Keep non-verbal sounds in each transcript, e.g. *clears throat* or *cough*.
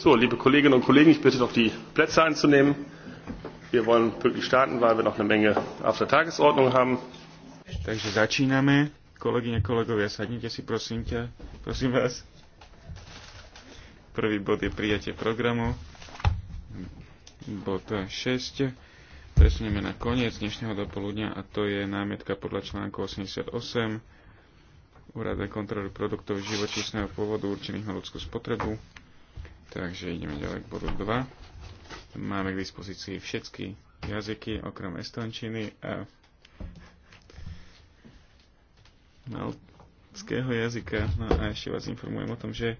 So, liebe Kolleginnen und Kollegen, ich bitte doch die Plätze einzunehmen. Wir wollen pünktlich starten, weil wir noch eine Menge auf der Tagesordnung haben. Takže začíname. Kolegyne, kolegovia, sadnite si, prosím ťa. Prosím vás. Prvý bod je prijatie programu. Bod 6. Presuneme na koniec dnešného dopoludňa a to je námietka podľa článku 88 Úrada kontroly produktov živočíšneho pôvodu určených na ľudskú spotrebu Takže ideme ďalej k bodu 2. Máme k dispozícii všetky jazyky okrem estončiny a maltského jazyka. No a ešte vás informujem o tom, že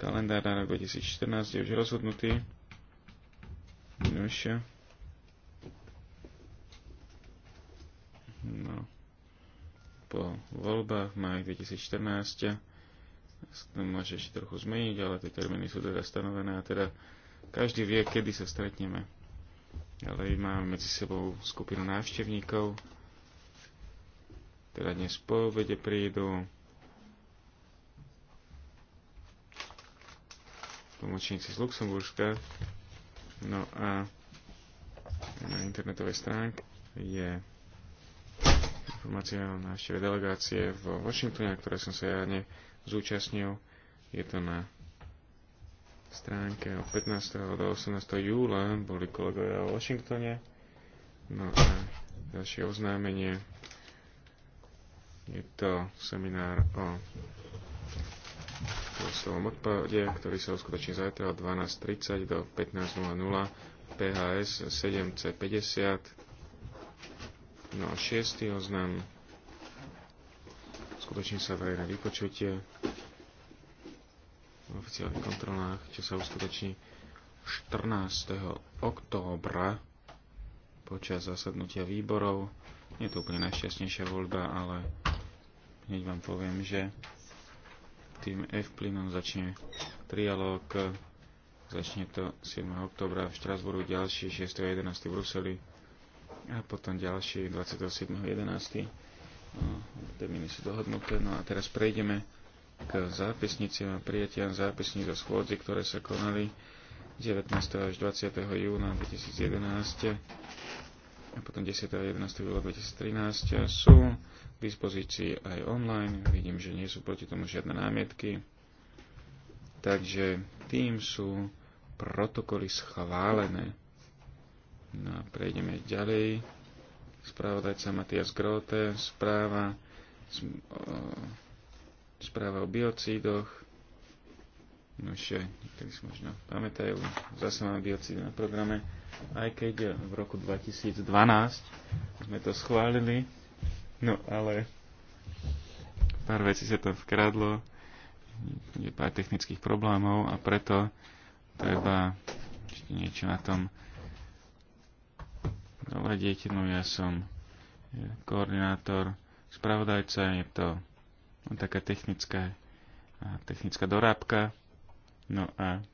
kalendár na rok 2014 je už rozhodnutý. Nož. No. Po voľbách v maj 2014 môže ešte trochu zmeniť, ale tie termíny sú teda stanovené a teda každý vie, kedy sa stretneme. Ale máme medzi sebou skupinu návštevníkov, teda dnes po obede prídu, Pomočníci z Luxemburska, no a na internetovej stránke je informácia o návšteve delegácie v Washingtone, na ktoré som sa ja ne, zúčastnil. Je to na stránke od 15. do 18. júla, boli kolegovia v Washingtone. No a ďalšie oznámenie. Je to seminár o plastalovom odpade, ktorý sa uskutoční zajtra od 12.30 do 15.00 PHS 7C50. No a šiestý oznam uskutoční sa verejné vypočutie v oficiálnych kontrolách, čo sa uskutoční 14. októbra počas zasadnutia výborov. Nie je to úplne najšťastnejšia voľba, ale hneď vám poviem, že tým F plynom začne trialóg. Začne to 7. októbra v Štrasburu, ďalší 6. 11. v Bruseli a potom ďalší 27. 11 termíny sú dohodnuté. No a teraz prejdeme k zápisniciam a prijatiam zápisníc zo schôdzi, ktoré sa konali 19. až 20. júna 2011 a potom 10. a 11. júla 2013 sú k dispozícii aj online. Vidím, že nie sú proti tomu žiadne námietky. Takže tým sú protokoly schválené. No a prejdeme ďalej spravodajca Matias Grote, správa, správa o biocídoch, no ešte, niektorí si možno pamätajú, zase máme biocídy na programe, aj keď v roku 2012 sme to schválili, no ale pár vecí sa to vkradlo, je pár technických problémov a preto treba ešte niečo na tom Dobre, no ja som koordinátor, spravodajca, je to taká technická, technická dorábka. No a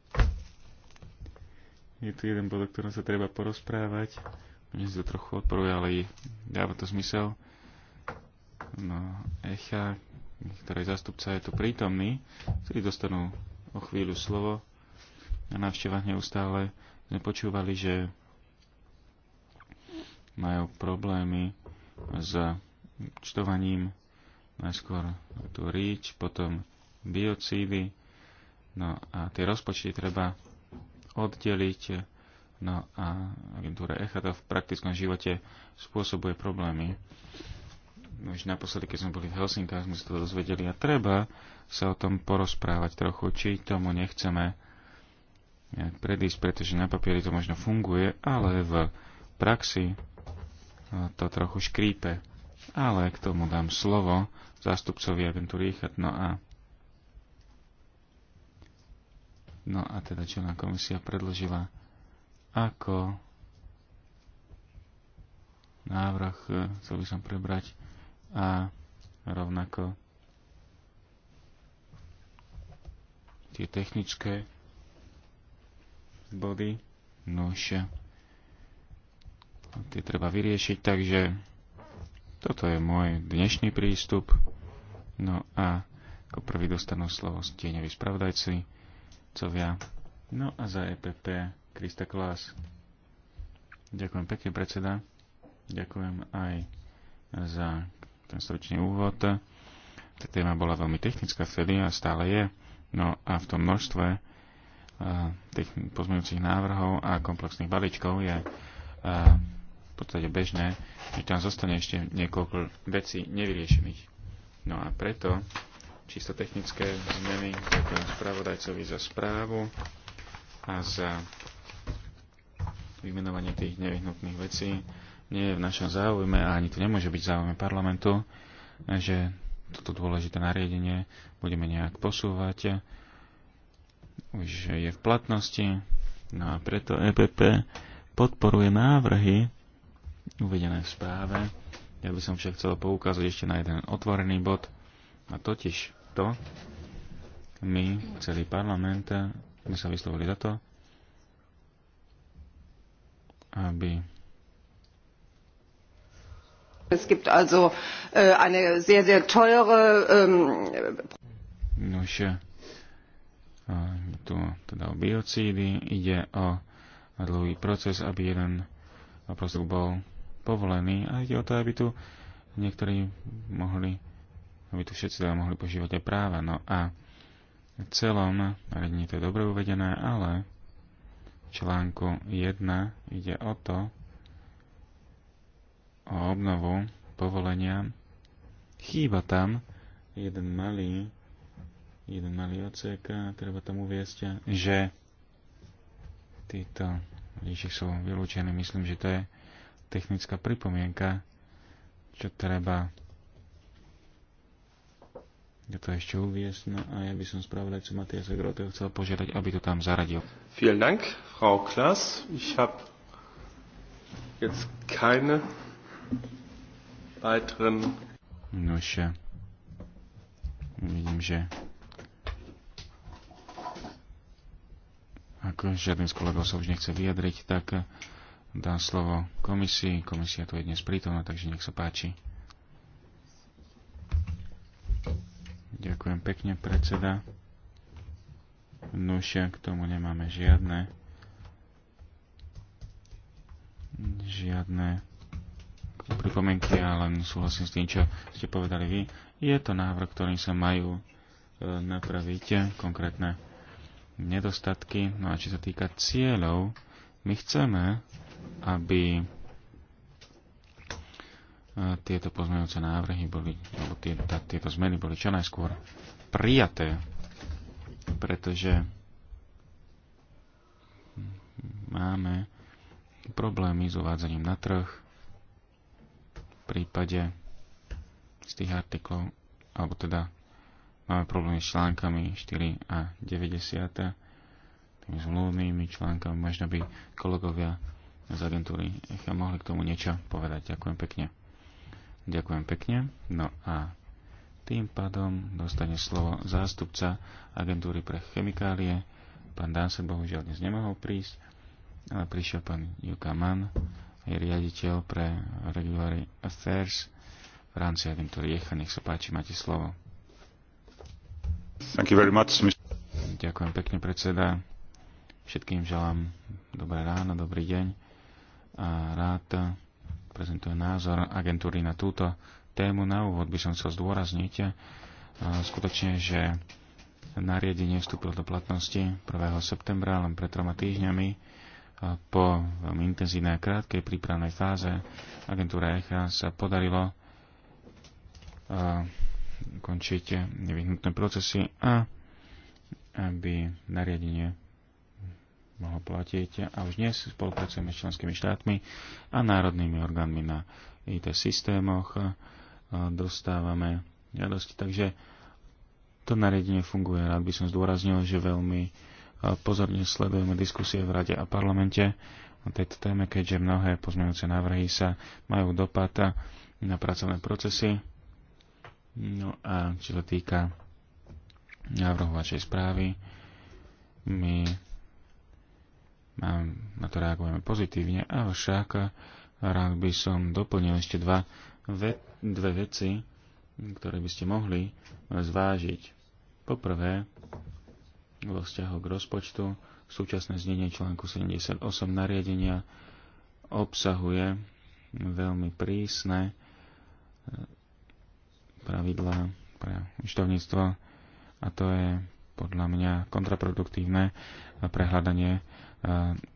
je tu jeden bod, o ktorom sa treba porozprávať. Mne sa to trochu odporuje, ale dáva to zmysel. No, Echa, ktorej zastupca je tu prítomný, ktorý dostanú o chvíľu slovo. Na návštevách neustále sme počúvali, že majú problémy s čtovaním, najskôr tu ríč, potom biocídy, no a tie rozpočty treba oddeliť, no a agentúra ECHA to v praktickom živote spôsobuje problémy. Už naposledy, keď sme boli v Helsinkách, sme sa to dozvedeli a treba sa o tom porozprávať trochu, či tomu nechceme predísť, pretože na papieri to možno funguje, ale v praxi to trochu škrípe. Ale k tomu dám slovo zástupcovi agentúry Richard. No a, no a teda čelná komisia predložila ako návrh, e, chcel by som prebrať a rovnako tie technické body. No tie treba vyriešiť, takže toto je môj dnešný prístup. No a ako prvý dostanú slovo stieňoví spravodajci, covia. No a za EPP Krista Klás. Ďakujem pekne, predseda. Ďakujem aj za ten stručný úvod. Tá téma bola veľmi technická vtedy a stále je. No a v tom množstve eh, tých pozmeňujúcich návrhov a komplexných balíčkov je eh, podstate bežné, že tam zostane ešte niekoľko vecí nevyriešených. No a preto čisto technické zmeny ďakujem spravodajcovi za správu a za vymenovanie tých nevyhnutných vecí. Nie je v našom záujme a ani to nemôže byť záujme parlamentu, že toto dôležité nariadenie budeme nejak posúvať. Už je v platnosti, no a preto EPP podporuje návrhy uvedené v správe. Ja by som však chcel poukázať ešte na jeden otvorený bod, a totiž to, my, celý parlament, sme sa vyslovili za to, aby Es gibt also äh, eine sehr, sehr teure... Ähm Nož, äh, tu teda o biocídy, ide o dlhý proces, aby jeden prosil bol povolený. A ide o to, aby tu niektorí mohli, aby tu všetci teda mohli požívať aj práva. No a v celom nariadení to je dobre uvedené, ale v článku 1 ide o to, o obnovu povolenia. Chýba tam jeden malý, jeden malý ocek, treba tam uviesť, že títo líši sú vylúčení. Myslím, že to je technická pripomienka, čo treba ja to ešte uviesť, no a ja by som co Matias Groteho chcel požiadať, aby to tam zaradil. Vielen Dank, Frau Klaas. Ich hab jetzt keine weiteren... No ešte. Vidím, že ako žiadny z kolegov sa už nechce vyjadriť, tak dám slovo komisii. Komisia tu je dnes prítomná, takže nech sa páči. Ďakujem pekne, predseda. Nušia, k tomu nemáme žiadne žiadne pripomienky, ale súhlasím s tým, čo ste povedali vy. Je to návrh, ktorým sa majú e, napraviť e, konkrétne nedostatky. No a čo sa týka cieľov, my chceme aby e, tieto pozmeňujúce návrhy boli, alebo tie, tá, tieto zmeny boli čo najskôr prijaté, pretože máme problémy s uvádzaním na trh v prípade z tých artiklov, alebo teda máme problémy s článkami 4 a 90, tými zmluvnými článkami, možno by kolegovia z agentúry ECHA mohli k tomu niečo povedať. Ďakujem pekne. Ďakujem pekne. No a tým pádom dostane slovo zástupca agentúry pre chemikálie. Pán Danse bohužiaľ dnes nemohol prísť, ale prišiel pán Juka Mann, je riaditeľ pre regulary Affairs v rámci agentúry ECHA. Nech sa páči, máte slovo. Thank you very much, Mr. Ďakujem pekne, predseda. Všetkým želám dobré ráno, dobrý deň a rád prezentuje názor agentúry na túto tému. Na úvod by som chcel zdôrazniť skutočne, že nariadenie vstúpilo do platnosti 1. septembra, len pred troma týždňami. Po veľmi intenzívnej a krátkej prípravnej fáze agentúra ECHA sa podarilo končiť nevyhnutné procesy a aby nariadenie mohlo platiť a už dnes spolupracujeme s členskými štátmi a národnými orgánmi na IT systémoch. Dostávame radosti. takže to nariadenie funguje. Rád by som zdôraznil, že veľmi pozorne sledujeme diskusie v Rade a parlamente o tejto téme, keďže mnohé pozmeňujúce návrhy sa majú dopad na pracovné procesy. No a čo sa týka návrhu vašej správy, my na to reagujeme pozitívne, avšak rád by som doplnil ešte dva, ve, dve veci, ktoré by ste mohli zvážiť. Poprvé, vo vzťahu k rozpočtu súčasné znenie článku 78 nariadenia obsahuje veľmi prísne e, pravidlá pre účtovníctvo a to je podľa mňa kontraproduktívne prehľadanie Eh,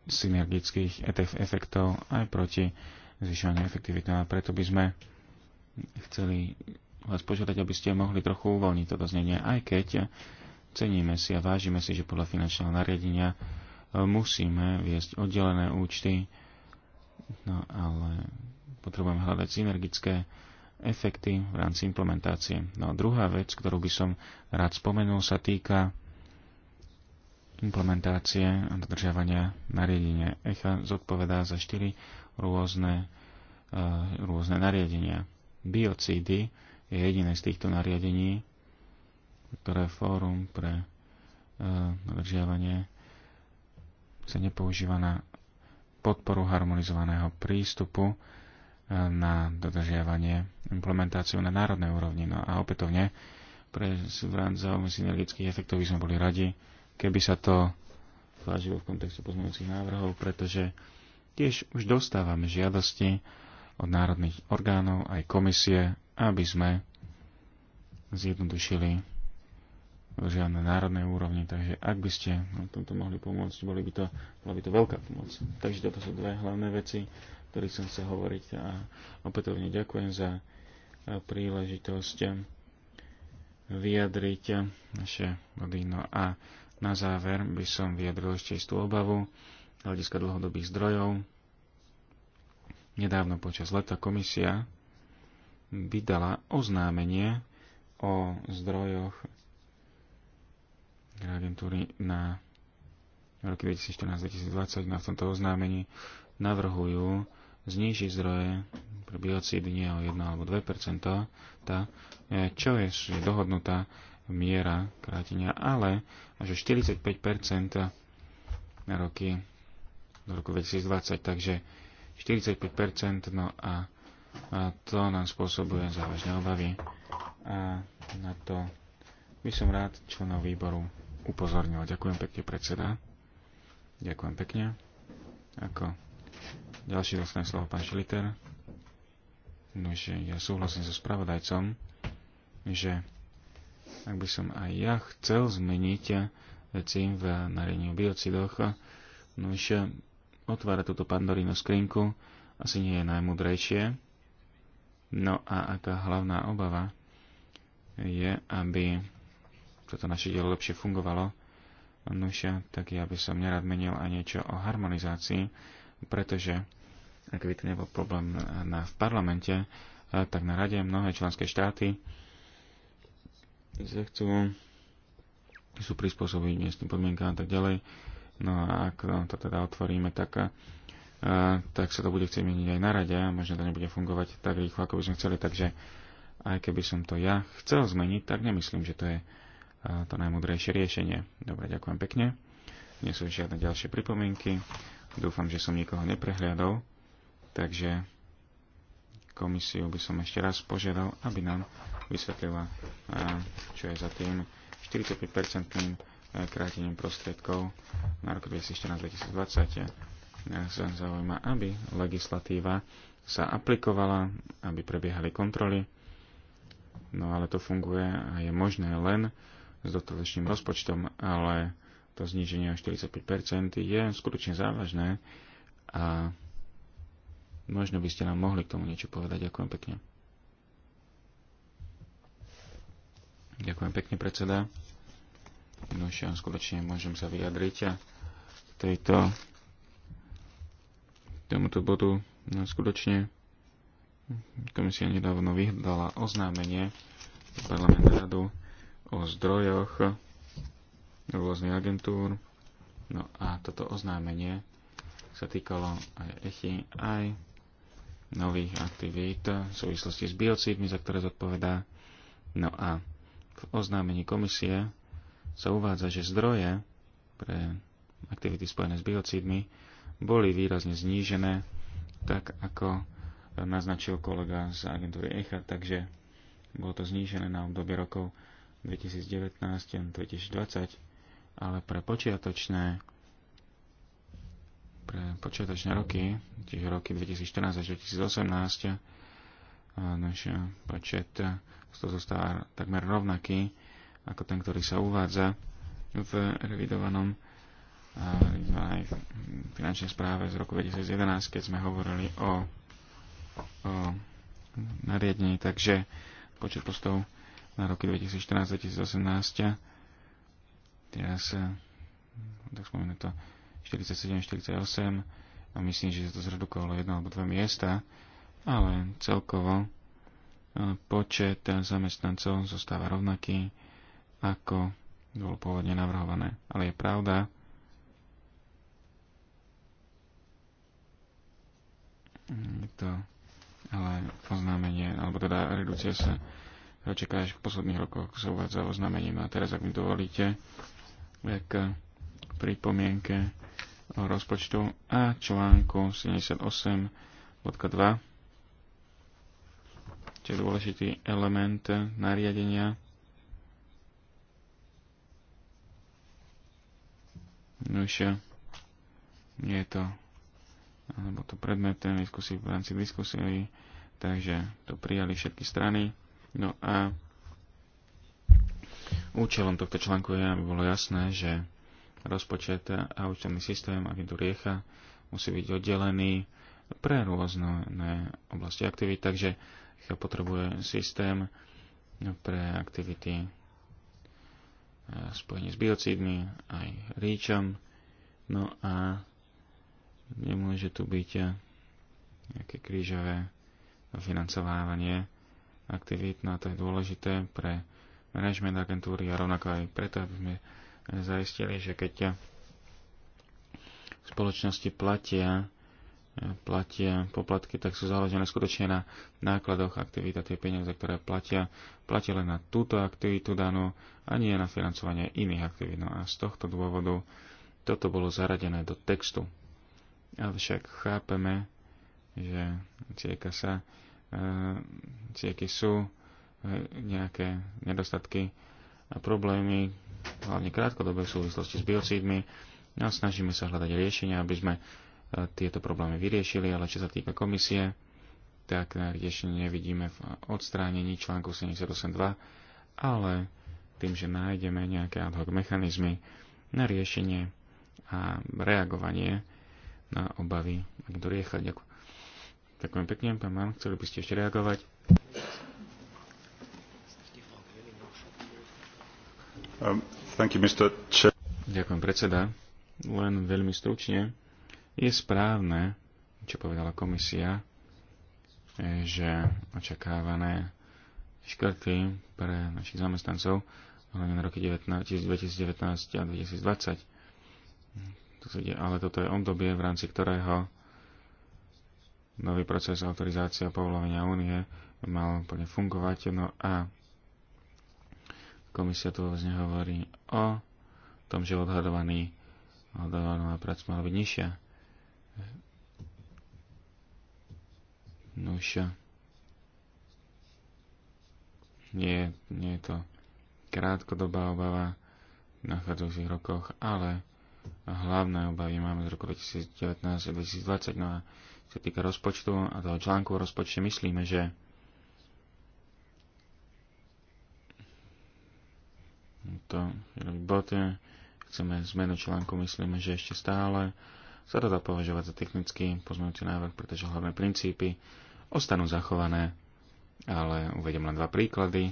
synergických efektov aj proti zvyšovaniu efektivity. A preto by sme chceli vás požiadať, aby ste mohli trochu uvoľniť toto znenie, aj keď ceníme si a vážime si, že podľa finančného nariadenia eh, musíme viesť oddelené účty, no ale potrebujeme hľadať synergické efekty v rámci implementácie. No a druhá vec, ktorú by som rád spomenul, sa týka implementácie a dodržiavania nariadenia ECHA zodpovedá za štyri rôzne, eh, rôzne nariadenia. Biocídy je jediné z týchto nariadení, ktoré fórum pre eh, dodržiavanie sa nepoužíva na podporu harmonizovaného prístupu eh, na dodržiavanie implementáciu na národnej úrovni. No a opätovne pre zvrán zaujímavých synergických efektov by sme boli radi, keby sa to vážilo v kontextu pozmeňujúcich návrhov, pretože tiež už dostávame žiadosti od národných orgánov aj komisie, aby sme zjednodušili žiadne národnej úrovni, takže ak by ste na tomto mohli pomôcť, boli by to, bola by to veľká pomoc. Takže toto sú dve hlavné veci, o ktorých som chcel hovoriť a opätovne ďakujem za príležitosť vyjadriť naše body. No a na záver by som vyjadril ešte istú obavu hľadiska dlhodobých zdrojov. Nedávno počas leta komisia vydala oznámenie o zdrojoch agentúry na roky 2014-2020 na no tomto oznámení navrhujú znížiť zdroje pre biocídy nie o 1 alebo 2 tá, eh, čo je dohodnutá miera krátenia, ale až 45% na roky do roku 2020, takže 45%, no a, a to nám spôsobuje závažné obavy. A na to by som rád členov výboru upozornil. Ďakujem pekne, predseda. Ďakujem pekne. Ako ďalší dostane slovo pán Šiliter. No, že ja súhlasím so spravodajcom, že ak by som aj ja chcel zmeniť veci v nariadení o biocidoch, no ešte otvára túto pandorínu skrinku, asi nie je najmudrejšie. No a aká hlavná obava je, aby toto naše dielo lepšie fungovalo, no ešte, tak ja by som nerad menil aj niečo o harmonizácii, pretože ak by to nebol problém na, v parlamente, eh, tak na rade mnohé členské štáty sa chcú sú prispôsobiť miestnym podmienkám a tak ďalej. No a ak to teda otvoríme, tak, a, eh, tak sa to bude chcieť meniť aj na rade a možno to nebude fungovať tak rýchlo, ako by sme chceli. Takže aj keby som to ja chcel zmeniť, tak nemyslím, že to je eh, to najmudrejšie riešenie. Dobre, ďakujem pekne. Nie sú žiadne ďalšie pripomienky. Dúfam, že som nikoho neprehliadol. Takže komisiu by som ešte raz požiadal, aby nám vysvetlila, čo je za tým 45-percentným e, krátením prostriedkov na rok 2014-2020. E, sa zaujíma, aby legislatíva sa aplikovala, aby prebiehali kontroly, no ale to funguje a je možné len s dostatočným rozpočtom, ale to zníženie o 45% je skutočne závažné a možno by ste nám mohli k tomu niečo povedať. Ďakujem pekne. Ďakujem pekne, predseda. No už skutočne môžem sa vyjadriť a tejto tomuto bodu no, skutočne komisia nedávno vyhľadala oznámenie parlamentu radu o zdrojoch rôznych agentúr. No a toto oznámenie sa týkalo aj ECHI, aj nových aktivít v súvislosti s biocídmi, za ktoré zodpovedá. No a v oznámení komisie sa uvádza, že zdroje pre aktivity spojené s biocídmi boli výrazne znížené, tak ako naznačil kolega z agentúry ECHA, takže bolo to znížené na obdobie rokov 2019-2020, ale pre počiatočné pre počiatočné roky, tiež roky 2014 až 2018, náš počet to zostáva takmer rovnaký ako ten, ktorý sa uvádza v revidovanom aj v finančnej správe z roku 2011, keď sme hovorili o, o nariadení. Takže počet postov na roky 2014-2018 teraz tak spomínam to 47-48 a myslím, že sa to zredukovalo jedno alebo dve miesta ale celkovo e, počet zamestnancov zostáva rovnaký, ako bolo pôvodne navrhované. Ale je pravda, Je to ale oznámenie, alebo teda redukcia sa čaká až v posledných rokoch, ako sa uvádza oznámením. A teraz, ak mi dovolíte, k pripomienke o rozpočtu a článku 78.2 ešte dôležitý element nariadenia. Už nie je to, alebo to predmet tej diskusie v rámci diskusie, takže to prijali všetky strany. No a účelom tohto článku je, aby bolo jasné, že rozpočet a účtovný systém vidu riecha musí byť oddelený pre rôzne oblasti aktivít, takže potrebuje systém pre aktivity e, spojenie s biocidmi aj ríčom. No a nemôže tu byť nejaké krížové financovávanie aktivít, no a to je dôležité pre management agentúry a rovnako aj preto, aby sme zaistili, že keď spoločnosti platia platia poplatky, tak sú založené skutočne na nákladoch aktivít a tie peniaze, ktoré platia, platia len na túto aktivitu danú a nie na financovanie iných aktivít. No a z tohto dôvodu toto bolo zaradené do textu. Avšak chápeme, že cieka sa, e, cieky sú e, nejaké nedostatky a problémy, hlavne krátkodobé v súvislosti s biocídmi, no a snažíme sa hľadať riešenia, aby sme tieto problémy vyriešili, ale čo sa týka komisie, tak riešenie nevidíme v odstránení článku 78.2, ale tým, že nájdeme nejaké ad hoc mechanizmy na riešenie a reagovanie na obavy, ak to riecha. Ďakujem. pekne, pán Mann, chceli by ste ešte reagovať? Um, you, Ďakujem, predseda. Len veľmi stručne je správne, čo povedala komisia, e, že očakávané škrty pre našich zamestnancov hlavne na roky 19, 2019 a 2020. Ale toto je obdobie, v rámci ktorého nový proces autorizácie a povolovania únie mal plne fungovať. No a komisia tu vôbec nehovorí vlastne o tom, že odhadovaný odhadovaná prac mala byť nižšia. Nuž. Nie, nie je to krátkodobá obava v nachádzajúcich rokoch, ale hlavné obavy máme z roku 2019-2020. No a čo týka rozpočtu a toho článku o rozpočte, myslíme, že to bote, chceme zmenu článku, myslíme, že ešte stále sa to dá považovať za technický pozmeňujúci návrh, pretože hlavné princípy ostanú zachované, ale uvedem len dva príklady.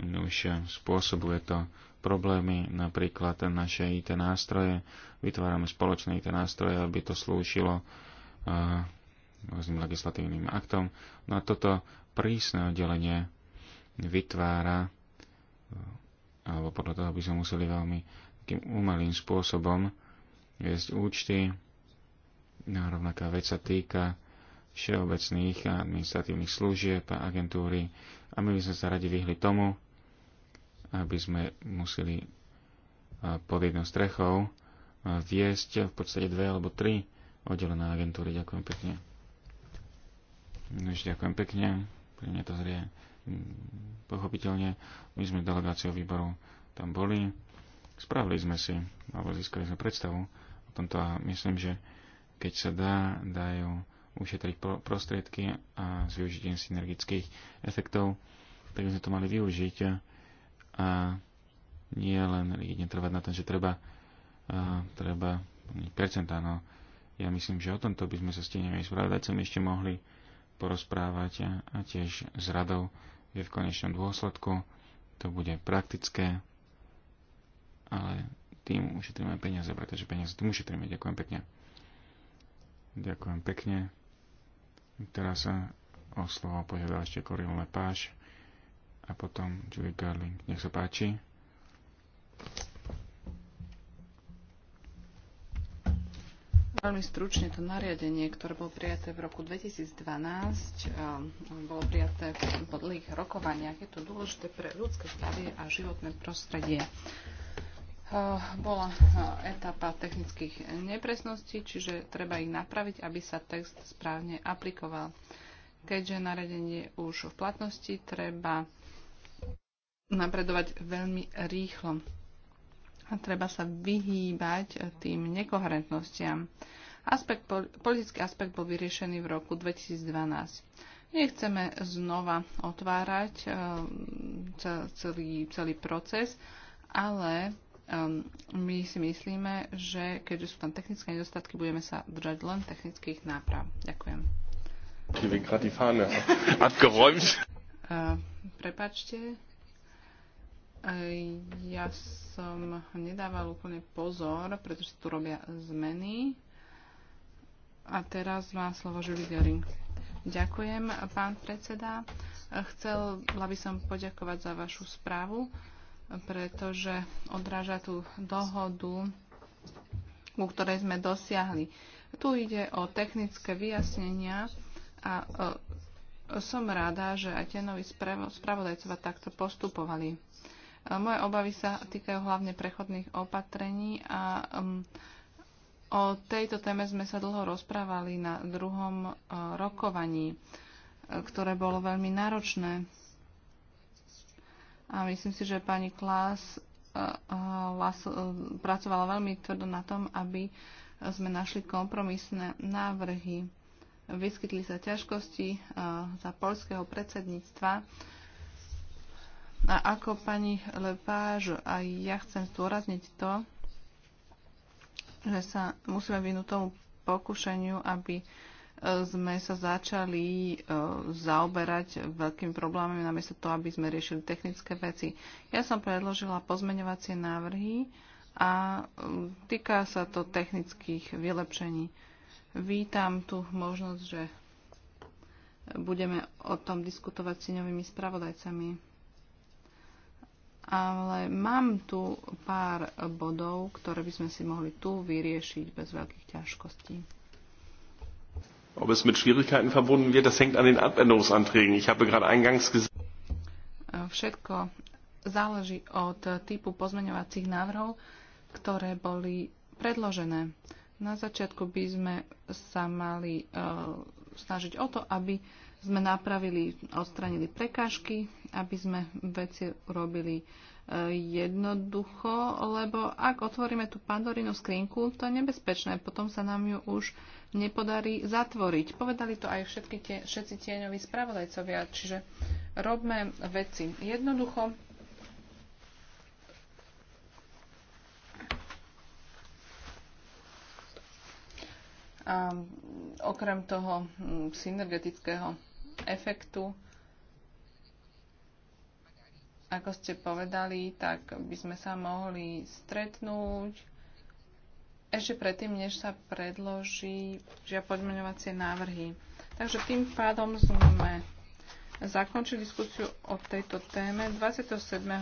Už spôsobuje to problémy, napríklad naše IT nástroje. Vytvárame spoločné IT nástroje, aby to slúšilo eh, rôznym legislatívnym aktom. No a toto prísne oddelenie vytvára, eh, alebo podľa toho by sme museli veľmi takým umelým spôsobom viesť účty, No a rovnaká vec sa týka všeobecných a administratívnych služieb a agentúry. A my by sme sa radi vyhli tomu, aby sme museli e, pod jednou strechou e, viesť v podstate dve alebo tri oddelené agentúry. Ďakujem pekne. Nož, ďakujem pekne. Pre mňa to zrie mm, pochopiteľne. My sme delegáciou výboru tam boli. Spravili sme si, alebo získali sme predstavu o tomto a myslím, že keď sa dá, dajú ušetriť prostriedky a s využitím synergických efektov, tak by sme to mali využiť a nie len rigidne trvať na tom, že treba, a, treba percentá. No, ja myslím, že o tomto by sme sa s tieňovými spravodajcami ešte mohli porozprávať a, a tiež s radou, že v konečnom dôsledku to bude praktické, ale tým ušetríme peniaze, pretože peniaze tým ušetríme. Ďakujem pekne. Ďakujem pekne. Teraz sa o slovo požiadal ešte Corinne Lepáš a potom Julie Garling. Nech sa páči. Veľmi stručne to nariadenie, ktoré bolo prijaté v roku 2012, ehm, bolo prijaté v podlých rokovaniach. Je to dôležité pre ľudské zdravie a životné prostredie bola etapa technických nepresností, čiže treba ich napraviť, aby sa text správne aplikoval. Keďže naredenie už v platnosti, treba napredovať veľmi rýchlo. A treba sa vyhýbať tým nekoherentnostiam. Aspekt, politický aspekt bol vyriešený v roku 2012. Nechceme znova otvárať e, celý, celý proces, ale Um, my si myslíme, že keďže sú tam technické nedostatky, budeme sa držať len technických náprav. Ďakujem. Uh, prepačte, ehm, ja som nedával úplne pozor, pretože tu robia zmeny. A teraz má slovo Julie Göring. Ďakujem, pán predseda. Chcela by som poďakovať za vašu správu pretože odráža tú dohodu, ku ktorej sme dosiahli. Tu ide o technické vyjasnenia a e, som rada, že aj tie noví spravodajcova takto postupovali. E, moje obavy sa týkajú hlavne prechodných opatrení a o tejto téme sme sa dlho rozprávali na druhom e, rokovaní, ktoré bolo veľmi náročné a myslím si, že pani Klas e, e, e, pracovala veľmi tvrdo na tom, aby sme našli kompromisné návrhy. Vyskytli sa ťažkosti za polského predsedníctva. A ako pani Lepáž, aj ja chcem zdôrazniť to, že sa musíme vynúť tomu pokušeniu, aby uh, sme sa začali eh, zaoberať veľkými problémami, namiesto toho, aby sme riešili technické veci. Ja som predložila pozmeňovacie návrhy a eh, týka sa to technických vylepšení. Vítam tu možnosť, že budeme o tom diskutovať s novými spravodajcami. Ale mám tu pár bodov, ktoré by sme si mohli tu vyriešiť bez veľkých ťažkostí. Ob es mit Schwierigkeiten verbunden wird, das hängt an den Abänderungsanträgen. Ich habe gerade eingangs gesagt. Äh, všetko záleží od äh, typu pozmeňovacích návrhov, ktoré boli predložené. Na začiatku by sme sa mali uh, snažiť o to, aby sme napravili, odstranili prekážky, aby sme veci robili uh, jednoducho, lebo ak otvoríme tú pandorinu skrinku, to je nebezpečné, potom sa nám ju už nepodarí zatvoriť. Povedali to aj všetky tie, všetci tieňoví spravodajcovia, čiže robme veci jednoducho. A okrem toho mm, synergetického efektu ako ste povedali, tak by sme sa mohli stretnúť ešte predtým, než sa predloží žia podmeňovacie návrhy. Takže tým pádom sme zakončili diskusiu o tejto téme. 27. E,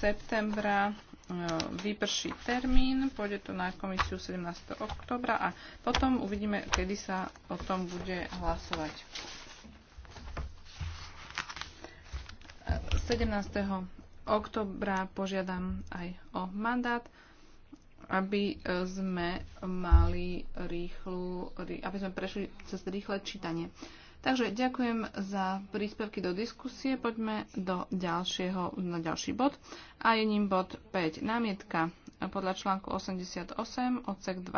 septembra e, vyprší termín, pôjde to na komisiu 17. oktobra a potom uvidíme, kedy sa o tom bude hlasovať. 17. oktobra požiadam aj o mandát, aby e, sme mali rýchlu, aby sme prešli cez rýchle čítanie. Takže ďakujem za príspevky do diskusie. Poďme do ďalšieho, na ďalší bod. A je ním bod 5. Námietka podľa článku 88 odsek 2.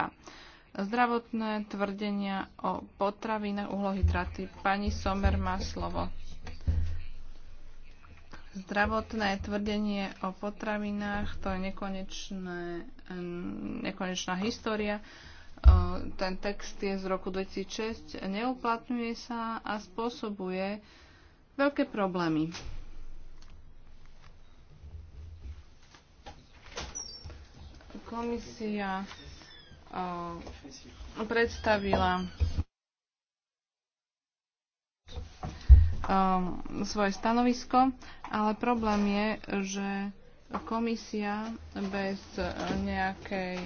Zdravotné tvrdenia o potravinách uhlohydraty. Pani Somer má slovo. Zdravotné tvrdenie o potravinách, to je nekonečné, nekonečná história. Ten text je z roku 2006, neuplatňuje sa a spôsobuje veľké problémy. Komisia predstavila Um, svoje stanovisko, ale problém je, že komisia bez eh, nejakej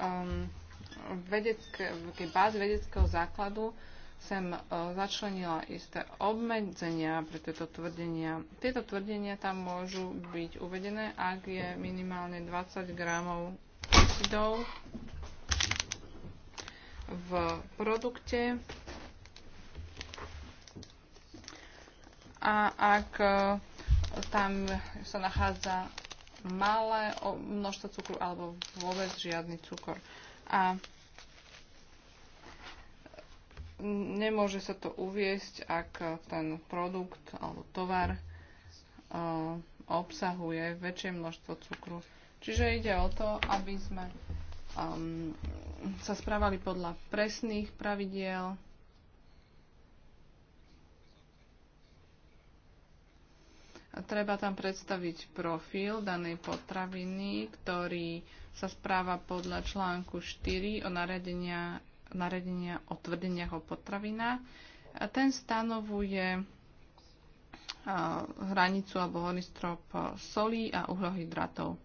um, vedecké, bázy vedeckého základu sem eh, začlenila isté obmedzenia pre tieto tvrdenia. Tieto tvrdenia tam môžu byť uvedené, ak je minimálne 20 gramov acidov v produkte a ak e, tam sa nachádza malé množstvo cukru alebo vôbec žiadny cukor. A nemôže sa to uviesť, ak ten produkt alebo tovar e, obsahuje väčšie množstvo cukru. Čiže ide o to, aby sme um, sa správali podľa presných pravidiel Treba tam predstaviť profil danej potraviny, ktorý sa správa podľa článku 4 o naredenia, naredenia o tvrdeniach o potravina. A ten stanovuje hranicu alebo horný strop solí a uhlohydratov.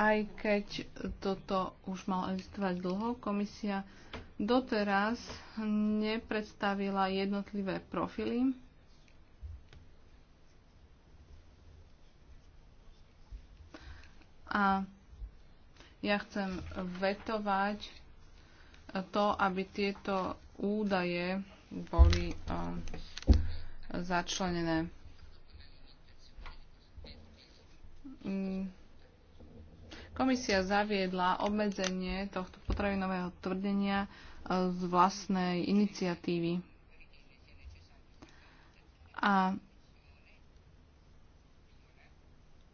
Aj keď toto už mal existovať dlho, komisia doteraz nepredstavila jednotlivé profily. A ja chcem vetovať to, aby tieto údaje boli začlenené. Mm. Komisia zaviedla obmedzenie tohto potravinového tvrdenia e, z vlastnej iniciatívy. A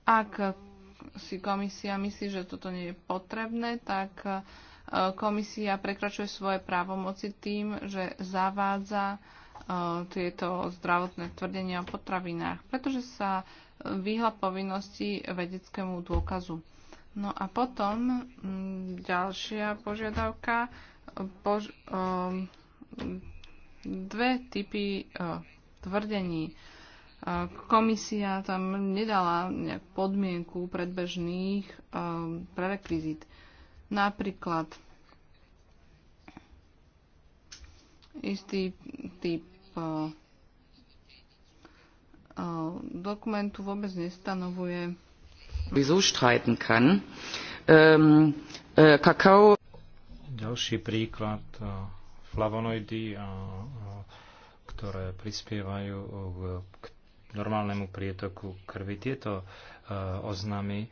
ak si komisia myslí, že toto nie je potrebné, tak e, komisia prekračuje svoje právomoci tým, že zavádza e, tieto zdravotné tvrdenia o potravinách, pretože sa vyhla povinnosti vedeckému dôkazu. No a potom mm, ďalšia požiadavka. Pož- um, dve typy uh, tvrdení. Uh, komisia tam nedala nejak podmienku predbežných um, rekvizit. Napríklad istý typ uh, uh, dokumentu vôbec nestanovuje sowieso streiten kann. Ähm, äh, Kakao. Ďalší príklad äh, flavonoidy, a, äh, a, äh, ktoré prispievajú k normálnemu prietoku krvi. Tieto oznamy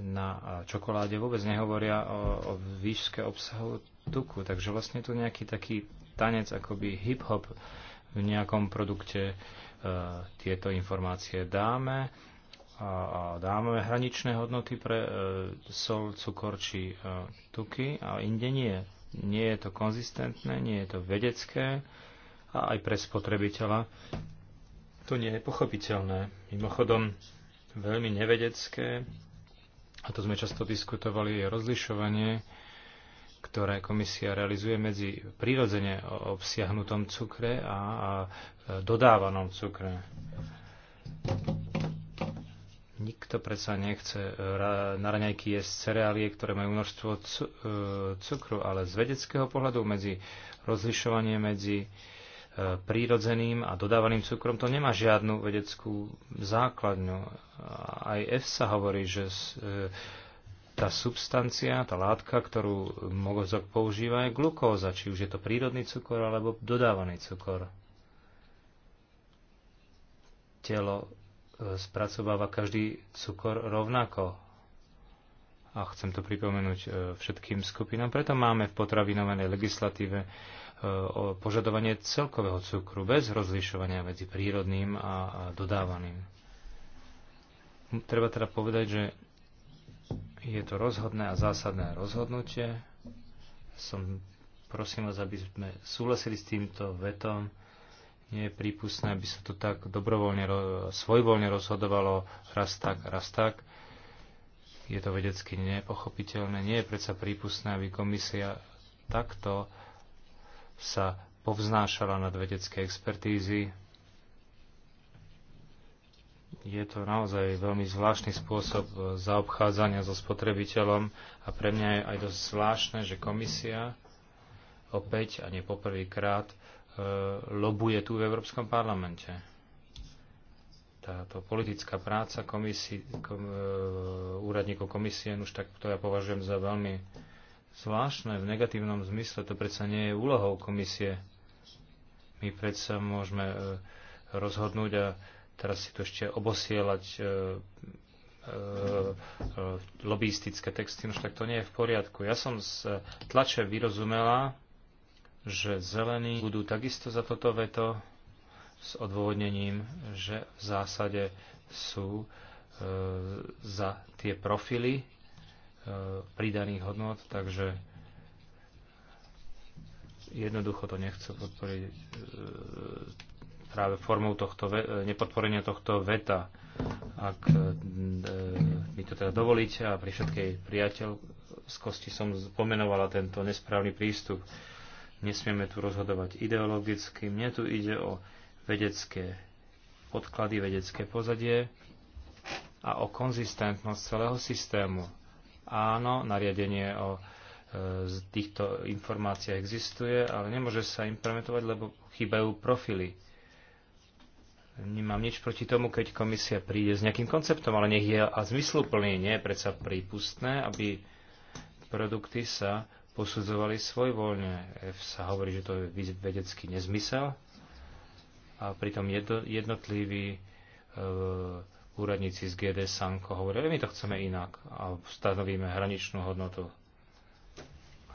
na čokoláde vôbec nehovoria o, o výške obsahu tuku. Takže vlastne tu nejaký taký tanec, akoby hip-hop v nejakom produkte e, tieto informácie dáme a dávame hraničné hodnoty pre e, sol, cukor či e, tuky, ale inde nie. Nie je to konzistentné, nie je to vedecké a aj pre spotrebiteľa to nie je pochopiteľné. Mimochodom, veľmi nevedecké, a to sme často diskutovali, je rozlišovanie, ktoré komisia realizuje medzi prirodzene obsiahnutom cukre a, a dodávanom cukre Nikto predsa nechce e, na raňajky jesť cereálie, ktoré majú množstvo e, cukru, ale z vedeckého pohľadu medzi rozlišovanie medzi e, prírodzeným a dodávaným cukrom to nemá žiadnu vedeckú základňu. Aj F sa hovorí, že tá substancia, tá látka, ktorú mozog používa, je glukóza, či už je to prírodný cukor alebo dodávaný cukor. Telo spracováva každý cukor rovnako. A chcem to pripomenúť e, všetkým skupinám. Preto máme v potravinovanej legislatíve e, požadovanie celkového cukru bez rozlišovania medzi prírodným a dodávaným. Treba teda povedať, že je to rozhodné a zásadné rozhodnutie. Som prosím vás, aby sme súhlasili s týmto vetom nie je prípustné, aby sa to tak dobrovoľne, svojvoľne rozhodovalo raz tak, raz tak. Je to vedecky nepochopiteľné. Nie je predsa prípustné, aby komisia takto sa povznášala nad vedecké expertízy. Je to naozaj veľmi zvláštny spôsob e, zaobchádzania so spotrebiteľom a pre mňa je aj dosť zvláštne, že komisia opäť a nie poprvýkrát E, lobuje tu v Európskom parlamente. Táto politická práca komisí, kom, e, úradníkov komisie, už tak to ja považujem za veľmi zvláštne v negatívnom zmysle. To predsa nie je úlohou komisie. My predsa môžeme e, rozhodnúť a teraz si to ešte obosielať e, e, lobbyistické texty, no tak to nie je v poriadku. Ja som z tlače vyrozumela, že zelení budú takisto za toto veto s odôvodnením, že v zásade sú e, za tie profily e, pridaných hodnot, takže jednoducho to nechcú podporiť e, práve formou tohto ve- e, nepodporenia tohto veta. Ak e, e, mi to teda dovolíte a pri všetkej priateľskosti som pomenovala tento nesprávny prístup, e, Nesmieme tu rozhodovať ideologicky. Mne tu ide o vedecké podklady, vedecké pozadie a o konzistentnosť celého systému. Áno, nariadenie o e, z týchto informáciách existuje, ale nemôže sa implementovať, lebo chýbajú profily. Nemám nič proti tomu, keď komisia príde s nejakým konceptom, ale nech je a zmysluplný. Nie je predsa prípustné, aby produkty sa posudzovali voľne. F sa hovorí, že to je vedecký nezmysel a pritom jednotliví e, úradníci z GD Sanko hovorili, e, my to chceme inak a stanovíme hraničnú hodnotu.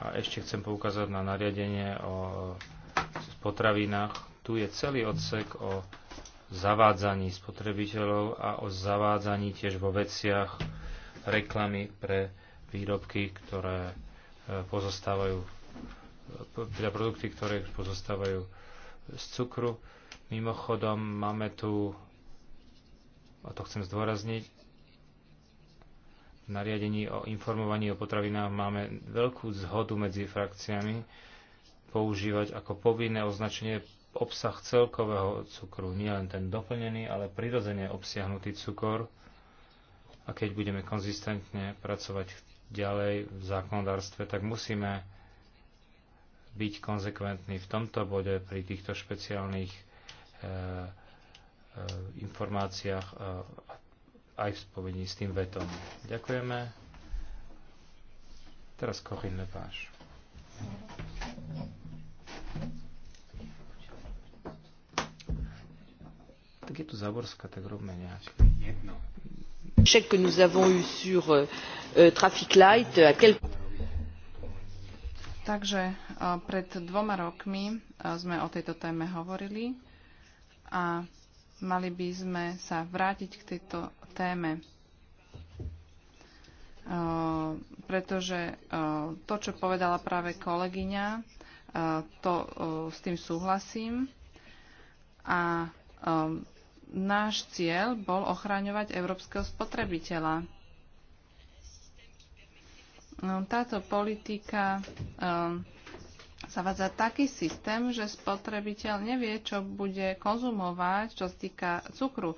A ešte chcem poukázať na nariadenie o potravinách. Tu je celý odsek o zavádzaní spotrebiteľov a o zavádzaní tiež vo veciach reklamy pre výrobky, ktoré pozostávajú teda produkty, ktoré pozostávajú z cukru. Mimochodom máme tu, a to chcem zdôrazniť, v nariadení o informovaní o potravinách máme veľkú zhodu medzi frakciami používať ako povinné označenie obsah celkového cukru, nielen ten doplnený, ale prirodzene obsiahnutý cukor. A keď budeme konzistentne pracovať ďalej v zákonodárstve, tak musíme byť konzekventní v tomto bode pri týchto špeciálnych e, e, informáciách e, aj v spojení s tým vetom. Ďakujeme. Teraz Corinne Lepáš. Tak je tu Zaborská, tak robme nejaké. Jedno échec que nous avons eu sur euh, euh, Traffic Light à quelques Takže eh, pred dvoma rokmi eh, sme o tejto téme hovorili a mali by sme sa vrátiť k tejto téme. Eh, pretože to, čo povedala práve kolegyňa, to s tým súhlasím. A náš cieľ bol ochraňovať európskeho spotrebiteľa. No, táto politika um, zavádza taký systém, že spotrebiteľ nevie, čo bude konzumovať, čo sa týka cukru.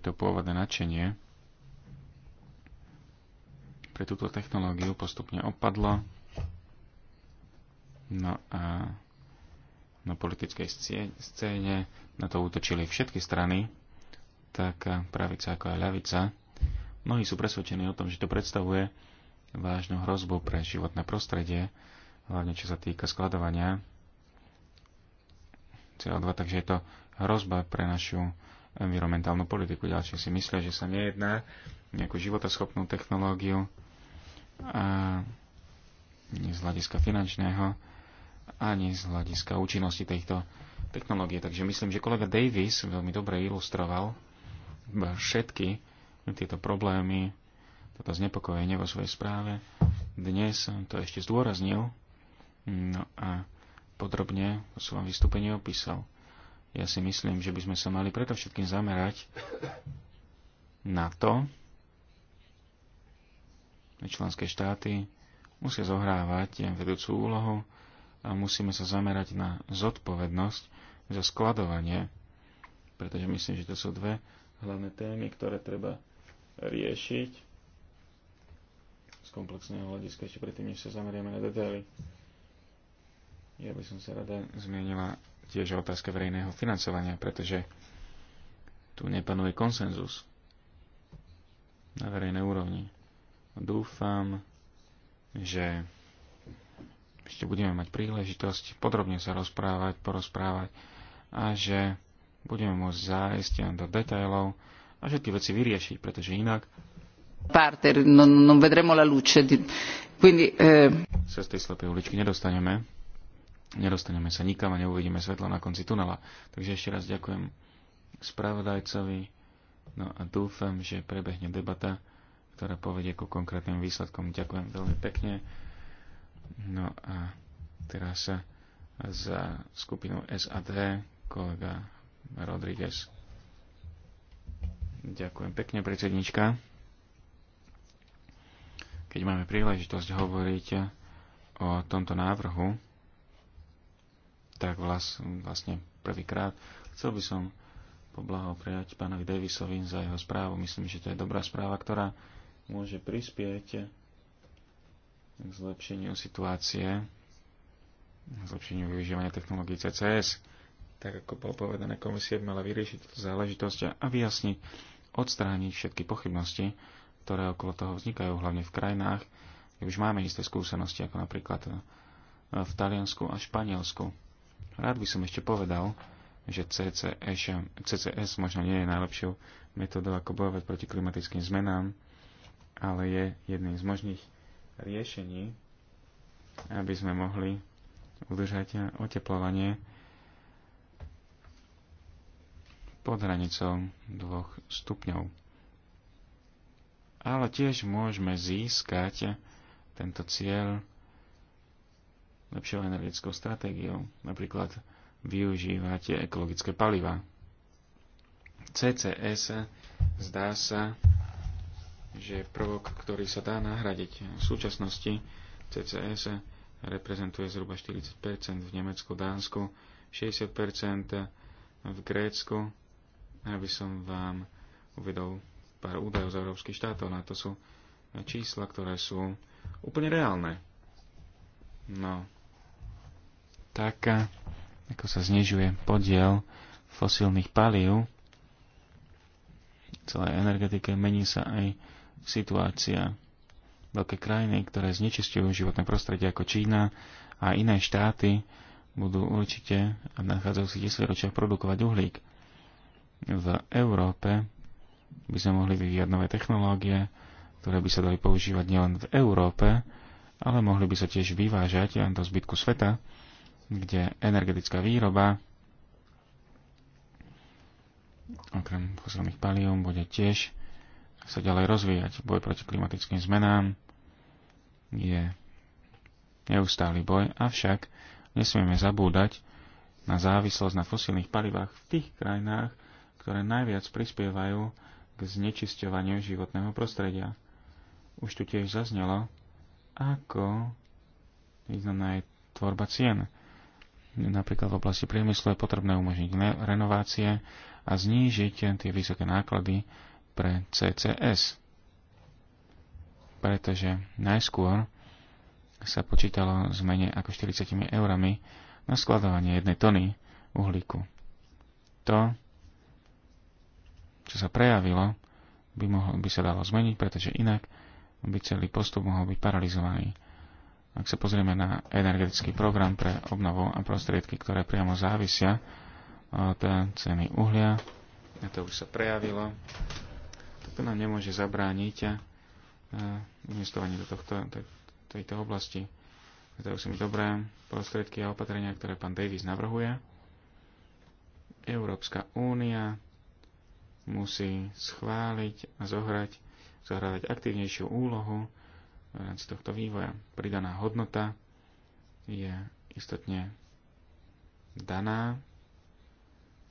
to pôvodné nadšenie pre túto technológiu postupne opadlo. No a na politickej scéne na to útočili všetky strany, tak pravica ako aj ľavica. Mnohí sú presvedčení o tom, že to predstavuje vážnu hrozbu pre životné prostredie, hlavne čo sa týka skladovania CO2, takže je to hrozba pre našu environmentálnu politiku. Ďalšie si myslia, že sa nejedná nejakú životoschopnú technológiu a nie z hľadiska finančného ani z hľadiska účinnosti tejto technológie. Takže myslím, že kolega Davis veľmi dobre ilustroval všetky tieto problémy, toto znepokojenie vo svojej správe. Dnes to ešte zdôraznil no a podrobne vo svojom vystúpení opísal ja si myslím, že by sme sa mali predovšetkým zamerať na to, že členské štáty musia zohrávať vedúcu úlohu a musíme sa zamerať na zodpovednosť za skladovanie, pretože myslím, že to sú dve hlavné témy, ktoré treba riešiť z komplexného hľadiska ešte predtým, než sa zameriame na detaily. Ja by som sa rada zmienila tiež otázka verejného financovania, pretože tu nepanuje konsenzus na verejnej úrovni. Dúfam, že ešte budeme mať príležitosť podrobne sa rozprávať, porozprávať a že budeme môcť zájsť do detailov a všetky veci vyriešiť, pretože inak parte non, non vedremo la luce. Quindi, eh... Sa z tej slepej uličky nedostaneme nedostaneme sa nikam a neuvidíme svetlo na konci tunela. Takže ešte raz ďakujem spravodajcovi no a dúfam, že prebehne debata, ktorá povedie ku konkrétnym výsledkom. Ďakujem veľmi pekne. No a teraz sa za skupinu SAD kolega Rodriguez. Ďakujem pekne, predsednička. Keď máme príležitosť hovoriť o tomto návrhu, tak vlastne prvýkrát. Chcel by som poblahopriať pánovi Davisovi za jeho správu. Myslím, že to je dobrá správa, ktorá môže prispieť k zlepšeniu situácie, k zlepšeniu využívania technológií CCS. Tak ako bolo povedané, komisie by mala vyriešiť túto záležitosť a vyjasniť, odstrániť všetky pochybnosti, ktoré okolo toho vznikajú, hlavne v krajinách, kde už máme isté skúsenosti, ako napríklad v Taliansku a Španielsku Rád by som ešte povedal, že CCS, CCS možno nie je najlepšou metodou, ako bojovať proti klimatickým zmenám, ale je jedným z možných riešení, aby sme mohli udržať oteplovanie pod hranicou 2 stupňov. Ale tiež môžeme získať tento cieľ lepšou energetickou stratégiou, napríklad využívate ekologické paliva. CCS zdá sa, že je prvok, ktorý sa dá nahradiť. V súčasnosti CCS reprezentuje zhruba 40 v Nemecku, Dánsku, 60 v Grécku. Aby som vám uvedol pár údajov z európskych štátov, na no to sú čísla, ktoré sú úplne reálne. No, tak eh, ako sa znižuje podiel fosílnych palív celej energetike, mení sa aj situácia. Veľké krajiny, ktoré znečistujú životné prostredie ako Čína a iné štáty, budú určite v nachádzajúcich 10 produkovať uhlík. V Európe by sme mohli vyvíjať nové technológie, ktoré by sa dali používať nielen v Európe, ale mohli by sa tiež vyvážať do zbytku sveta, kde energetická výroba okrem fosilných palív bude tiež sa ďalej rozvíjať. Boj proti klimatickým zmenám je neustály boj, avšak nesmieme zabúdať na závislosť na fosilných palivách v tých krajinách, ktoré najviac prispievajú k znečisťovaniu životného prostredia. Už tu tiež zaznelo, ako významná je tvorba cien Napríklad v oblasti priemyslu je potrebné umožniť renovácie a znížiť tie vysoké náklady pre CCS. Pretože najskôr sa počítalo s menej ako 40 eurami na skladovanie jednej tony uhlíku. To, čo sa prejavilo, by, mohol, by sa dalo zmeniť, pretože inak by celý postup mohol byť paralizovaný ak sa pozrieme na energetický program pre obnovu a prostriedky, ktoré priamo závisia od eh, ceny uhlia, a to už sa prejavilo, toto nám nemôže zabrániť eh, investovanie do tohto, tejto oblasti. To sú dobré prostriedky a opatrenia, ktoré pán Davis navrhuje. Európska únia musí schváliť a zohrať, zohrávať aktívnejšiu úlohu v rámci tohto vývoja. Pridaná hodnota je istotne daná,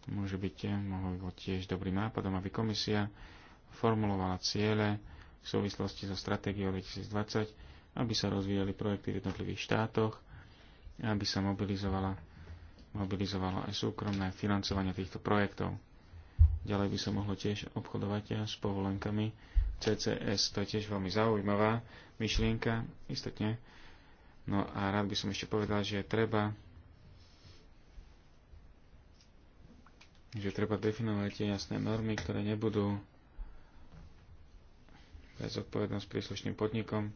môže byť, mohol byť tiež dobrým nápadom, aby komisia formulovala ciele v súvislosti so stratégiou 2020, aby sa rozvíjali projekty v jednotlivých štátoch, aby sa mobilizovala, mobilizovalo aj súkromné financovanie týchto projektov. Ďalej by sa mohlo tiež obchodovať s povolenkami CCS, to je tiež veľmi zaujímavá myšlienka, istotne. No a rád by som ešte povedal, že treba že treba definovať tie jasné normy, ktoré nebudú bez odpovednosť príslušným podnikom,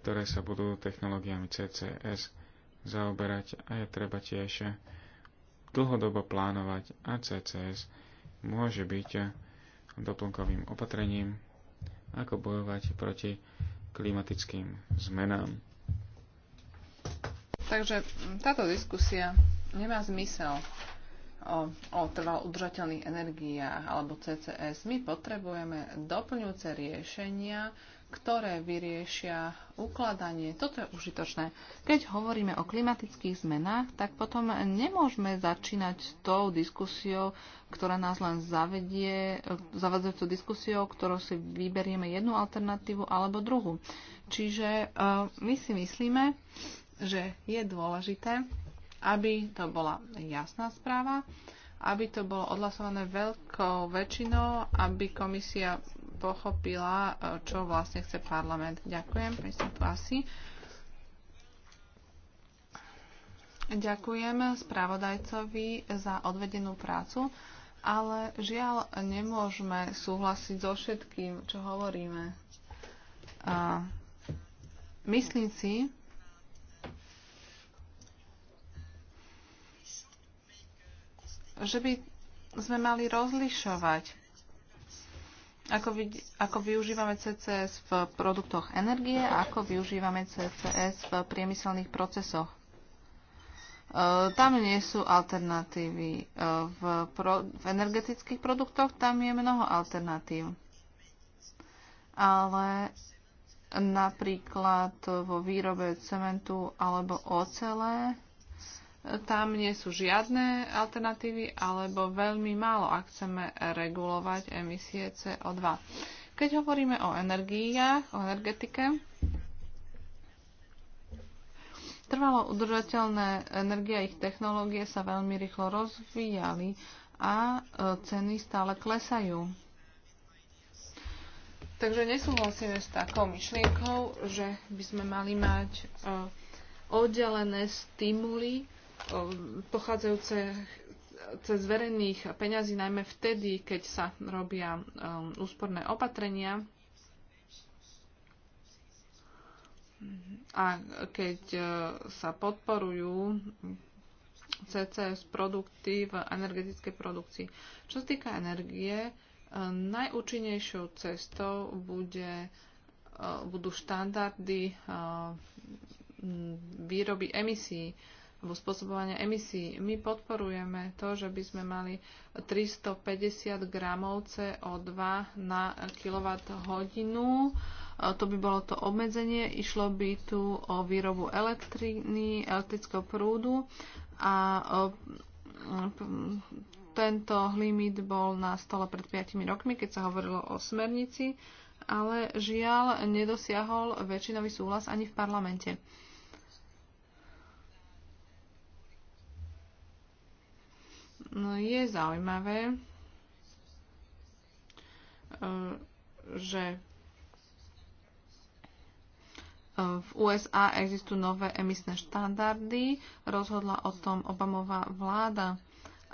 ktoré sa budú technológiami CCS zaoberať a je treba tiež dlhodobo plánovať a CCS môže byť doplnkovým opatrením ako bojovať proti klimatickým zmenám. Takže táto diskusia nemá zmysel o, o trval udržateľných energiách alebo CCS, my potrebujeme doplňujúce riešenia, ktoré vyriešia ukladanie. Toto je užitočné. Keď hovoríme o klimatických zmenách, tak potom nemôžeme začínať tou diskusiou, ktorá nás len zavedie, zavadzujúcou diskusiou, ktorou si vyberieme jednu alternatívu alebo druhú. Čiže e, my si myslíme, že je dôležité, aby to bola jasná správa, aby to bolo odhlasované veľkou väčšinou, aby komisia pochopila, e, čo vlastne chce parlament. Ďakujem, tu asi. Ďakujem spravodajcovi za odvedenú prácu, ale žiaľ nemôžeme súhlasiť so všetkým, čo hovoríme. A myslím si, že by sme mali rozlišovať, ako, vid- ako využívame CCS v produktoch energie a ako využívame CCS v priemyselných procesoch. E, tam nie sú alternatívy. E, v, pro, v energetických produktoch tam je mnoho alternatív. Ale napríklad vo výrobe cementu alebo ocele tam nie sú žiadne alternatívy alebo veľmi málo, ak chceme regulovať emisie CO2. Keď hovoríme o energiách, o energetike, trvalo udržateľné energia a ich technológie sa veľmi rýchlo rozvíjali a e, ceny stále klesajú. Takže nesúhlasíme s takou myšlienkou, že by sme mali mať e, oddelené stimuly Eh, pochádzajúce cez verejných peňazí, najmä vtedy, keď sa robia eh, úsporné opatrenia a keď eh, sa podporujú CCS produkty v energetickej produkcii. Čo sa týka energie, najúčinnejšou cestou bude, budú štandardy výroby emisí alebo spôsobovania emisí. My podporujeme to, že by sme mali 350 gramov CO2 na kWh. E, to by bolo to obmedzenie. Išlo by tu o výrobu elektriny, elektrického prúdu a e, e, tento limit bol na stole pred 5 rokmi, keď sa hovorilo o smernici, ale žiaľ nedosiahol väčšinový súhlas ani v parlamente. No je zaujímavé, e, že e, v USA existujú nové emisné štandardy, rozhodla o tom Obamová vláda.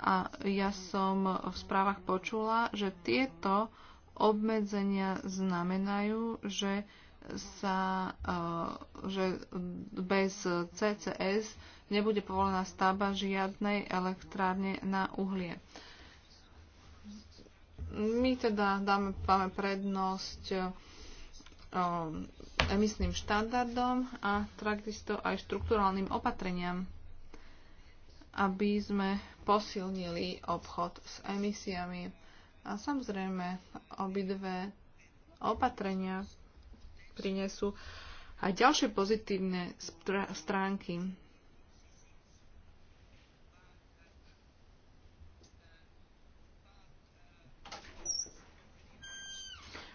A ja som v správach počula, že tieto obmedzenia znamenajú, že, sa, e, že bez CCS nebude povolená stavba žiadnej elektrárne na uhlie. My teda dáme, máme prednosť eh, eh, emisným štandardom a takisto aj štruktúrálnym opatreniam, aby sme posilnili obchod s emisiami. A samozrejme, obidve opatrenia prinesú aj ďalšie pozitívne stránky.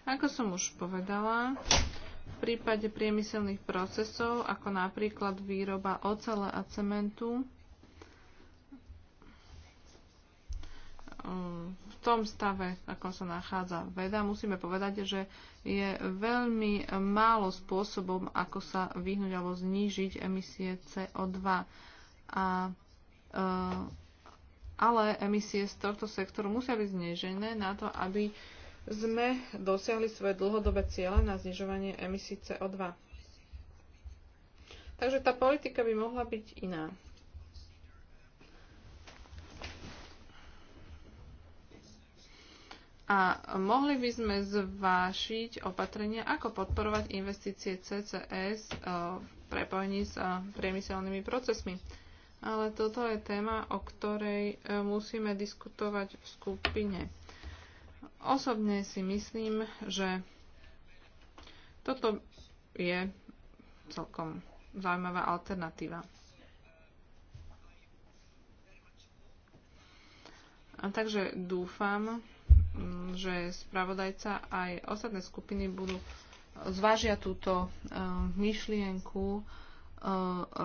Ako som už povedala, v prípade priemyselných procesov, ako napríklad výroba ocele a cementu, v tom stave, ako sa nachádza veda, musíme povedať, že je veľmi málo spôsobom, ako sa vyhnúť alebo znížiť emisie CO2. A, e, ale emisie z tohto sektoru musia byť znížené na to, aby e, sme dosiahli svoje dlhodobé ciele na znižovanie emisí CO2. Takže tá politika by mohla byť iná. A mohli by sme zvášiť opatrenia, ako podporovať investície CCS eh, v prepojení s eh, priemyselnými procesmi. Ale toto je téma, o ktorej eh, musíme diskutovať v skupine. Osobne si myslím, že toto je celkom zaujímavá alternatíva. A takže dúfam, že spravodajca aj ostatné skupiny budú zvážia túto e, myšlienku uh,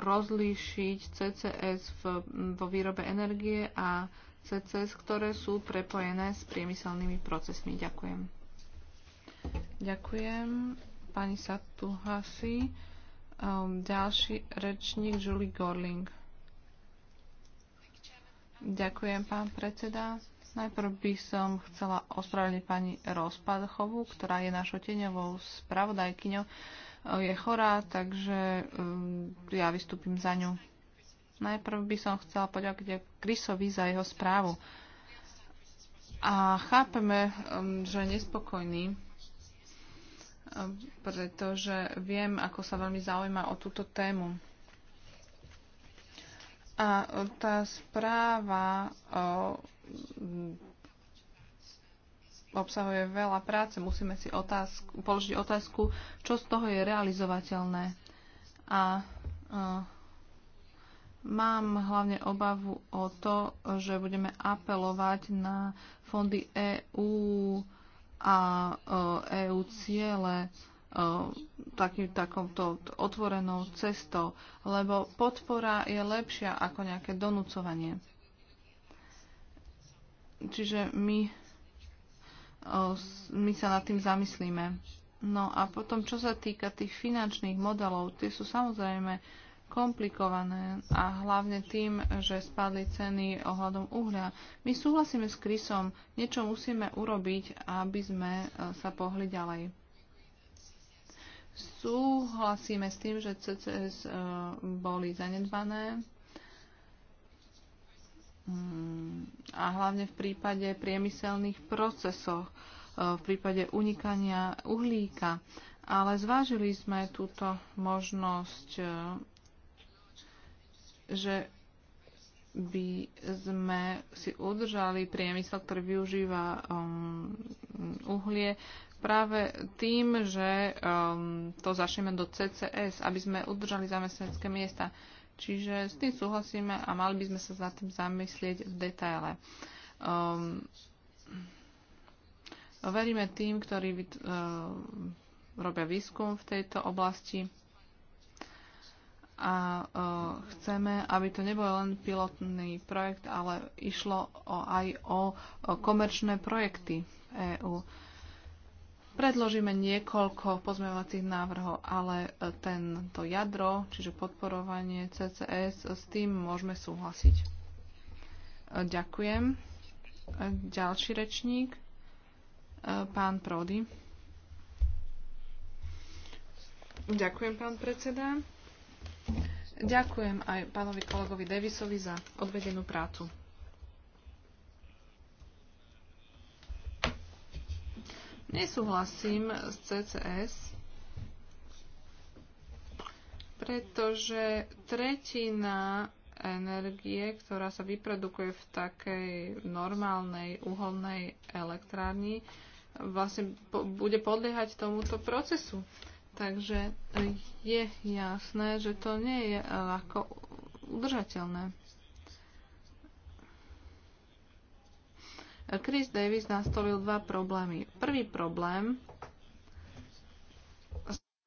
rozlíšiť CCS v, vo výrobe energie a CCS, ktoré sú prepojené s priemyselnými procesmi. Ďakujem. Ďakujem pani Satuhasi. Um, ďalší rečník Julie Gorling. Ďakujem, pán predseda. Najprv by som chcela ospravedlniť pani Rozpadchovú, ktorá je našou teňovou spravodajkyňou. Je chorá, takže um, ja vystúpim za ňu. Najprv by som chcela poďakovať Krisovi za jeho správu. A chápeme, um, že je nespokojný, um, pretože viem, ako sa veľmi zaujíma o túto tému. A tá správa um, obsahuje veľa práce. Musíme si otázku, položiť otázku, čo z toho je realizovateľné. A uh, Mám hlavne obavu o to, že budeme apelovať na fondy EÚ a EÚ e ciele e, takým, takomto otvorenou cestou, lebo podpora je lepšia ako nejaké donúcovanie. Čiže my, e, my sa nad tým zamyslíme. No a potom, čo sa týka tých finančných modelov, tie sú samozrejme komplikované a hlavne tým, že spadli ceny ohľadom uhľa. My súhlasíme s Krysom, niečo musíme urobiť, aby sme e, sa pohli ďalej. Súhlasíme s tým, že CCS e, boli zanedbané mm, a hlavne v prípade priemyselných procesoch, e, v prípade unikania uhlíka. Ale zvážili sme túto možnosť že by sme si udržali priemysel, ktorý využíva um, uhlie práve tým, že um, to zašleme do CCS, aby sme udržali zamestnanecké miesta. Čiže s tým súhlasíme a mali by sme sa za tým zamyslieť v detaile. Um, veríme tým, ktorí uh, robia výskum v tejto oblasti a e, chceme, aby to nebol len pilotný projekt, ale išlo o, aj o, o komerčné projekty EÚ. Predložíme niekoľko pozmeňovacích návrhov, ale e, tento jadro, čiže podporovanie CCS, s tým môžeme súhlasiť. E, ďakujem. Ďalší rečník, pán Prody. Ďakujem, pán predseda. Ďakujem aj pánovi kolegovi Davisovi za odvedenú prácu. Nesúhlasím s CCS, pretože tretina energie, ktorá sa vyprodukuje v takej normálnej uholnej elektrárni, vlastne po, bude podliehať tomuto procesu. Takže e, je jasné, že to nie je ľahko e, udržateľné. E, Chris Davis nastolil dva problémy. Prvý problém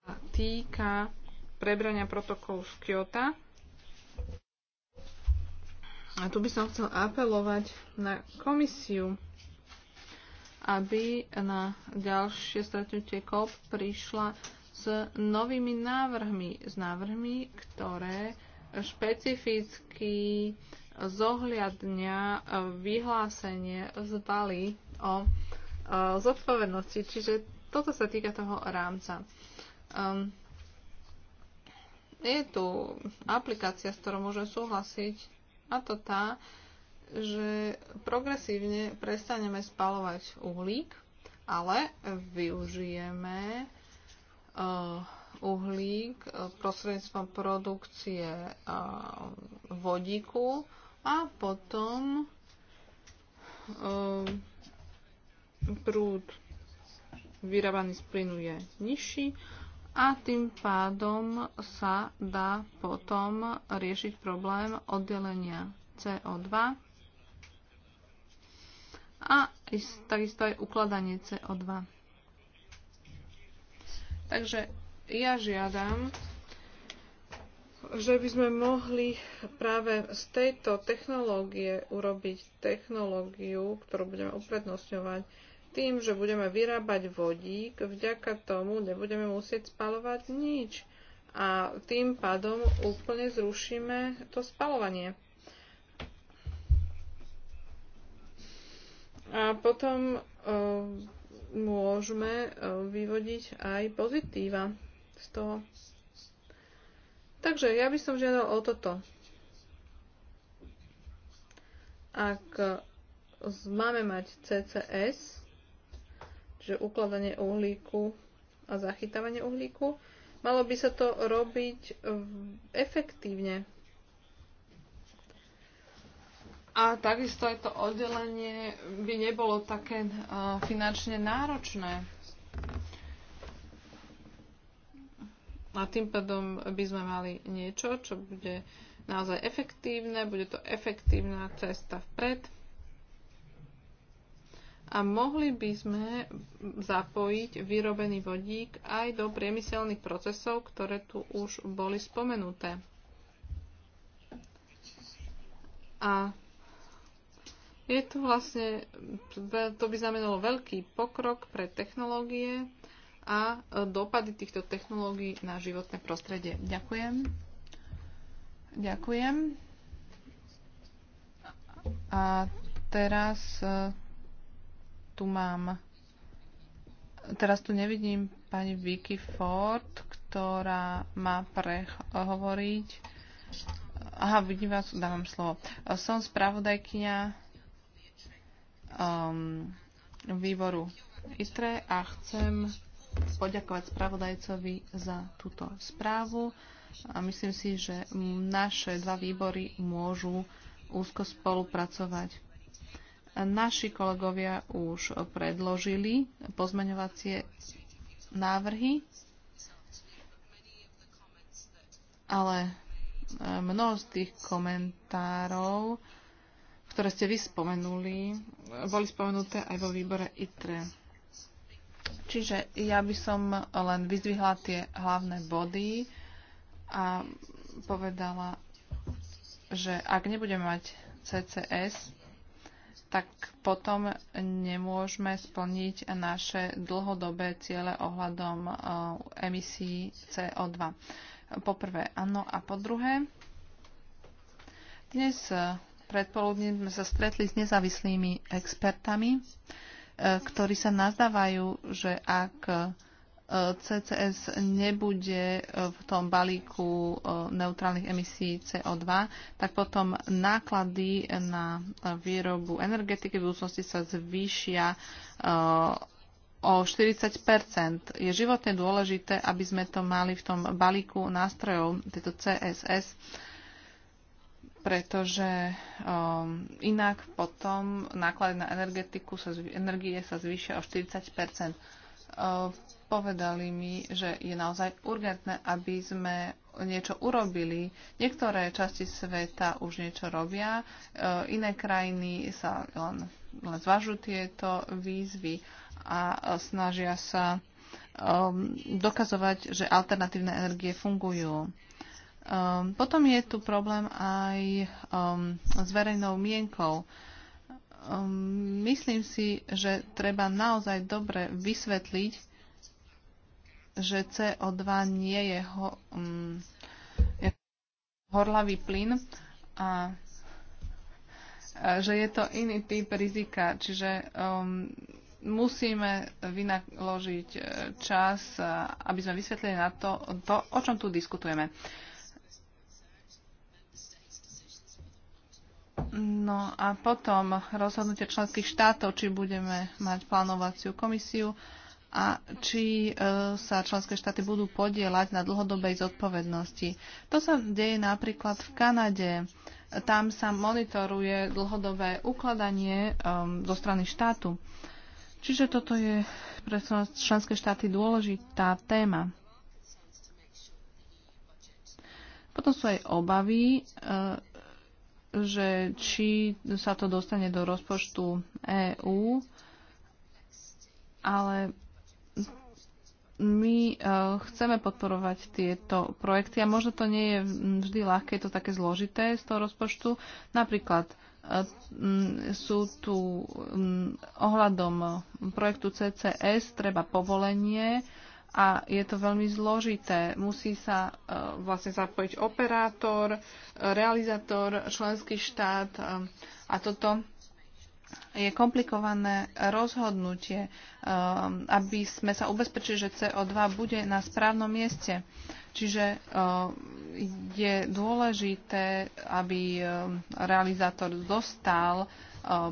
sa týka prebrania protokolu z Kyoto. A tu by som chcel apelovať na komisiu, aby na ďalšie stretnutie COP prišla s novými návrhmi, s návrhmi, ktoré špecificky zohľadňa eh, vyhlásenie z Bali o eh, zodpovednosti. Čiže toto sa týka toho rámca. Ehm, je tu aplikácia, s ktorou môžem súhlasiť, a to tá, že progresívne prestaneme spalovať uhlík, ale využijeme Eh, uhlík eh, prostredníctvom produkcie eh, vodíku a potom prúd vyrábaný z plynu je nižší a tým pádom sa dá potom riešiť problém oddelenia CO2 a takisto aj ukladanie CO2. Takže ja žiadam, že by sme mohli práve z tejto technológie urobiť technológiu, ktorú budeme uprednostňovať tým, že budeme vyrábať vodík, vďaka tomu nebudeme musieť spalovať nič. A tým pádom úplne zrušíme to spalovanie. A potom eh, môžeme e, vyvodiť aj pozitíva z toho. Takže ja by som žiadal o toto. Ak máme mať CCS, čiže ukladanie uhlíku a zachytávanie uhlíku, malo by sa to robiť efektívne. A takisto aj to oddelenie by nebolo také uh, finančne náročné. A tým pádom by sme mali niečo, čo bude naozaj efektívne, bude to efektívna cesta vpred. A mohli by sme zapojiť vyrobený vodík aj do priemyselných procesov, ktoré tu už boli spomenuté. A je tu vlastne, to by znamenalo veľký pokrok pre technológie a e, dopady týchto technológií na životné prostredie. Ďakujem. Ďakujem. A teraz e, tu mám, teraz tu nevidím pani Vicky Ford, ktorá má prehovoriť. Aha, vidím vás, dávam slovo. Som spravodajkynia um, výboru ISTRE a chcem poďakovať spravodajcovi za túto správu. A myslím si, že naše dva výbory môžu úzko spolupracovať. Naši kolegovia už predložili pozmeňovacie návrhy, ale mnoho z tých komentárov ktoré ste vy spomenuli, boli spomenuté aj vo výbore ITRE. Čiže ja by som len vyzvihla tie hlavné body a povedala, že ak nebudeme mať CCS, tak potom nemôžeme splniť naše dlhodobé ciele ohľadom e, emisí CO2. Po prvé, áno. A po druhé, dnes predpoludne sme sa stretli s nezávislými expertami, e, ktorí sa nazdávajú, že ak e, CCS nebude v tom balíku e, neutrálnych emisí CO2, tak potom náklady na výrobu energetiky v budúcnosti sa zvýšia o 40 Je životne dôležité, aby sme to mali v tom balíku nástrojov, tieto CSS, pretože um, inak potom náklady na energetiku sa, energie sa zvýšia o 40 um, uh, Povedali mi, že je naozaj urgentné, aby sme niečo urobili. Niektoré časti sveta už niečo robia, um, iné krajiny sa len, len zvažujú tieto výzvy a snažia sa um, dokazovať, že alternatívne energie fungujú. Um, potom je tu problém aj um, s verejnou mienkou. Um, myslím si, že treba naozaj dobre vysvetliť, že CO2 nie je, ho, um, je horlavý plyn a, a že je to iný typ rizika. Čiže um, musíme vynaložiť e, čas, aby sme vysvetlili na to, to o čom tu diskutujeme. Uh, No a potom rozhodnutie členských štátov, či budeme mať plánovaciu komisiu a či e, sa členské štáty budú podielať na dlhodobej zodpovednosti. To sa deje napríklad v Kanade. Tam sa monitoruje dlhodobé ukladanie um, zo strany štátu. Čiže toto je pre členské štáty dôležitá téma. Potom sú aj obavy, e, že či sa to dostane do rozpočtu EÚ, ale my e, chceme podporovať tieto projekty a možno to nie je vždy ľahké, je to také zložité z toho rozpočtu. Napríklad e, sú tu ohľadom projektu CCS treba povolenie, a je to veľmi zložité. Musí sa e, vlastne zapojiť operátor, e, realizátor, členský štát e, a toto je komplikované rozhodnutie, aby sme sa ubezpečili, že CO2 bude na správnom mieste. Čiže je dôležité, aby realizátor dostal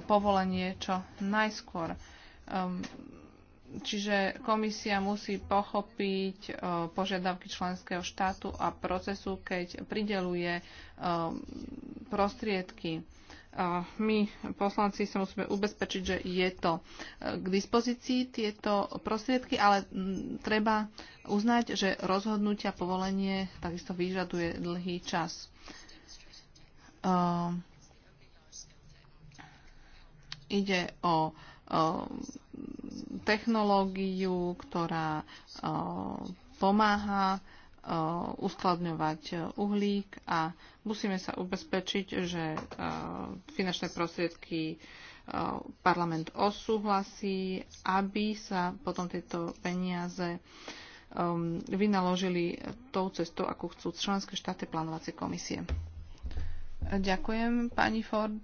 povolenie čo najskôr. Čiže komisia musí pochopiť e, požiadavky členského štátu a procesu, keď prideluje e, prostriedky. E, my, poslanci, sa musíme ubezpečiť, že je to k dispozícii tieto prostriedky, ale treba uznať, že rozhodnutia povolenie takisto vyžaduje dlhý čas. Ide o Eh, technológiu, ktorá eh, pomáha eh, uskladňovať uhlík a musíme sa ubezpečiť, že finančné prostriedky parlament osúhlasí, aby sa potom tieto peniaze vynaložili tou cestou, ako chcú členské štáty plánovacie komisie. Ďakujem, pani Ford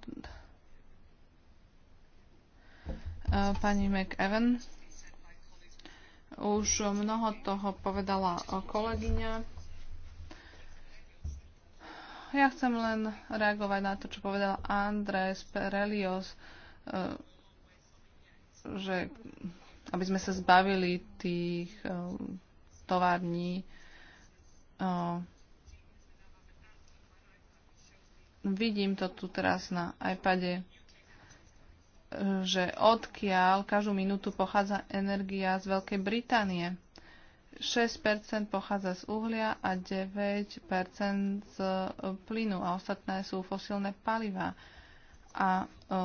pani McEwen. Už mnoho toho povedala kolegyňa. Ja chcem len reagovať na to, čo povedal Andrés Perelios, e, že aby sme sa zbavili tých e, tovární e, vidím to tu teraz na iPade že odkiaľ každú minútu pochádza energia z Veľkej Británie. 6% pochádza z uhlia a 9% z e, plynu a ostatné sú fosílne paliva. A e,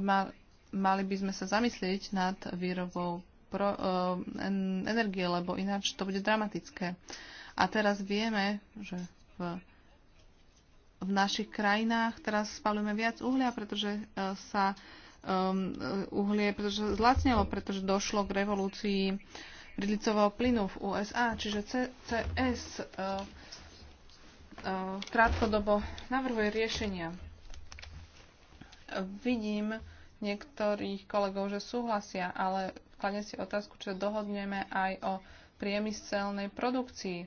mal, mali by sme sa zamyslieť nad výrobou pro, e, energie, lebo ináč to bude dramatické. A teraz vieme, že v v našich krajinách teraz spalujeme viac uhlia, pretože e, sa um, e, uhlie pretože zlacnelo, pretože došlo k revolúcii bridlicového plynu v USA, čiže CCS uh, e, uh, krátkodobo navrhuje riešenia. Vidím niektorých kolegov, že súhlasia, ale kladne si otázku, čo dohodneme aj o priemyselnej produkcii.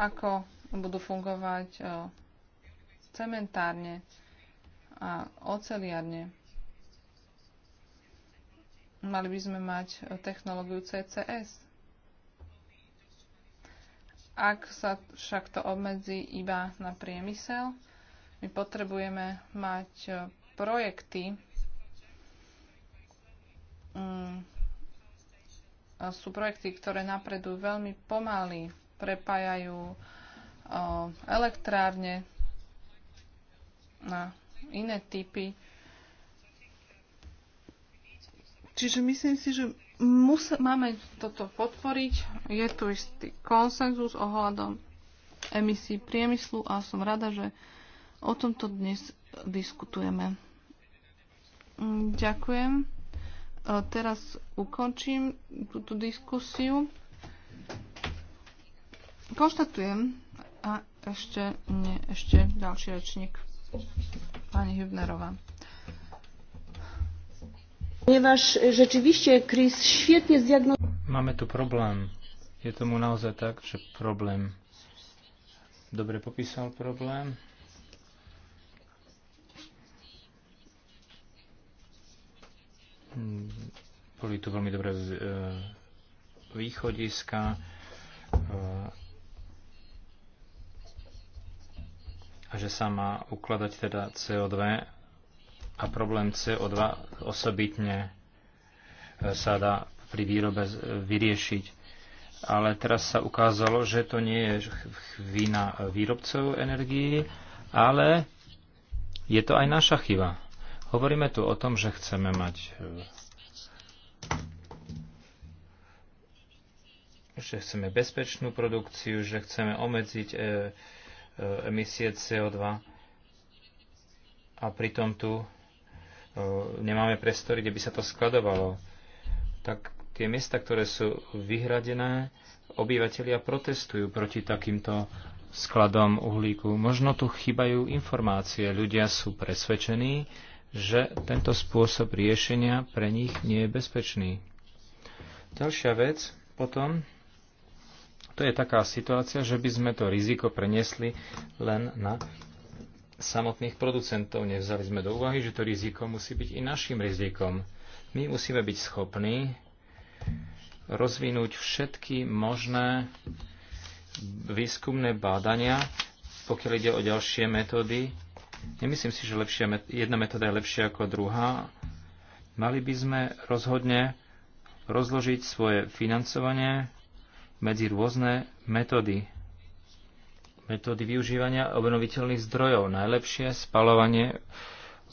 Ako budú fungovať e, cementárne a oceliarne. Mali by sme mať e, technológiu CCS. Ak sa však to obmedzí iba na priemysel, my potrebujeme mať e, projekty, mm, sú projekty, ktoré napredujú veľmi pomaly, prepájajú Eh, elektrárne na iné typy. Čiže myslím si, že mus- máme toto podporiť. Je tu istý konsenzus ohľadom emisí priemyslu a som rada, že o tomto dnes diskutujeme. Mm, ďakujem. Eh, teraz ukončím túto diskusiu. Konštatujem, a ešte, nie, ešte ďalší rečník, pani Hübnerová. Ponieważ rzeczywiście Chris świetnie zdiagnozował. Mamy tu problém. Je tomu naozaj tak, že problém. Dobre popísal problém. Boli tu veľmi dobré e, východiska e, a že sa má ukladať teda CO2 a problém CO2 osobitne e, sa dá pri výrobe vyriešiť. Ale teraz sa ukázalo, že to nie je vina výrobcov energií, ale je to aj naša chyba. Hovoríme tu o tom, že chceme mať e, že chceme bezpečnú produkciu, že chceme obmedziť e, E, emisie CO2 a pritom tu e, nemáme priestory, kde by sa to skladovalo. Tak tie miesta, ktoré sú vyhradené, obyvateľia protestujú proti takýmto skladom uhlíku. Možno tu chýbajú informácie. Ľudia sú presvedčení, že tento spôsob riešenia pre nich nie je bezpečný. Ďalšia vec potom to je taká situácia, že by sme to riziko preniesli len na samotných producentov. Nevzali sme do úvahy, že to riziko musí byť i našim rizikom. My musíme byť schopní rozvinúť všetky možné výskumné bádania, pokiaľ ide o ďalšie metódy. Nemyslím si, že lepšia, jedna metóda je lepšia ako druhá. Mali by sme rozhodne rozložiť svoje financovanie medzi rôzne metódy metódy využívania obnoviteľných zdrojov. Najlepšie spalovanie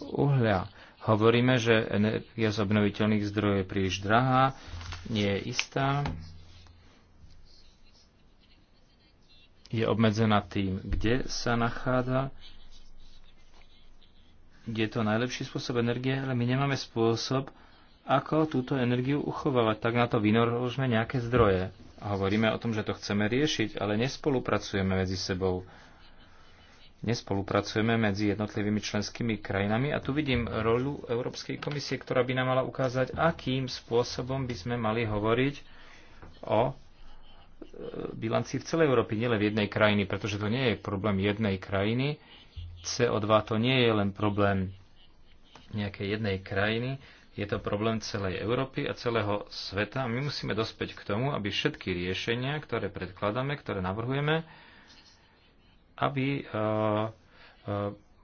uhľa. Hovoríme, že energia z obnoviteľných zdrojov je príliš drahá, nie je istá, je obmedzená tým, kde sa nachádza, kde je to najlepší spôsob energie, ale my nemáme spôsob, ako túto energiu uchovávať. Tak na to vynorožme nejaké zdroje. Hovoríme o tom, že to chceme riešiť, ale nespolupracujeme medzi sebou. Nespolupracujeme medzi jednotlivými členskými krajinami a tu vidím rolu Európskej komisie, ktorá by nám mala ukázať, akým spôsobom by sme mali hovoriť o e, bilancii v celej Európe, nielen v jednej krajiny, pretože to nie je problém jednej krajiny. CO2 to nie je len problém nejakej jednej krajiny, je to problém celej Európy a celého sveta a my musíme dospäť k tomu, aby všetky riešenia, ktoré predkladáme, ktoré navrhujeme, aby e, e,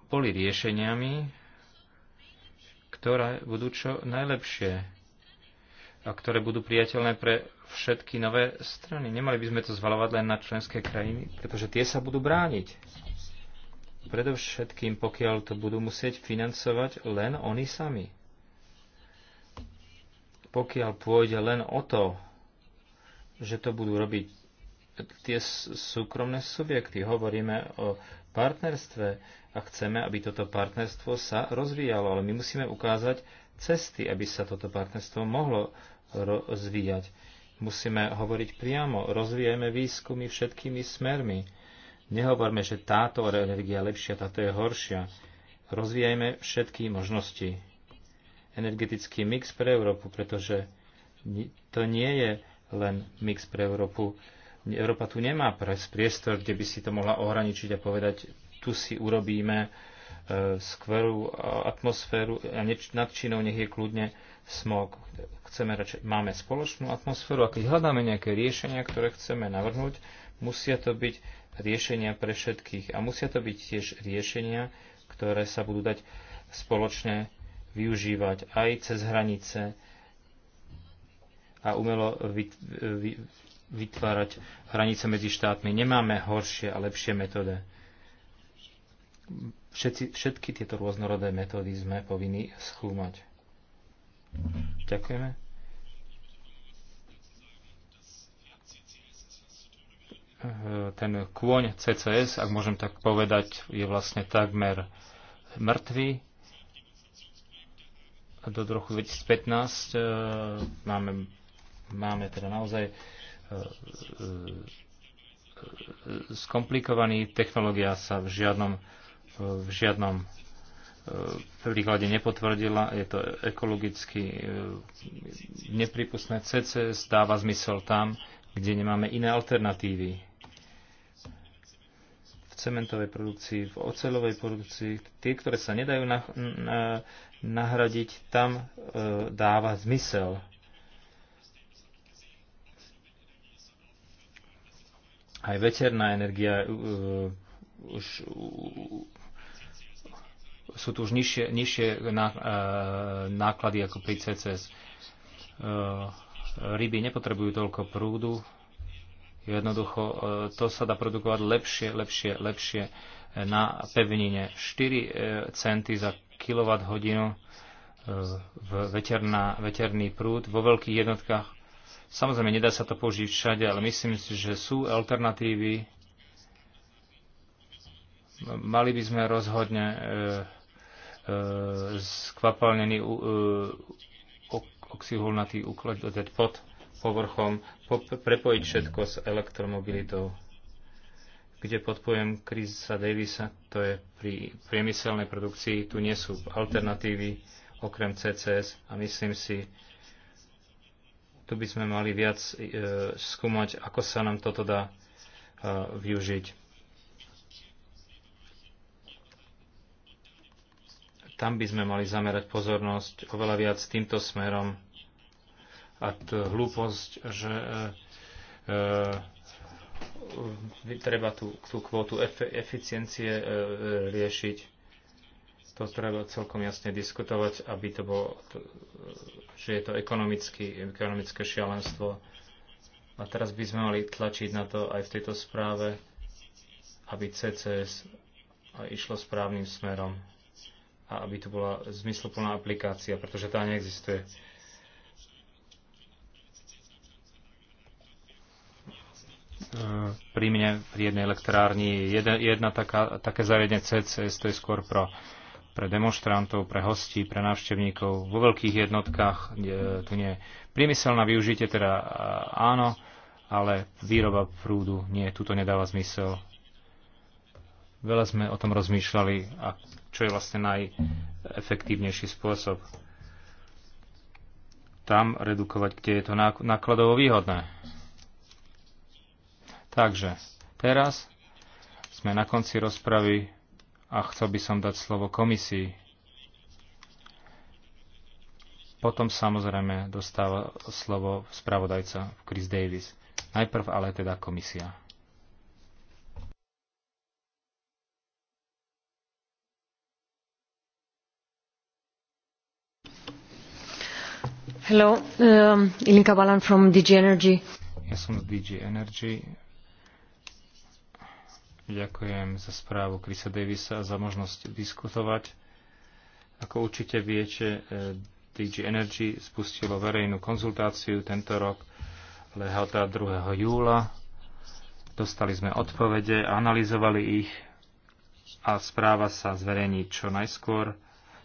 boli riešeniami, ktoré budú čo najlepšie a ktoré budú priateľné pre všetky nové strany. Nemali by sme to zvalovať len na členské krajiny, pretože tie sa budú brániť. Predovšetkým, pokiaľ to budú musieť financovať len oni sami pokiaľ pôjde len o to, že to budú robiť tie súkromné subjekty. Hovoríme o partnerstve a chceme, aby toto partnerstvo sa rozvíjalo, ale my musíme ukázať cesty, aby sa toto partnerstvo mohlo rozvíjať. Musíme hovoriť priamo, rozvíjame výskumy všetkými smermi. Nehovorme, že táto energia je lepšia, táto je horšia. Rozvíjajme všetky možnosti energetický mix pre Európu, pretože to nie je len mix pre Európu. Európa tu nemá priestor, kde by si to mohla ohraničiť a povedať, tu si urobíme e, skvelú atmosféru a nad Čínou nech je kľudne smog. Chceme radšej, máme spoločnú atmosféru a keď hľadáme nejaké riešenia, ktoré chceme navrhnúť, musia to byť riešenia pre všetkých a musia to byť tiež riešenia, ktoré sa budú dať spoločne využívať aj cez hranice a umelo vytvárať hranice medzi štátmi. Nemáme horšie a lepšie metódy. Všetci, všetky tieto rôznorodé metódy sme povinni skúmať. Ďakujeme. Ten kôň CCS, ak môžem tak povedať, je vlastne takmer mŕtvy do roku 2015 e, máme, máme teda naozaj e, e, skomplikovaný, technológia sa v žiadnom, v žiadnom príklade nepotvrdila, je to ekologicky nepripustné. CCS dáva zmysel tam, kde nemáme iné alternatívy. V cementovej produkcii, v oceľovej produkcii, tie, ktoré sa nedajú na, na, nahradiť, tam e, dáva zmysel. Aj večerná energia e, už e, sú tu už nižšie, nižšie ná, e, náklady ako pri CCS. E, ryby nepotrebujú toľko prúdu. Jednoducho e, to sa dá produkovať lepšie, lepšie, lepšie na pevnine. 4 e, centy za kWh e, v veterná, veterný prúd vo veľkých jednotkách. Samozrejme, nedá sa to použiť všade, ale myslím si, že sú alternatívy. Mali by sme rozhodne e, e, skvapalnený e, oxyholnatý uklad pod povrchom, po, prepojiť všetko s elektromobilitou kde podpojem Chrisa Davisa, to je pri priemyselnej produkcii, tu nie sú alternatívy okrem CCS a myslím si, tu by sme mali viac e, skúmať, ako sa nám toto dá e, využiť. Tam by sme mali zamerať pozornosť oveľa viac týmto smerom a hlúposť, že e, e, treba tú, tú kvótu eficiencie e, e, riešiť. To treba celkom jasne diskutovať, aby to bolo, e, že je to ekonomické šialenstvo. A teraz by sme mali tlačiť na to aj v tejto správe, aby CCS išlo správnym smerom a aby to bola zmysluplná aplikácia, pretože tá neexistuje. E, pri mne v jednej elektrárni jedna, jedna taká, také zariadenie CCS, to je skôr pro, pre demonstrantov, pre hostí, pre návštevníkov vo veľkých jednotkách, tu nie. je Priemyselná využitie teda áno, ale výroba prúdu nie, tuto nedáva zmysel. Veľa sme o tom rozmýšľali a čo je vlastne najefektívnejší spôsob. Tam redukovať, kde je to nákladovo výhodné. Takže teraz sme na konci rozpravy a chcel by som dať slovo komisii. Potom samozrejme dostáva slovo spravodajca Chris Davis. Najprv ale teda komisia. Hello, um, Ilinka Balan from DG Energy. Ja som z DG Energy Ďakujem za správu Krisa Davisa a za možnosť diskutovať. Ako určite viete, eh, DG Energy spustilo verejnú konzultáciu tento rok lehota 2. júla. Dostali sme odpovede, analyzovali ich a správa sa zverejní čo najskôr.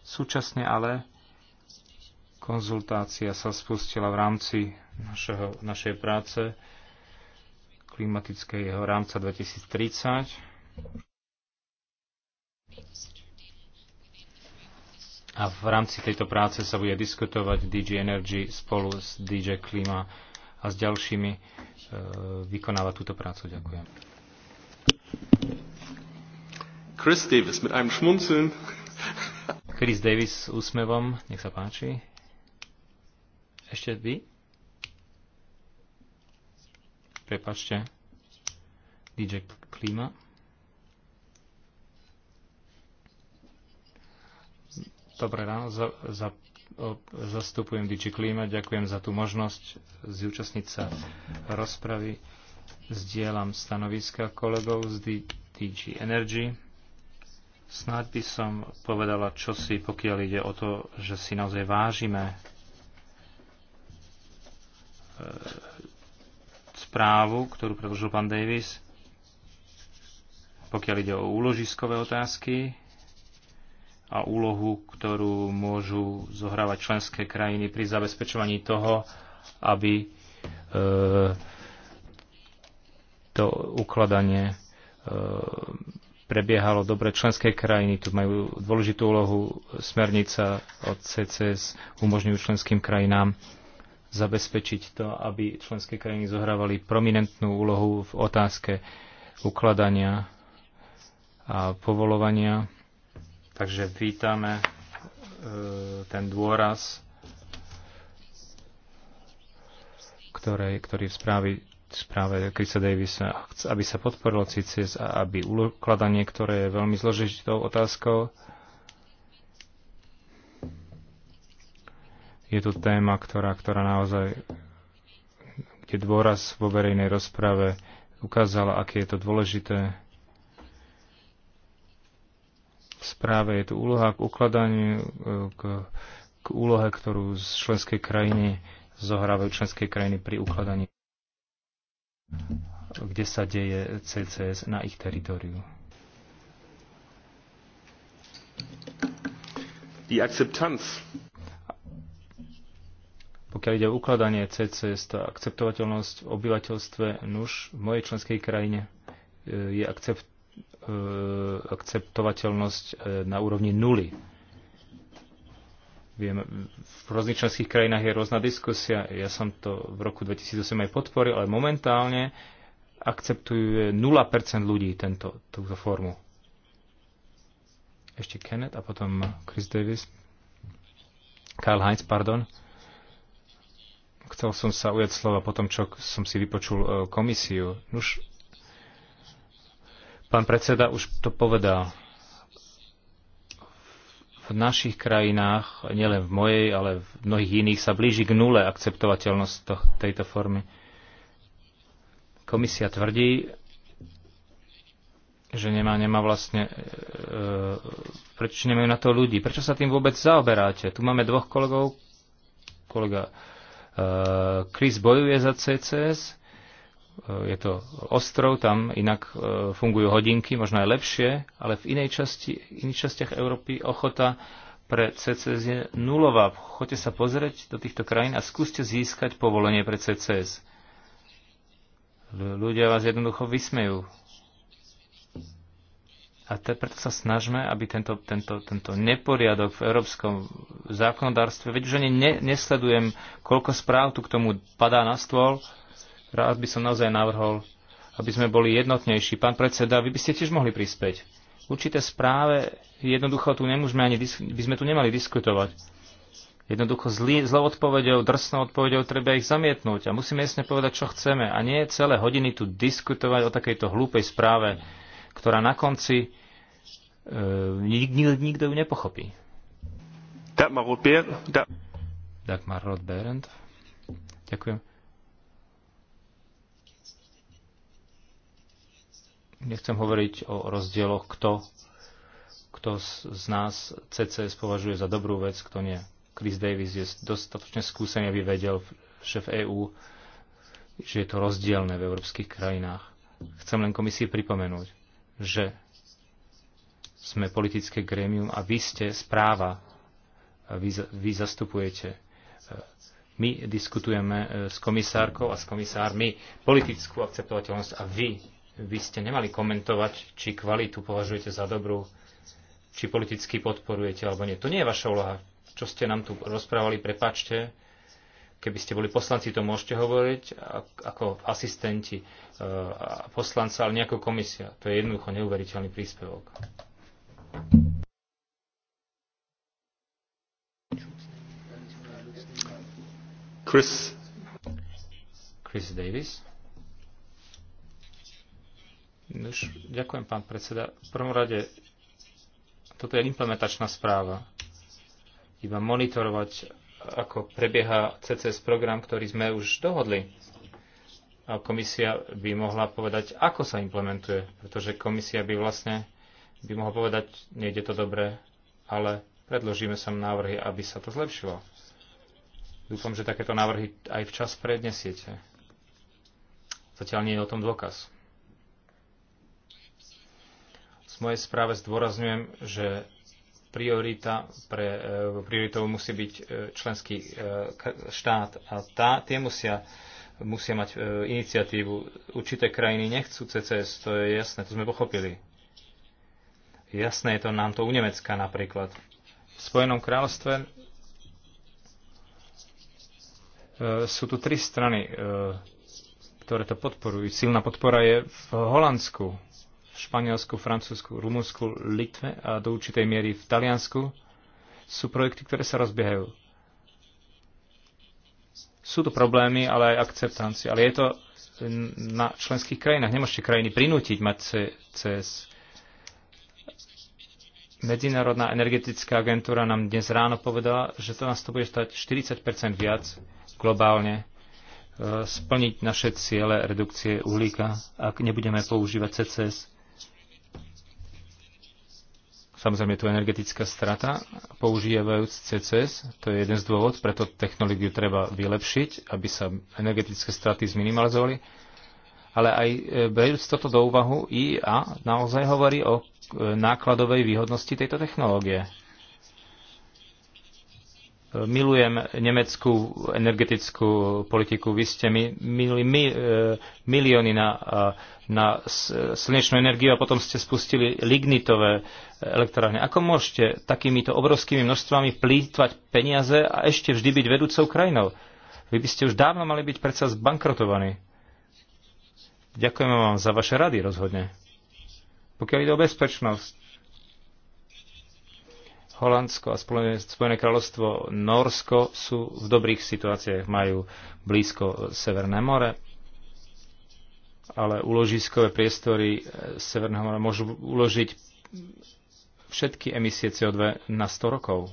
Súčasne ale konzultácia sa spustila v rámci našeho, našej práce klimatického rámca 2030. A v rámci tejto práce sa bude diskutovať DG Energy spolu s DG Klima a s ďalšími e, vykonávať túto prácu. Ďakujem. Chris Davis mit einem Schmunzeln. Chris Davis s úsmevom, nech sa páči. Ešte vy? Prepačte. DJ Klima. Dobré ráno, za, za, o, zastupujem DJ Klima, ďakujem za tú možnosť zúčastniť sa rozpravy. Zdieľam stanoviska kolegov z DG Energy. Snáď by som povedala čosi, pokiaľ ide o to, že si naozaj vážime e, správu, ktorú predložil pán Davis, pokiaľ ide o úložiskové otázky a úlohu, ktorú môžu zohrávať členské krajiny pri zabezpečovaní toho, aby e, to ukladanie e, prebiehalo dobre. Členské krajiny tu majú dôležitú úlohu. Smernica od CCS umožňujú členským krajinám zabezpečiť to, aby členské krajiny zohrávali prominentnú úlohu v otázke ukladania a povolovania. Takže vítame e, ten dôraz, ktoré, ktorý v správe, správe Chrisa Davisa, aby sa podporilo CCS a aby ukladanie, ktoré je veľmi zložitou otázkou, Je to téma, ktorá, ktorá naozaj, kde dôraz vo verejnej rozprave ukázala, aké je to dôležité. V správe je tu úloha k ukladaniu, k, k úlohe, ktorú z členskej krajiny zohrávajú členské krajiny pri ukladaní, kde sa deje CCS na ich teritoriu. Die Akzeptanz pokiaľ ide o ukladanie CCS, tá akceptovateľnosť v obyvateľstve, nuž v mojej členskej krajine e, je akcept, e, akceptovateľnosť e, na úrovni nuly. Viem, v rôznych členských krajinách je rôzna diskusia. Ja som to v roku 2008 aj podporil, ale momentálne akceptuje 0% ľudí tento, túto formu. Ešte Kenneth a potom Chris Davis. Karl Heinz, pardon. Uh, Chcel som sa ujať slova po tom, čo som si vypočul e, komisiu. Už pán predseda už to povedal. V našich krajinách, nielen v mojej, ale v mnohých iných, sa blíži k nule akceptovateľnosť to, tejto formy. Komisia tvrdí, že nemá, nemá vlastne, e, e prečo nemajú na to ľudí. Prečo sa tým vôbec zaoberáte? Tu máme dvoch kolegov, kolega Eh, Chris bojuje za CCS, eh, je to ostrov, tam inak eh, fungujú hodinky, možno aj lepšie, ale v inej časti, iných častiach Európy ochota pre CCS je nulová. Choďte sa pozrieť do týchto krajín a skúste získať povolenie pre CCS. Ľudia vás jednoducho vysmejú. A te, preto sa snažme, aby tento, tento, tento neporiadok v európskom zákonodárstve, veď už ani ne, nesledujem, koľko správ tu k tomu padá na stôl, rád by som naozaj navrhol, aby sme boli jednotnejší. Pán predseda, vy by ste tiež mohli prispieť. Určité správe jednoducho tu nemôžeme ani, by sme tu nemali diskutovať. Jednoducho zlý, zlou odpovedou, drsnou odpovedou treba ich zamietnúť a musíme jasne povedať, čo chceme. A nie celé hodiny tu diskutovať o takejto hlúpej správe, ktorá na konci E, nik, nik, nikto ju nepochopí. Dagmar roth Ďakujem. Nechcem hovoriť o rozdieloch, kto, kto z nás CCS považuje za dobrú vec, kto nie. Chris Davis je dostatočne skúsený, aby vedel šéf EÚ, že je to rozdielne v európskych krajinách. Chcem len komisii pripomenúť, že sme politické grémium a vy ste správa. Vy, vy zastupujete. E, my diskutujeme e, s komisárkou a s komisármi politickú akceptovateľnosť a vy, vy ste nemali komentovať, či kvalitu považujete za dobrú, či politicky podporujete alebo nie. To nie je vaša úloha. Čo ste nám tu rozprávali, prepačte, keby ste boli poslanci, to môžete hovoriť ako asistenti e, poslanca, ale nejako komisia. To je jednoducho neuveriteľný príspevok. Chris. Chris Davis. Nož, ďakujem, pán predseda. V prvom rade, toto je implementačná správa. Iba monitorovať, ako prebieha CCS program, ktorý sme už dohodli. A komisia by mohla povedať, ako sa implementuje, pretože komisia by vlastne by mohol povedať, nejde to dobre, ale predložíme sem návrhy, aby sa to zlepšilo. Dúfam, že takéto návrhy aj včas prednesiete. Zatiaľ nie je o tom dôkaz. Z mojej správe zdôrazňujem, že priorita pre, e, prioritou musí byť e, členský e, štát a tá, tie musia, musia mať iniciatívu. Určité krajiny nechcú CCS, to je jasné, to sme pochopili. Jasné je to nám to u Nemecka napríklad. V Spojenom kráľovstve e, sú tu tri strany, e, ktoré to podporujú. Silná podpora je v Holandsku, v Španielsku, Francúzsku, Rumunsku, Litve a do určitej miery v Taliansku. Sú projekty, ktoré sa rozbiehajú. Sú to problémy, ale aj akceptancie, Ale je to na členských krajinách. Nemôžete krajiny prinútiť mať CS. Medzinárodná energetická agentúra nám dnes ráno povedala, že to nás to bude stať 40 viac globálne e, splniť naše ciele redukcie uhlíka, ak nebudeme používať CCS. Samozrejme, tu energetická strata používajúc CCS, to je jeden z dôvod, preto technológiu treba vylepšiť, aby sa energetické straty zminimalizovali. Ale aj e, berúc toto do úvahu, IA naozaj hovorí o E, nákladovej výhodnosti tejto technológie. E, milujem nemeckú energetickú politiku. Vy ste mi milili mi, e, milióny na, na slnečnú energiu a potom ste spustili lignitové elektrárne. Ako môžete takýmito obrovskými množstvami plýtvať peniaze a ešte vždy byť vedúcou krajinou? Vy by ste už dávno mali byť predsa zbankrotovaní. Ďakujeme vám za vaše rady rozhodne. Pokiaľ ide o bezpečnosť, Holandsko a Spojené, kráľovstvo Norsko sú v dobrých situáciách, majú blízko Severné more, ale uložiskové priestory eh, Severného mora môžu uložiť všetky emisie CO2 na 100 rokov.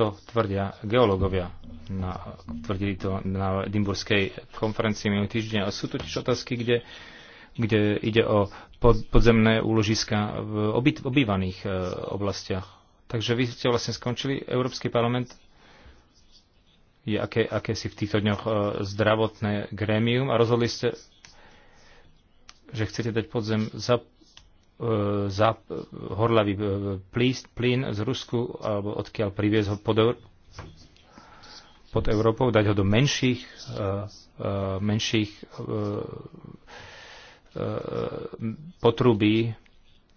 To tvrdia geológovia. Na, tvrdili to na Dimburskej konferencii minulý týždeň. A sú totiž otázky, kde, kde ide o podzemné úložiska v obývaných e, oblastiach. Takže vy ste vlastne skončili, Európsky parlament je aké, aké si v týchto dňoch e, zdravotné grémium a rozhodli ste, že chcete dať podzem za, e, za horlavý plyn z Rusku alebo odkiaľ priviez ho pod, Eur- pod Európou, dať ho do menších, menších E, e, potrubí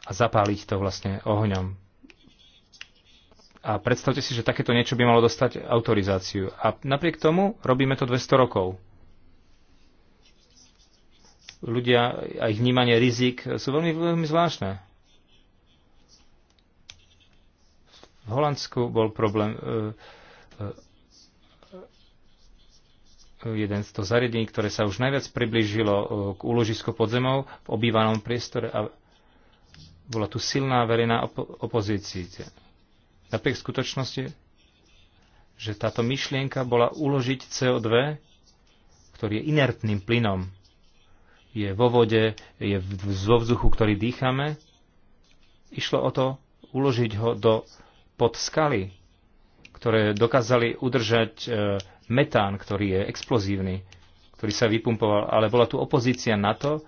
a zapáliť to vlastne ohňom. A predstavte si, že takéto niečo by malo dostať autorizáciu. A napriek tomu robíme to 200 rokov. Ľudia a ich vnímanie rizik sú veľmi, veľmi zvláštne. V Holandsku bol problém e, e, jeden z toho zariadení, ktoré sa už najviac priblížilo e, k úložisku podzemov v obývanom priestore a bola tu silná verejná op- opozícia. Napriek skutočnosti, že táto myšlienka bola uložiť CO2, ktorý je inertným plynom, je vo vode, je vo vzduchu, ktorý dýchame, išlo o to uložiť ho do pod skaly, ktoré dokázali udržať e, metán, ktorý je explozívny, ktorý sa vypumpoval, ale bola tu opozícia na to,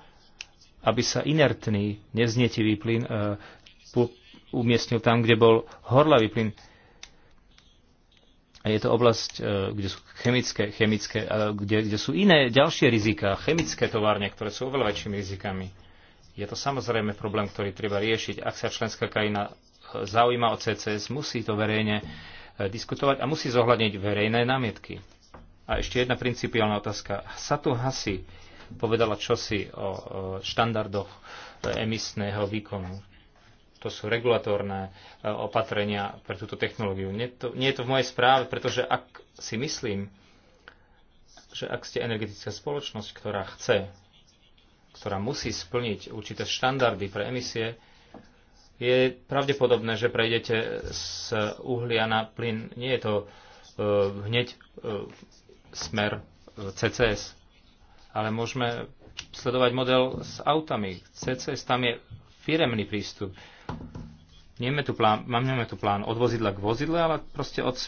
aby sa inertný, neznetivý plyn e, umiestnil tam, kde bol horlavý plyn. A je to oblasť, e, kde sú chemické, chemické e, kde, kde sú iné ďalšie riziká, chemické továrne, ktoré sú oveľa väčšími rizikami. Je to samozrejme problém, ktorý treba riešiť. Ak sa členská krajina e, zaujíma o CCS, musí to verejne uh, E, diskutovať a musí zohľadniť verejné námietky. A ešte jedna principiálna otázka. Satu Hasi povedala čosi o štandardoch e, emisného výkonu. To sú regulatórne opatrenia pre túto technológiu. Nie, to, nie je to v mojej správe, pretože ak si myslím, že ak ste energetická spoločnosť, ktorá chce, ktorá musí splniť určité štandardy pre emisie, je pravdepodobné, že prejdete z uhlia na plyn. Nie je to uh, hneď uh, smer e, CCS, ale môžeme sledovať model s autami. CCS tam je firemný prístup. Nieme tu, plán, máme tu plán od vozidla k vozidle, ale proste od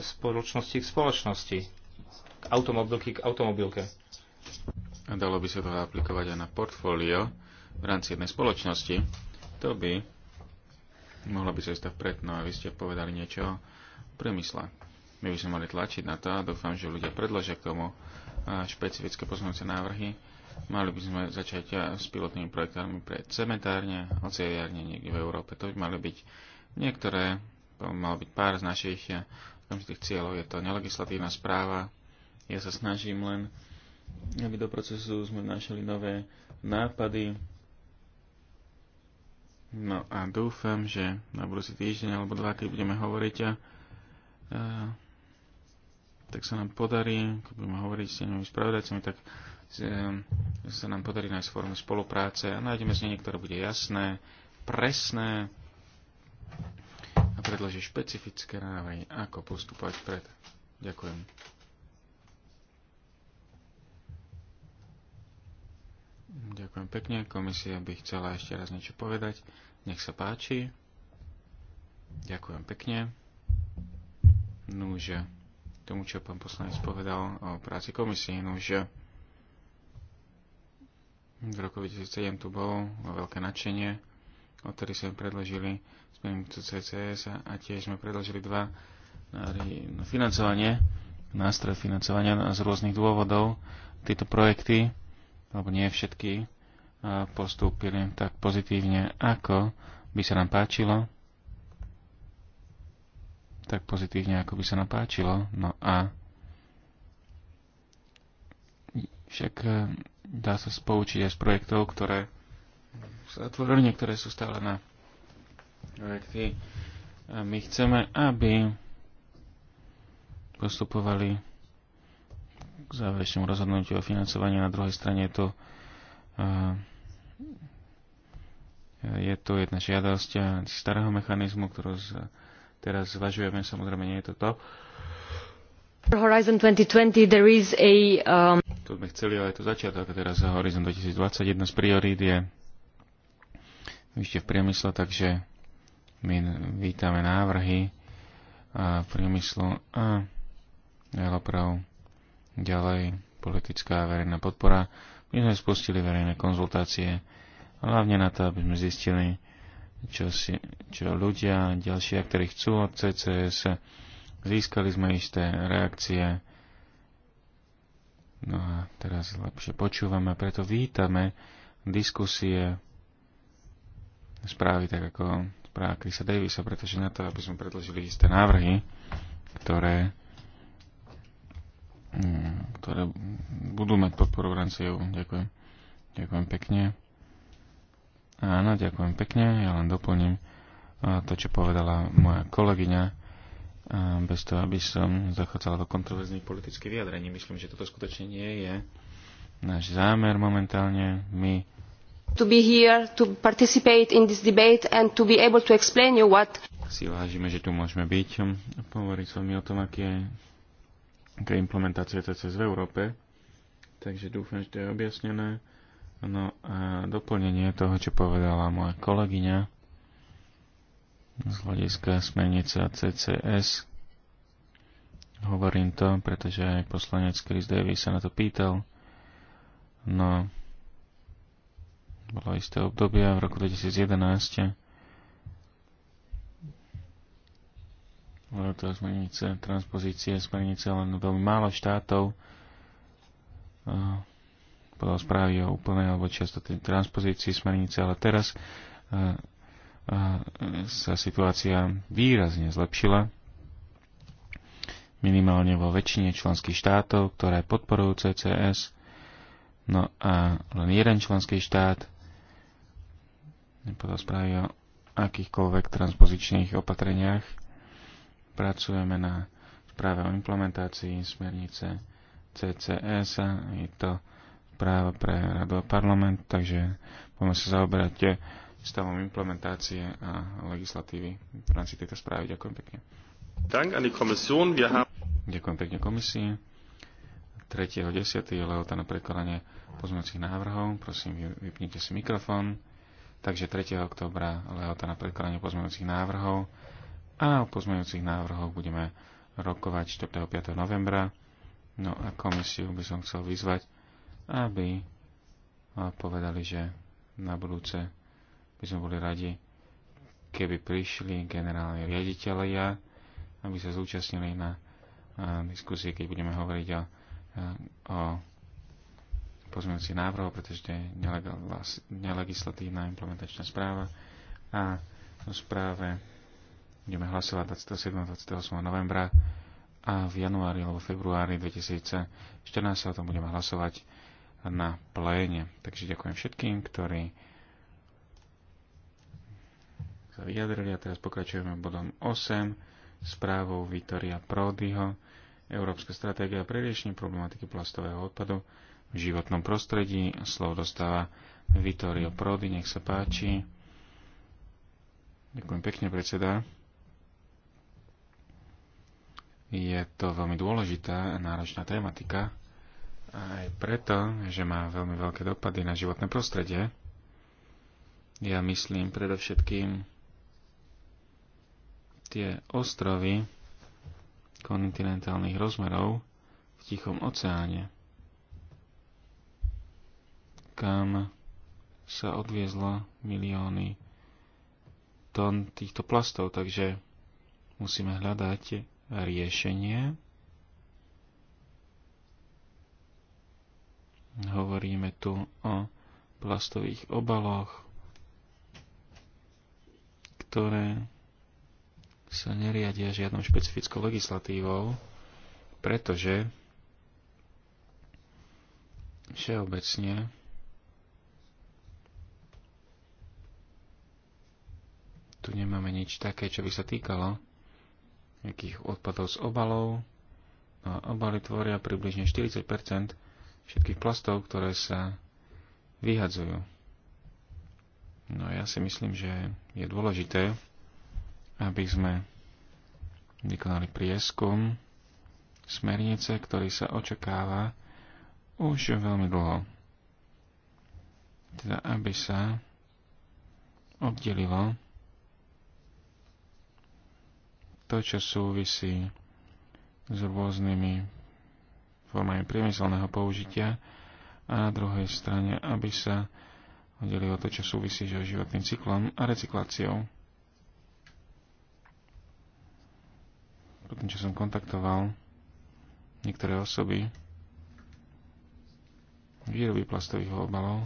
spoločnosti k spoločnosti. K automobilky k automobilke. A dalo by sa to aplikovať aj na portfólio v rámci jednej spoločnosti by Mohla by cesta vpred, no a vy ste povedali niečo o priemysle. My by sme mali tlačiť na to a dúfam, že ľudia predložia komu tomu špecifické posunúce návrhy. Mali by sme začať s pilotnými projektami pre cementárne, oceliárne niekde v Európe. To by mali byť niektoré, malo mal byť pár z našich okamžitých cieľov. Je to nelegislatívna správa. Ja sa snažím len aby do procesu sme vnášali nové nápady, No a dúfam, že na budúci týždeň alebo dva, keď budeme hovoriť, a, a, tak sa nám podarí, keď budeme hovoriť s tenými spravodajcami, tak e, sa nám podarí nájsť formu spolupráce a nájdeme nej, ktoré bude jasné, presné a predloží špecifické návrhy, ako postupovať pred. Ďakujem. Ďakujem pekne. Komisia by chcela ešte raz niečo povedať. Nech sa páči. Ďakujem pekne. Nože, tomu, čo pán poslanec povedal o práci komisie, nože. v roku 2007 tu bolo veľké nadšenie, ktorých sme predložili smernicu CCS a tiež sme predložili dva na financovanie, nástroj financovania z rôznych dôvodov. Tieto projekty alebo nie všetky eh, postúpili tak pozitívne, ako by sa nám páčilo, tak pozitívne, ako by sa nám páčilo. No a však eh, dá sa spoučiť aj z projektov, ktoré sa otvorili, niektoré sú stále na projekty. A my chceme, aby postupovali k záverečnému rozhodnutiu o financovaní. Na druhej strane je tu, eh, je to jedna žiadosť eh, starého mechanizmu, ktorú z, teraz zvažujeme, samozrejme nie je to to. Horizon 2020 there is a... Um... To sme chceli, ale je to začiatok. Teraz za Horizon jedna z priorít je ešte v priemysle, takže my vítame návrhy a eh, priemyslu a Eloprav Ďalej politická verejná podpora. My sme spustili verejné konzultácie, hlavne na to, aby sme zistili, čo, si, čo ľudia, ďalšie, ktorí chcú od CCS. Získali sme isté reakcie. No a teraz lepšie počúvame, preto vítame diskusie správy tak ako správa Krisa Davisa, pretože na to, aby sme predložili isté návrhy, ktoré ktoré budú mať podporu v rámci EU. Ďakujem. Ďakujem pekne. Áno, ďakujem pekne. Ja len doplním to, čo povedala moja kolegyňa. Bez toho, aby som zachádzala do kontroverzných politických vyjadrení. Myslím, že toto skutočne nie je náš zámer momentálne. My to be here to participate in this debate and to be able to explain you what si vážime, že tu môžeme byť, Povoriť s mi o tom, aký je k implementácia CCS v Európe. Takže dúfam, že to je objasnené. No a doplnenie toho, čo povedala moja kolegyňa z hľadiska smernice CCS. Hovorím to, pretože aj poslanec Chris Davis sa na to pýtal. No, bolo isté obdobia v roku 2011, to smernice, transpozície smernice len veľmi málo štátov podal správy o úplnej alebo čiastotnej transpozícii smernice, ale teraz e, e, sa situácia výrazne zlepšila minimálne vo väčšine členských štátov, ktoré podporujú CCS. No a len jeden členský štát nepodal správy o akýchkoľvek transpozičných opatreniach Pracujeme na správe o implementácii smernice CCS. Je to práva pre radu a parlament, takže budeme sa zaoberať stavom implementácie a legislatívy v rámci tejto správy. Ďakujem pekne. Ďakujem pekne komisii. 3.10. je lehota na prekladanie pozmeňujúcich návrhov. Prosím, vypnite si mikrofón. Takže 3. oktobra lehota na prekladanie pozmeňujúcich návrhov a o pozmeňujúcich návrhoch budeme rokovať 4. 5. novembra. No a komisiu by som chcel vyzvať, aby povedali, že na budúce by sme boli radi, keby prišli generálni riaditeľia, aby sa zúčastnili na diskusii, keď budeme hovoriť o, o pozmeňujúci návrhov, pretože to je nelegislatívna implementačná správa a správe Budeme hlasovať 27. 28. novembra a v januári alebo februári 2014 sa o tom budeme hlasovať na pléne. Takže ďakujem všetkým, ktorí sa vyjadrili a teraz pokračujeme bodom 8 správou Vitoria Prodyho Európska stratégia pre riešenie problematiky plastového odpadu v životnom prostredí. Slov dostáva Vitorio Prodi, nech sa páči. Ďakujem pekne, predseda. Je to veľmi dôležitá a náročná tematika, aj preto, že má veľmi veľké dopady na životné prostredie. Ja myslím predovšetkým tie ostrovy kontinentálnych rozmerov v Tichom oceáne, kam sa odviezlo milióny tón týchto plastov, takže musíme hľadať riešenie. Hovoríme tu o plastových obaloch, ktoré sa neriadia žiadnou špecifickou legislatívou, pretože všeobecne tu nemáme nič také, čo by sa týkalo nejakých odpadov z obalov. No a obaly tvoria približne 40 všetkých plastov, ktoré sa vyhadzujú. No a ja si myslím, že je dôležité, aby sme vykonali prieskum smernice, ktorý sa očakáva už veľmi dlho. Teda aby sa oddelilo to, čo súvisí s rôznymi formami priemyselného použitia a na druhej strane, aby sa oddelilo to, čo súvisí so životným cyklom a recykláciou. Potom, čo som kontaktoval niektoré osoby výroby plastových obalov,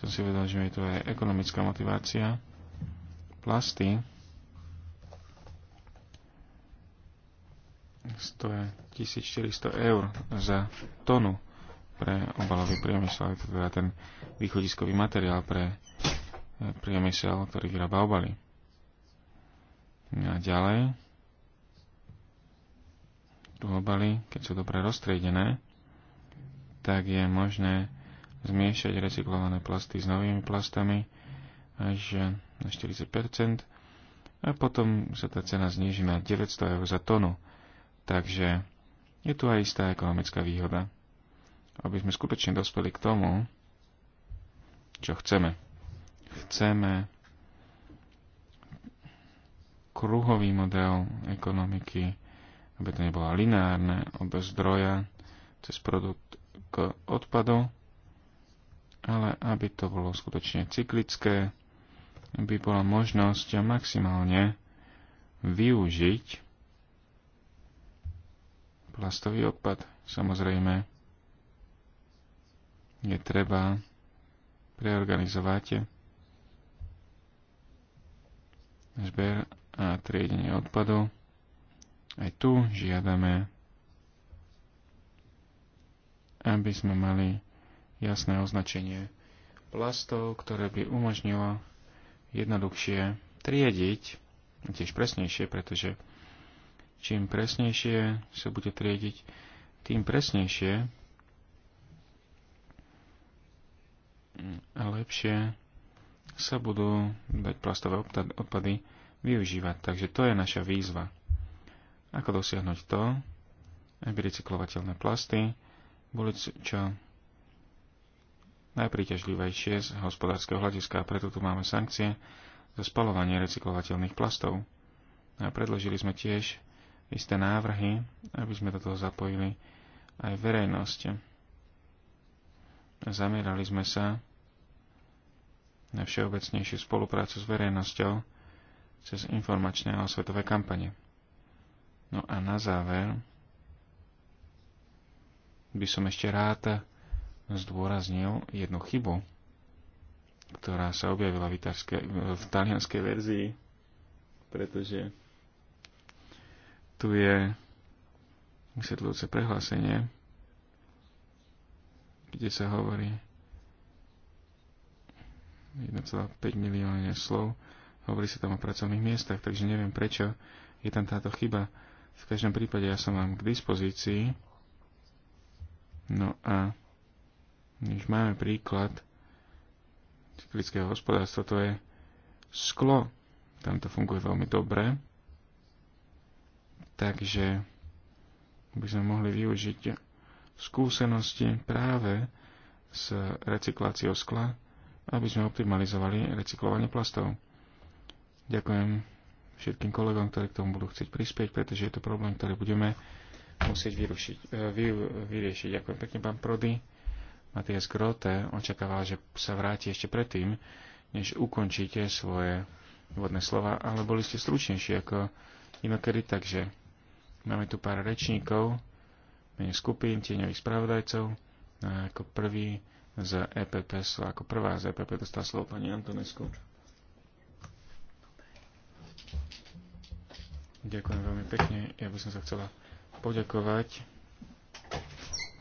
som si uvedomil, že je to aj ekonomická motivácia. Plasty stoja 1400 eur za tonu pre obalový priemysel, teda ten východiskový materiál pre eh, priemysel, ktorý vyrába obaly. No a ďalej, tu obaly, keď sú dobre roztriedené, tak je možné zmiešať recyklované plasty s novými plastami až na 40 a potom sa tá cena zniží na 900 eur za tonu. Takže je tu aj istá ekonomická výhoda, aby sme skutočne dospeli k tomu, čo chceme. Chceme kruhový model ekonomiky, aby to nebolo lineárne od zdroja cez produkt k odpadu, ale aby to bolo skutočne cyklické, by bola možnosť maximálne využiť plastový odpad. Samozrejme, je treba preorganizovať zber a triedenie odpadov. Aj tu žiadame, aby sme mali jasné označenie plastov, ktoré by umožnilo jednoduchšie triediť, tiež presnejšie, pretože čím presnejšie sa bude triediť, tým presnejšie a lepšie sa budú dať plastové odpady využívať. Takže to je naša výzva. Ako dosiahnuť to, aby recyklovateľné plasty boli čo najpríťažlivejšie z hospodárskeho hľadiska a preto tu máme sankcie za spalovanie recyklovateľných plastov. A predložili sme tiež isté návrhy, aby sme do toho zapojili aj verejnosť. Zamerali sme sa na všeobecnejšiu spoluprácu s verejnosťou cez informačné a osvetové kampane. No a na záver by som ešte rád zdôraznil jednu chybu, ktorá sa objavila v, v talianskej verzii, pretože tu je vysvetľujúce prehlásenie, kde sa hovorí 1,5 milióne slov. Hovorí sa tam o pracovných miestach, takže neviem prečo je tam táto chyba. V každom prípade ja som vám k dispozícii. No a už máme príklad cyklického hospodárstva, to je sklo. Tam to funguje veľmi dobre. Takže by sme mohli využiť skúsenosti práve s recykláciou skla, aby sme optimalizovali recyklovanie plastov. Ďakujem všetkým kolegom, ktorí k tomu budú chcieť prispieť, pretože je to problém, ktorý budeme musieť vyrušiť, e, vy, vyriešiť. Ďakujem pekne, pán Prody. Matias Grote očakával, že sa vráti ešte predtým, než ukončíte svoje vodné slova, ale boli ste stručnejší ako inokedy, takže Máme tu pár rečníkov, menej skupín, tieňových spravodajcov. A ako prvý z EPP, ako prvá z EPP dostala slovo pani Antonesku. Ďakujem veľmi pekne. Ja by som sa chcela poďakovať.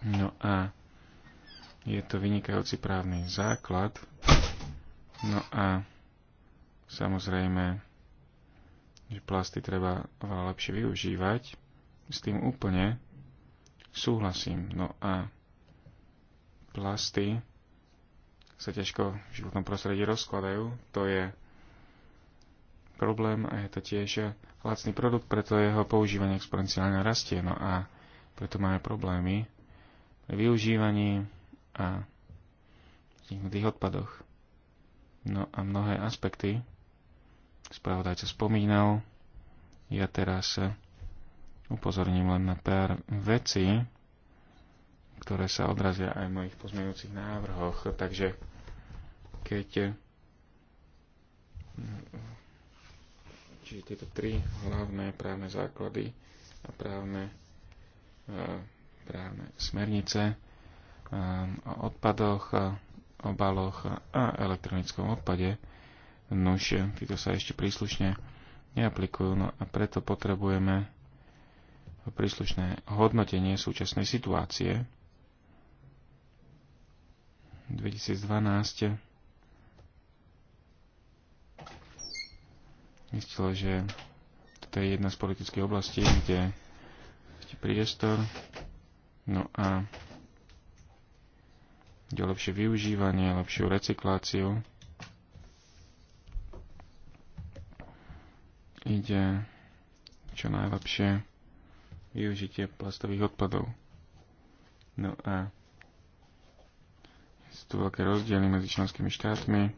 No a je to vynikajúci právny základ. No a samozrejme, že plasty treba oveľa lepšie využívať. S tým úplne súhlasím. No a plasty sa ťažko v životnom prostredí rozkladajú. To je problém a je to tiež lacný produkt, preto jeho používanie exponenciálne rastie. No a preto máme problémy pri využívaní a vzniknutých odpadoch. No a mnohé aspekty spravodajca spomínal. Ja teraz Upozorním len na pár veci, ktoré sa odrazia aj v mojich pozmeňujúcich návrhoch. Takže keď čiže tieto tri hlavné právne základy a právne, e, právne smernice e, o odpadoch, e, obaloch a elektronickom odpade, nuž, títo sa ešte príslušne neaplikujú, no a preto potrebujeme príslušné hodnotenie súčasnej situácie. 2012 zistilo, že toto je jedna z politických oblastí, kde je priestor. No a kde lepšie využívanie, lepšiu recykláciu. Ide čo najlepšie využitie plastových odpadov. No a sú tu veľké rozdiely medzi členskými štátmi.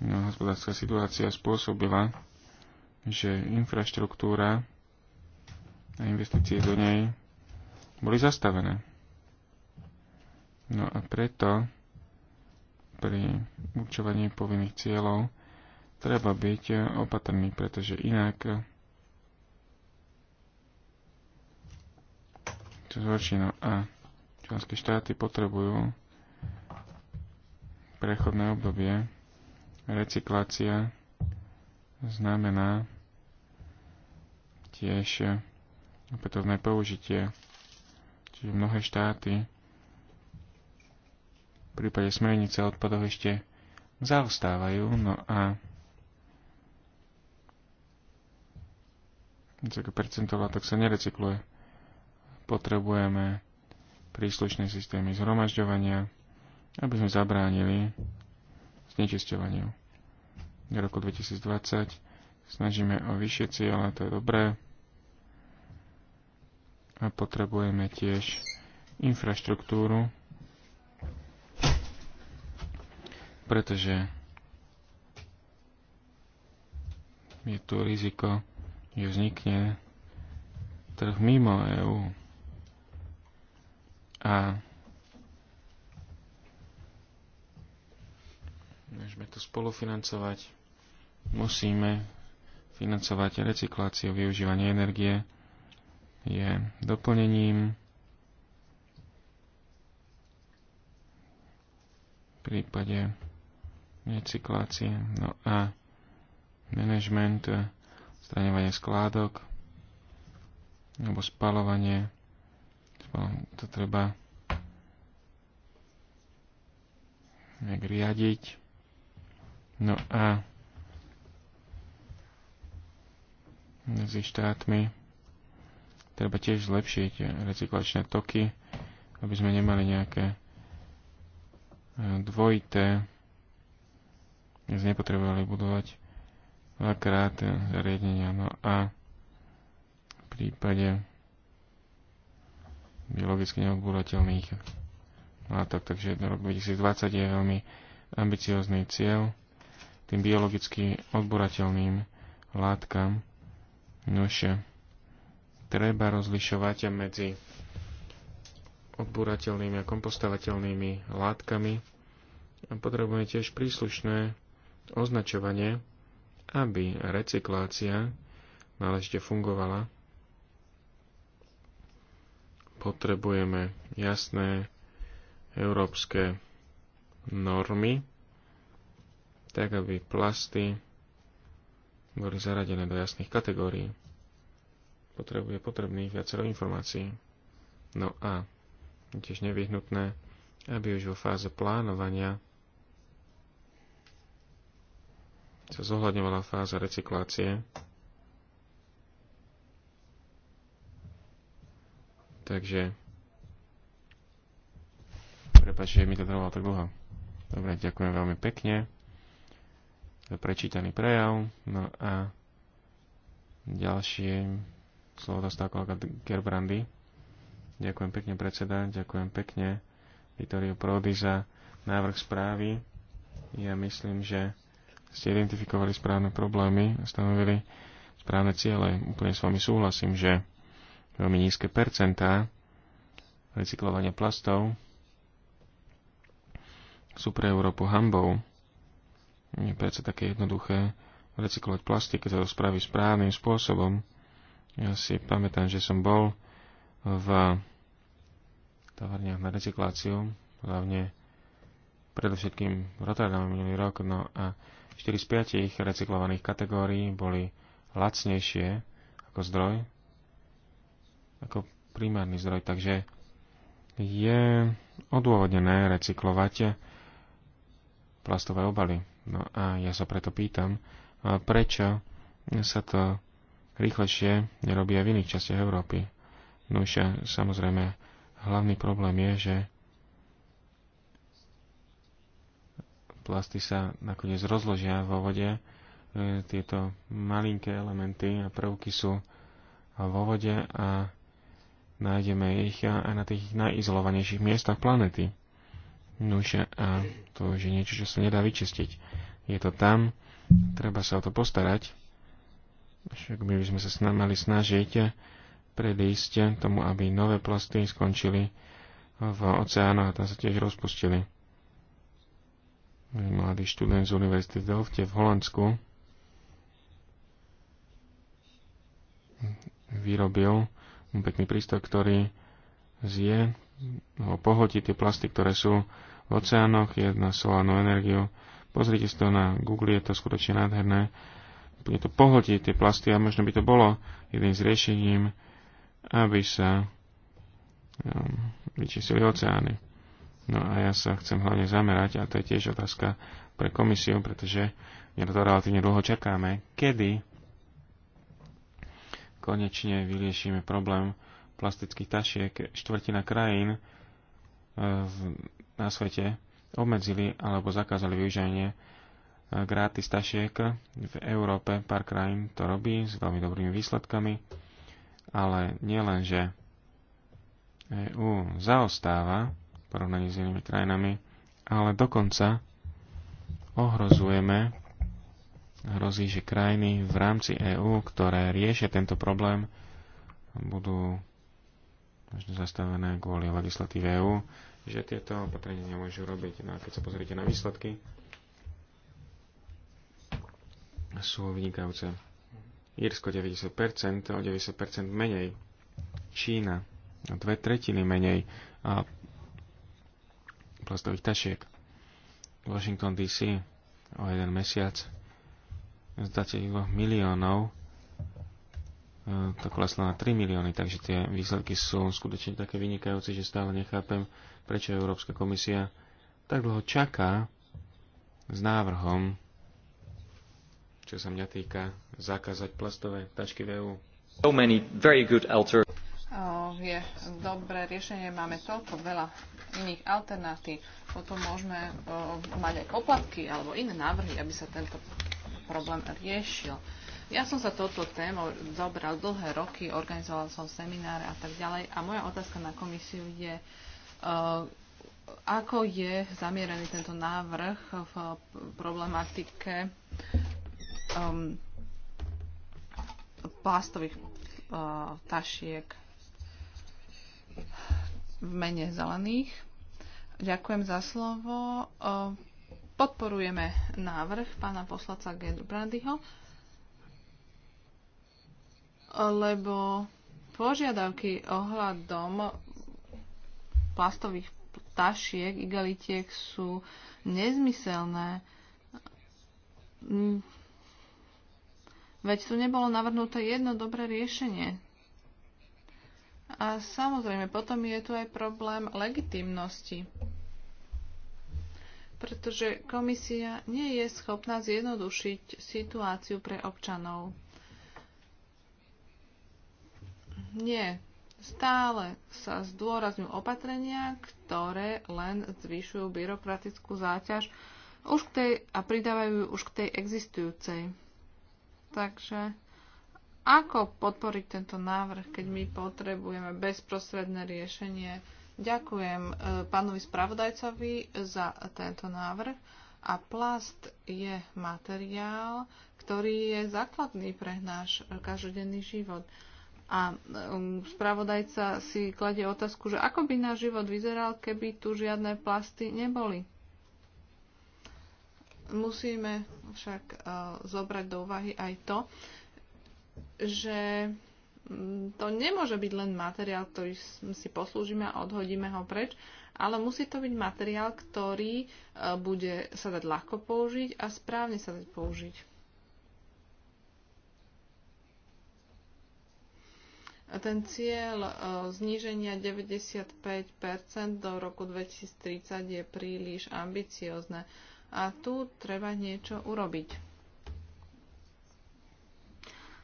No, hospodárska situácia spôsobila, že infraštruktúra a investície do nej boli zastavené. No a preto pri určovaní povinných cieľov treba byť opatrný, pretože inak zločinu a členské štáty potrebujú prechodné obdobie. Recyklácia znamená tiež opätovné použitie. Čiže mnohé štáty v prípade smernice odpadov ešte zaostávajú, no a vysoké percento sa nerecykluje. Potrebujeme príslušné systémy zhromažďovania, aby sme zabránili znečisťovaniu. V roku 2020 snažíme o vyššie cieľe, to je dobré. A potrebujeme tiež infraštruktúru, pretože je tu riziko, že vznikne trh mimo EÚ. A môžeme to spolufinancovať. Musíme financovať recykláciu, využívanie energie je doplnením v prípade recyklácie. No a management, straňovanie skládok alebo spalovanie to treba nejak riadiť. No a medzi štátmi treba tiež zlepšiť recyklačné toky, aby sme nemali nejaké e, dvojité, nepotrebovali budovať dvakrát e, zariadenia. No a v prípade biologicky neodbúrateľných látok, no takže rok 2020 je veľmi ambiciózny cieľ tým biologicky odburateľným látkam. Nože, treba rozlišovať medzi odburateľnými a kompostovateľnými látkami a potrebujeme tiež príslušné označovanie, aby recyklácia náležite fungovala Potrebujeme jasné európske normy, tak aby plasty boli zaradené do jasných kategórií. Potrebuje potrebných viacero informácií. No a je tiež nevyhnutné, aby už vo fáze plánovania sa zohľadňovala fáza recyklácie Takže... Prepač, že mi to trvalo tak dlho. Dobre, ďakujem veľmi pekne za prečítaný prejav. No a ďalšie slovo dostal kolega Gerbrandy. Ďakujem pekne predseda, ďakujem pekne Vittorio Prodi za návrh správy. Ja myslím, že ste identifikovali správne problémy a stanovili správne ciele. Úplne s vami súhlasím, že veľmi nízke percentá recyklovania plastov sú pre Európu hambou. Je predsa také jednoduché recyklovať plasty, keď sa to spraví správnym spôsobom. Ja si pamätám, že som bol v továrniach na recykláciu, hlavne predovšetkým v Rotterdame minulý rok, no a 4 z 5 recyklovaných kategórií boli lacnejšie ako zdroj ako primárny zdroj, takže je odôvodnené recyklovať plastové obaly. No a ja sa preto pýtam, prečo sa to rýchlejšie nerobí aj v iných častiach Európy. No už samozrejme hlavný problém je, že plasty sa nakoniec rozložia vo vode. E, tieto malinké elementy a prvky sú vo vode a nájdeme ich aj na tých najizolovanejších miestach planety. No a to už je niečo, čo sa nedá vyčistiť. Je to tam, treba sa o to postarať. Však my by sme sa mali snažiť predísť tomu, aby nové plasty skončili v oceánoch a tam sa tiež rozpustili. Mladý študent z Univerzity v Delfte v Holandsku vyrobil pekný prístroj, ktorý zje, pohotí tie plasty, ktoré sú v oceánoch, je na solárnu energiu. Pozrite si to na Google, je to skutočne nádherné. Je to pohotí tie plasty a možno by to bolo jedným z riešením, aby sa um, vyčistili oceány. No a ja sa chcem hlavne zamerať, a to je tiež otázka pre komisiu, pretože na to relatívne dlho čakáme, kedy konečne vyriešime problém plastických tašiek. Štvrtina krajín e, na svete obmedzili alebo zakázali využívanie e, gratis tašiek. V Európe pár krajín to robí s veľmi dobrými výsledkami, ale nielen, že EU zaostáva v porovnaní s inými krajinami, ale dokonca ohrozujeme hrozí, že krajiny v rámci EÚ, ktoré riešia tento problém, budú možno zastavené kvôli legislatíve EÚ, že tieto opatrenia nemôžu robiť. No a keď sa pozriete na výsledky, sú vynikajúce. Írsko 90%, o 90% menej. Čína o dve tretiny menej. A plastových tašiek. Washington DC o jeden mesiac z 22 miliónov e, to kleslo na 3 milióny, takže tie výsledky sú skutočne také vynikajúce, že stále nechápem, prečo Európska komisia tak dlho čaká s návrhom, čo sa mňa týka, zakázať plastové tačky v EU. je dobré riešenie, máme toľko veľa iných alternatív, potom môžeme mať aj poplatky alebo iné návrhy, aby sa tento problém riešil. Ja som sa touto témou zobral dlhé roky, organizoval som semináre a tak ďalej a moja otázka na komisiu je, eh, ako je zamierený tento návrh v problematike um, plastových uh, tašiek v mene zelených. Ďakujem za slovo. Uh, podporujeme návrh pána poslaca Gerbrandyho, lebo požiadavky ohľadom plastových tašiek, igalitiek sú nezmyselné. Mm. Veď tu nebolo navrhnuté jedno dobré riešenie. A samozrejme, potom je tu aj problém legitimnosti pretože komisia nie je schopná zjednodušiť situáciu pre občanov. Nie. Stále sa zdôrazňujú opatrenia, ktoré len zvyšujú byrokratickú záťaž už k tej, a pridávajú ju už k tej existujúcej. Takže ako podporiť tento návrh, keď my potrebujeme bezprostredné riešenie Ďakujem e, pánovi spravodajcovi za tento návrh. A plast je materiál, ktorý je základný pre náš každodenný život. A um, spravodajca si kladie otázku, že ako by náš život vyzeral, keby tu žiadne plasty neboli. Musíme však e, zobrať do úvahy aj to, že Mm, to nemôže byť len materiál, ktorý si poslúžime a odhodíme ho preč, ale musí to byť materiál, ktorý e, bude sa dať ľahko použiť a správne sa dať použiť. Ten cieľ e, zníženia 95 do roku 2030 je príliš ambiciozne a tu treba niečo urobiť.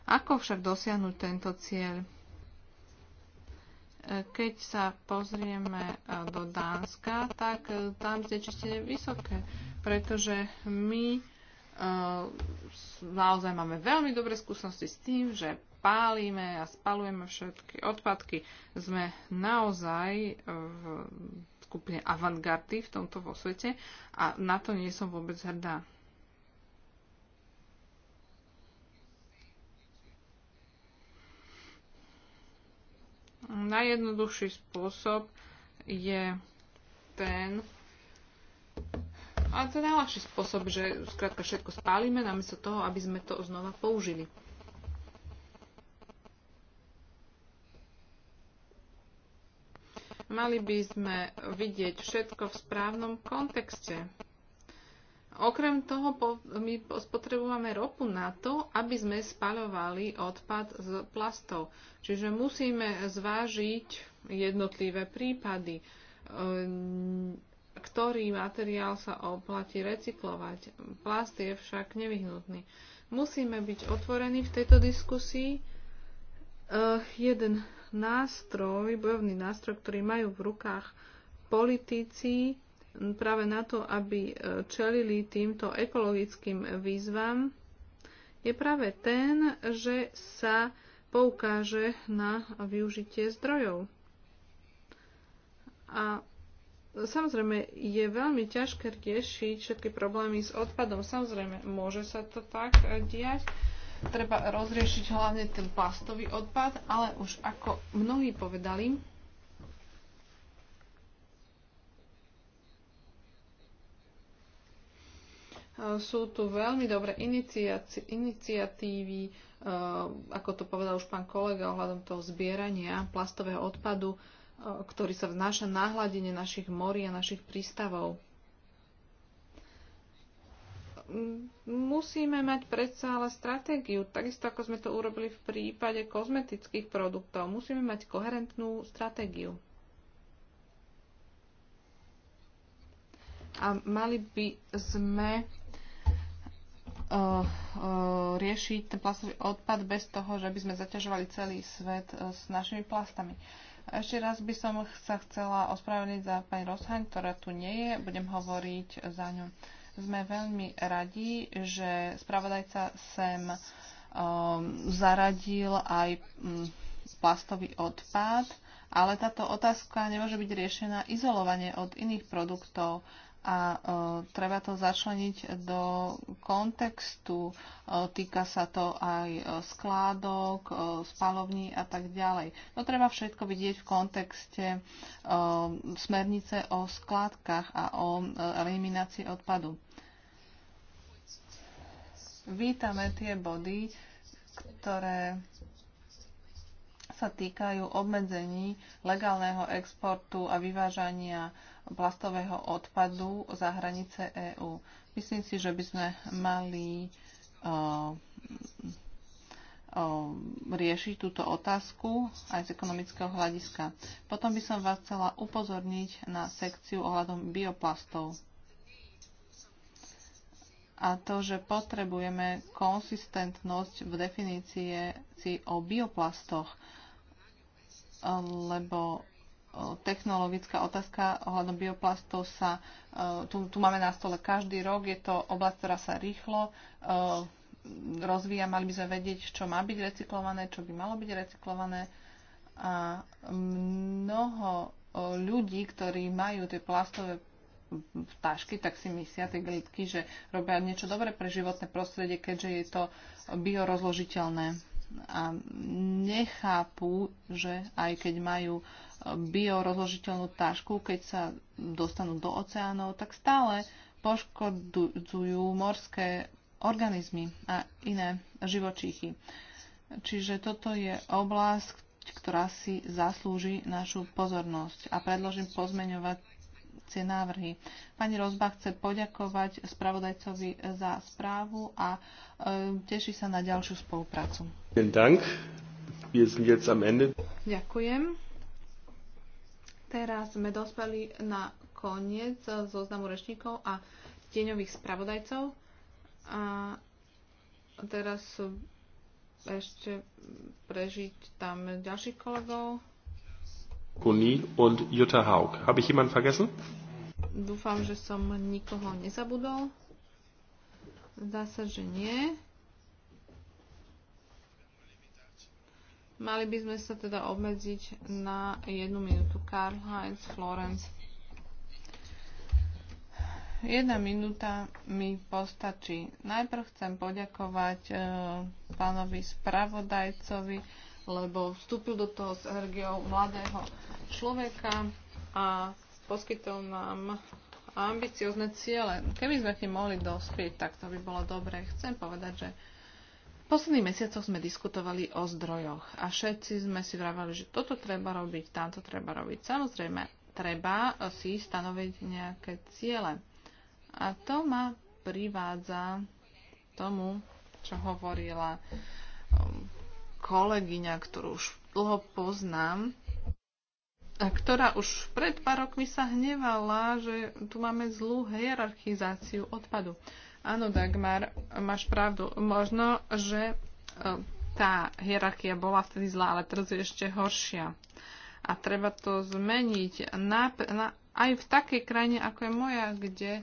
Ako však dosiahnuť tento cieľ? E, keď sa pozrieme e, do Dánska, tak e, tam znečistenie je vysoké, pretože my naozaj máme veľmi dobré skúsenosti s tým, že pálime a spalujeme všetky odpadky. Sme naozaj v skupine avantgardy v tomto vo svete a na to nie som vôbec hrdá. Najjednoduchší spôsob je ten, a to je najľahší spôsob, že skrátka všetko spálime, namiesto toho, aby sme to znova použili. Mali by sme vidieť všetko v správnom kontexte. Okrem toho my spotrebujeme ropu na to, aby sme spaľovali odpad z plastov. Čiže musíme zvážiť jednotlivé prípady, e, ktorý materiál sa oplatí recyklovať. Plast je však nevyhnutný. Musíme byť otvorení v tejto diskusii. E, jeden nástroj, bojovný nástroj, ktorý majú v rukách politici, práve na to, aby e, čelili týmto ekologickým výzvam, je práve ten, že sa poukáže na využitie zdrojov. A samozrejme je veľmi ťažké riešiť všetky problémy s odpadom. Samozrejme, môže sa to tak e, diať. Treba rozriešiť hlavne ten plastový odpad, ale už ako mnohí povedali, Sú tu veľmi dobré iniciatívy, e, ako to povedal už pán kolega ohľadom toho zbierania plastového odpadu, e, ktorý sa vnáša na hladine našich morí a našich prístavov musíme mať predsa ale stratégiu, takisto ako sme to urobili v prípade kozmetických produktov. Musíme mať koherentnú stratégiu. A mali by sme Eh, eh, riešiť ten plastový odpad bez toho, že by sme zaťažovali celý svet eh, s našimi plastami. A ešte raz by som sa chcela ospravedlniť za pani Rozhaň, ktorá tu nie je, budem hovoriť za ňu. Sme veľmi radi, že spravodajca sem um, zaradil aj um, plastový odpad, ale táto otázka nemôže byť riešená izolovanie od iných produktov a e, treba to začleniť do kontextu. E, týka sa to aj e, skládok, spalovní a tak ďalej. To treba všetko vidieť v kontexte smernice o skládkach a o eliminácii odpadu. Vítame tie body, ktoré sa týkajú obmedzení legálneho exportu a vyvážania plastového odpadu za hranice EÚ. Myslím si, že by sme mali uh, riešiť túto otázku aj z ekonomického hľadiska. Potom by som vás chcela upozorniť na sekciu ohľadom bioplastov a to, že potrebujeme konsistentnosť v definícii o bioplastoch, lebo technologická otázka ohľadom bioplastov sa, e, tu, tu máme na stole každý rok, je to oblasť, ktorá sa rýchlo e, rozvíja, mali by sme vedieť, čo má byť recyklované, čo by malo byť recyklované. A mnoho e, ľudí, ktorí majú tie plastové tašky, tak si myslia tie glitky, že robia niečo dobré pre životné prostredie, keďže je to biorozložiteľné. A nechápu, že aj keď majú uh, biorozložiteľnú tášku, keď sa dostanú do oceánov, tak stále poškodzujú morské organizmy a iné živočíchy. Čiže toto je oblasť, ktorá si zaslúži našu pozornosť a predložím pozmeňovacie návrhy. Pani Rozba chce poďakovať spravodajcovi za správu a e, teší sa na ďalšiu spoluprácu. Ďakujem. Teraz sme dospeli na koniec zoznamu rečníkov a tieňových spravodajcov. A teraz ešte prežiť tam ďalších kolegov. Kuni und Jutta Haug. Habe ich jemanden vergessen? Dúfam, že som nikoho nezabudol. Zdá sa, že nie. Mali by sme sa teda obmedziť na jednu minútu. Karl Heinz Florence. Jedna minúta mi postačí. Najprv chcem poďakovať e, pánovi spravodajcovi, lebo vstúpil do toho s energiou mladého človeka a poskytol nám ambiciozne ciele. Keby sme k nim mohli dospieť, tak to by bolo dobré. Chcem povedať, že v posledných mesiacoch sme diskutovali o zdrojoch a všetci sme si vravali, že toto treba robiť, tamto treba robiť. Samozrejme, treba si stanoviť nejaké ciele. A to ma privádza tomu, čo hovorila um, kolegyňa, ktorú už dlho poznám, a ktorá už pred pár rokmi sa hnevala, že tu máme zlú hierarchizáciu odpadu. Áno, Dagmar, máš pravdu. Možno, že e, tá hierarchia bola vtedy zlá, ale teraz je ešte horšia. A treba to zmeniť na, na, aj v takej krajine, ako je moja, kde e,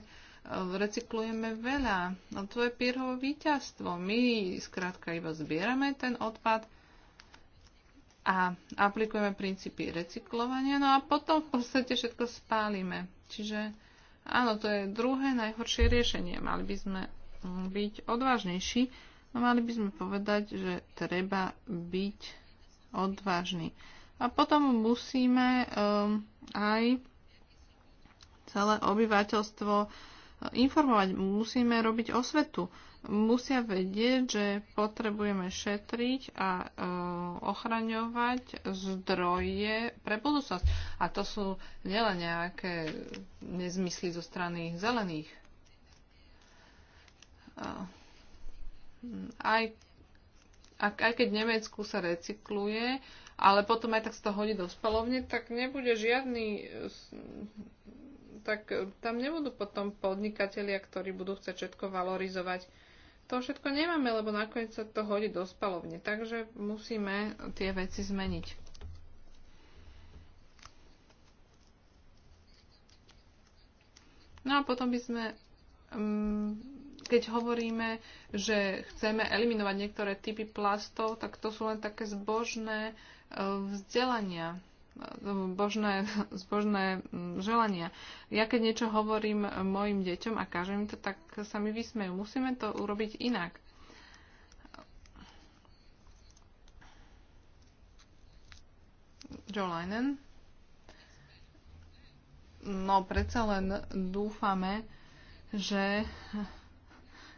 recyklujeme veľa. No to je pírhovo víťazstvo. My skrátka iba zbierame ten odpad a aplikujeme princípy recyklovania, no a potom v podstate všetko spálime. Čiže Áno, to je druhé najhoršie riešenie. Mali by sme mm, byť odvážnejší, no mali by sme povedať, že treba byť odvážny. A potom musíme um, aj celé obyvateľstvo eh, informovať, musíme robiť osvetu musia vedieť, že potrebujeme šetriť a e, ochraňovať zdroje pre budúcnosť. A to sú nielen nejaké nezmysly zo strany zelených. Aj, aj keď v Nemecku sa recykluje, ale potom aj tak sa to hodí do spalovne, tak nebude žiadny tak tam nebudú potom podnikatelia, ktorí budú chcieť všetko valorizovať to všetko nemáme, lebo nakoniec sa to hodí do spalovne. Takže musíme tie veci zmeniť. No a potom by sme, mm, keď hovoríme, že chceme eliminovať niektoré typy plastov, tak to sú len také zbožné eh, vzdelania božné, zbožné mm, želania. Ja keď niečo hovorím mojim deťom a kažem im to, tak sa mi vysmejú. Musíme to urobiť inak. Joe Linen. No, predsa len dúfame, že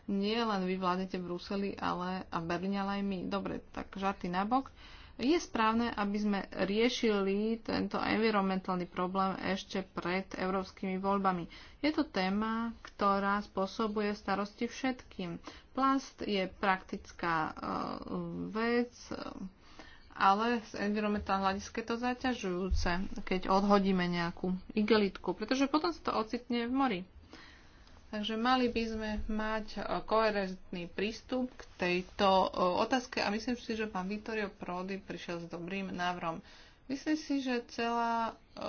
nie len vy vládnete Bruseli ale, a Berlíne, ale aj my. Dobre, tak žaty nabok. Uh, je správne, aby sme riešili tento environmentálny problém ešte pred európskymi voľbami. Je to téma, ktorá spôsobuje starosti všetkým. Plast je praktická e, vec, e, ale z environmentálneho hľadiska je to zaťažujúce, keď odhodíme nejakú igelitku, pretože potom sa to ocitne v mori. Takže mali by sme mať e, koherentný prístup k tejto e, otázke a myslím si, že pán Vittorio Prodi prišiel s dobrým návrom. Myslím si, že celá, e,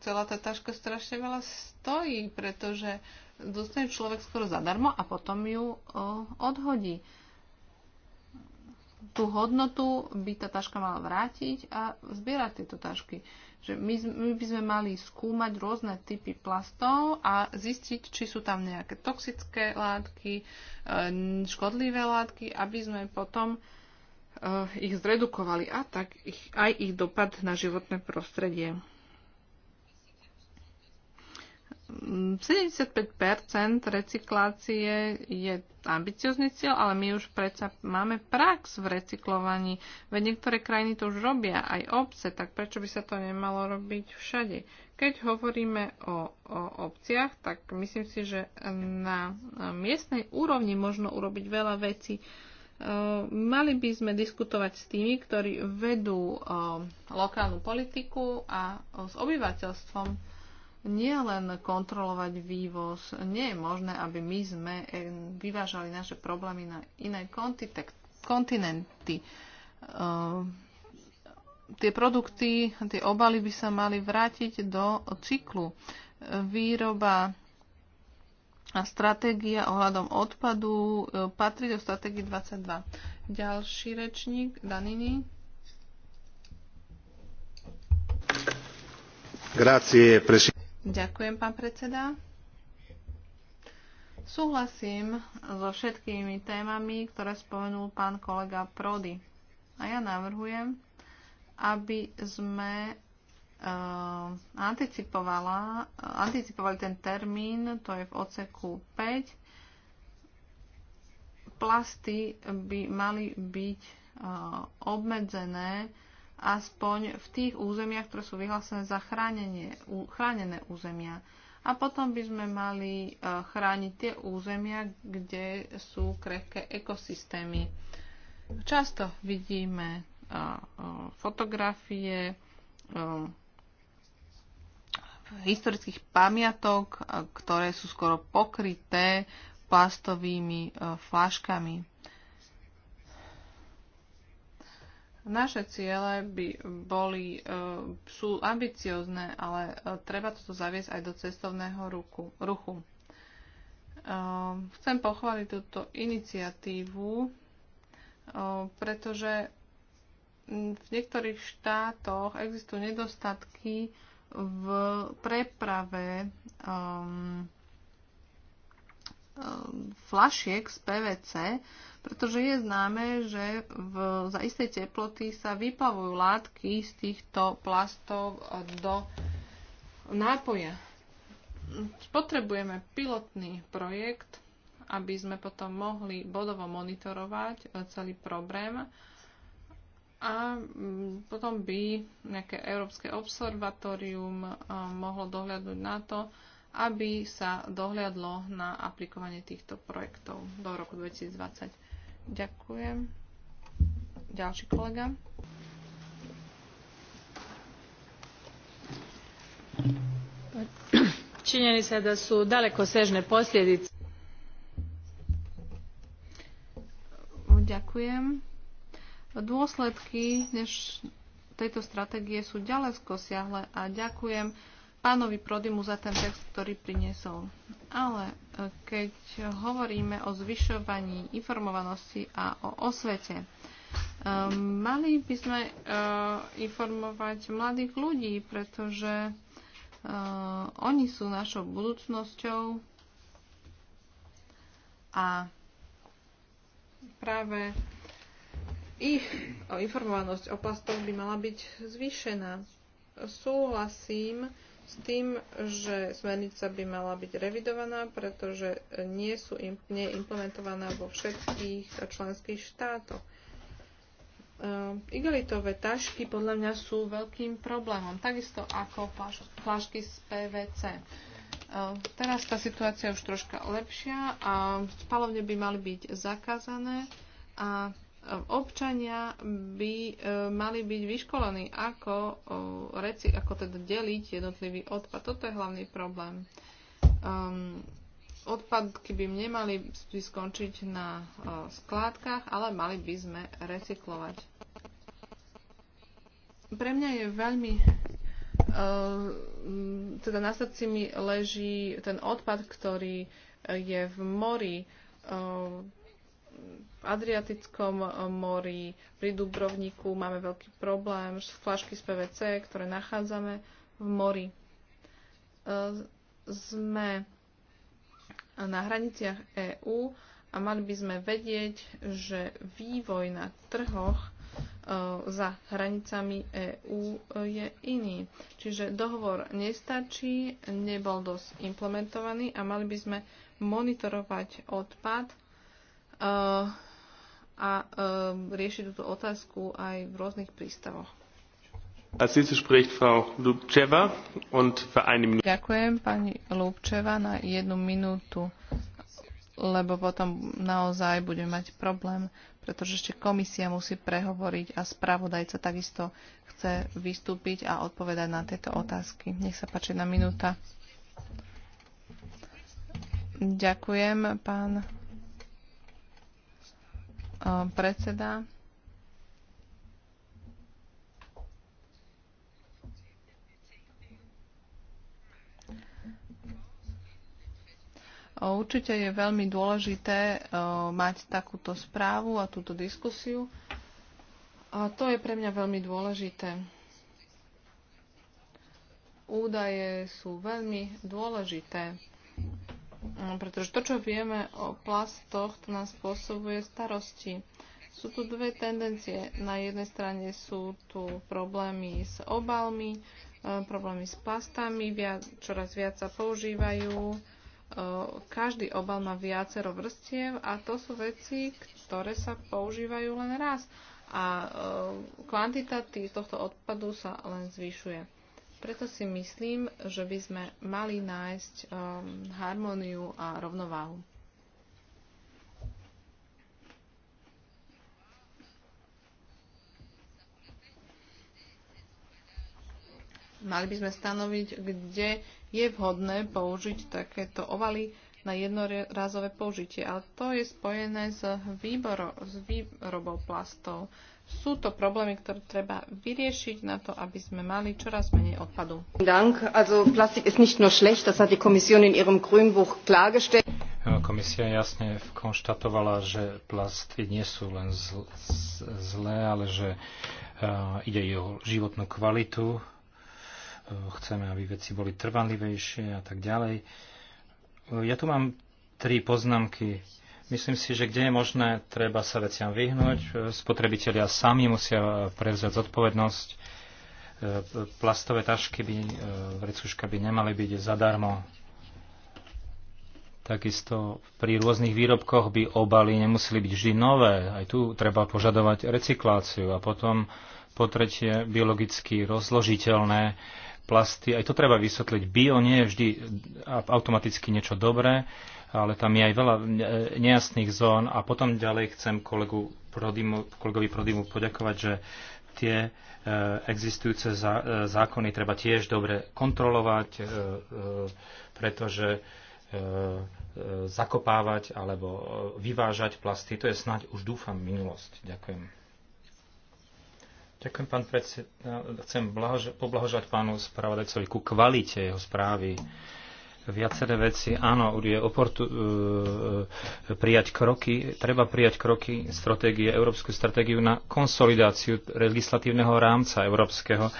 celá tá taška strašne veľa stojí, pretože dostane človek skoro zadarmo a potom ju odhodí. Tú hodnotu by tá taška mala vrátiť a zbierať tieto tašky že my, my by sme mali skúmať rôzne typy plastov a zistiť, či sú tam nejaké toxické látky, e, škodlivé látky, aby sme potom e, ich zredukovali a tak ich, aj ich dopad na životné prostredie. 75% recyklácie je ambiciozný cieľ, ale my už predsa máme prax v recyklovaní. Veď niektoré krajiny to už robia, aj obce, tak prečo by sa to nemalo robiť všade? Keď hovoríme o, o obciach, tak myslím si, že na miestnej úrovni možno urobiť veľa vecí. E, mali by sme diskutovať s tými, ktorí vedú e, lokálnu politiku a s obyvateľstvom nie len kontrolovať vývoz, nie je možné, aby my sme eh, vyvážali naše problémy na iné kontinenty. Eh, tie produkty, tie obaly by sa mali vrátiť do cyklu. Výroba a stratégia ohľadom odpadu eh, patrí do stratégie 22. Ďalší rečník, Danini. Grazie, presidente. Ďakujem, pán predseda. Súhlasím so všetkými témami, ktoré spomenul pán kolega Prody. A ja navrhujem, aby sme uh, anticipovali ten termín, to je v oceku 5. Plasty by mali byť uh, obmedzené aspoň v tých územiach, ktoré sú vyhlásené za chránenie, chránené územia. A potom by sme mali e, chrániť tie územia, kde sú krehké ekosystémy. Často vidíme e, e, fotografie historických pamiatok, ktoré sú skoro pokryté plastovými flaškami. Naše ciele by boli, e, sú ambiciozne, ale e, treba toto zaviesť aj do cestovného ruku, ruchu. E, chcem pochváliť túto iniciatívu, pretože v niektorých štátoch existujú nedostatky v preprave um, flašiek z PVC pretože je známe, že v, za istej teploty sa vyplavujú látky z týchto plastov do nápoja. Spotrebujeme pilotný projekt, aby sme potom mohli bodovo monitorovať e, celý problém a mm, potom by nejaké európske observatórium e, mohlo dohľadnúť na to, aby sa dohľadlo na aplikovanie týchto projektov do roku 2020. Ďakujem. Ďalší kolega. Činjeni sa da su dalekosežne posljedice. Ďakujem. Dôsledky než tejto stratégie sú ďaleko siahle a ďakujem pánovi Prodimu za ten text, ktorý priniesol. Ale keď hovoríme o zvyšovaní informovanosti a o osvete. Ehm, mali by sme eh, informovať mladých ľudí, pretože eh, oni sú našou budúcnosťou a práve ich informovanosť o plastoch by mala byť zvýšená. Súhlasím, s tým, že smernica by mala byť revidovaná, pretože nie sú im, nie implementovaná vo všetkých členských štátoch. Uh, igalitové tašky podľa mňa sú veľkým problémom, takisto ako flašky z PVC. Uh, ehm, teraz tá situácia je už troška lepšia a spalovne by mali byť zakázané a občania by e, mali byť vyškolení, ako, e, reci, ako teda deliť jednotlivý odpad. Toto je hlavný problém. Um, odpadky by nemali by skončiť na uh, skládkach, ale mali by sme recyklovať. Pre mňa je veľmi uh, teda na srdci mi leží ten odpad, ktorý je v mori. Uh, v Adriatickom eh, mori, pri Dubrovniku máme veľký problém, s flašky z PVC, ktoré nachádzame v mori. Eh, sme na hraniciach EÚ a mali by sme vedieť, že vývoj na trhoch eh, za hranicami EÚ je iný. Čiže dohovor nestačí, nebol dosť implementovaný a mali by sme monitorovať odpad a um, ehm, rieši túto otázku aj v rôznych prístavoch. Als nächstes spricht Frau Lubčeva und für eine Minute. Ďakujem pani Lubčeva na jednu minútu, lebo potom naozaj budeme mať problém, pretože ešte komisia musí prehovoriť a spravodajca takisto chce vystúpiť a odpovedať na tieto otázky. Nech sa páči na minúta. Ďakujem, pán predseda. Určite je veľmi dôležité mať takúto správu a túto diskusiu. A to je pre mňa veľmi dôležité. Údaje sú veľmi dôležité Mm, pretože to, čo vieme o plastoch, to nám spôsobuje starosti. Sú tu dve tendencie. Na jednej strane sú tu problémy s obalmi, e, problémy s plastami, viac, čoraz viac sa používajú. E, každý obal má viacero vrstiev a to sú veci, ktoré sa používajú len raz a e, kvantita tohto odpadu sa len zvyšuje. Preto si myslím, že by sme mali nájsť um, harmóniu a rovnováhu. Mali by sme stanoviť, kde je vhodné použiť takéto ovaly na jednorazové použitie, ale to je spojené s, výboro, s výrobou plastov. Sú to problémy, ktoré treba vyriešiť na to, aby sme mali čoraz menej odpadu. Komisia jasne konštatovala, že plasty nie sú len zlé, ale že ide o životnú kvalitu. Chceme, aby veci boli trvanlivejšie a tak ďalej. Ja tu mám tri poznámky Myslím si, že kde je možné, treba sa veciam vyhnúť. Spotrebitelia sami musia e, prevziať zodpovednosť. E, plastové tašky by, e, vrecuška by nemali byť zadarmo. Takisto pri rôznych výrobkoch by obaly nemuseli byť vždy nové. Aj tu treba požadovať recykláciu. A potom po tretie biologicky rozložiteľné plasty. Aj to treba vysvetliť. Bio nie je vždy automaticky niečo dobré ale tam je aj veľa e, nejasných zón. A potom ďalej chcem kolegu Prodimu, kolegovi Prodimu poďakovať, že tie e, existujúce e, zákony treba tiež dobre kontrolovať, pretože zakopávať alebo vyvážať plasty, to je snáď už dúfam minulosť. Ďakujem. Ďakujem, pán predseda. Chcem poblahožať pánu spravodajcovi ku kvalite jeho správy viaceré veci. Áno, je oportu, e, e, prijať kroky, treba prijať kroky stratégie, európsku stratégiu na konsolidáciu legislatívneho rámca európskeho,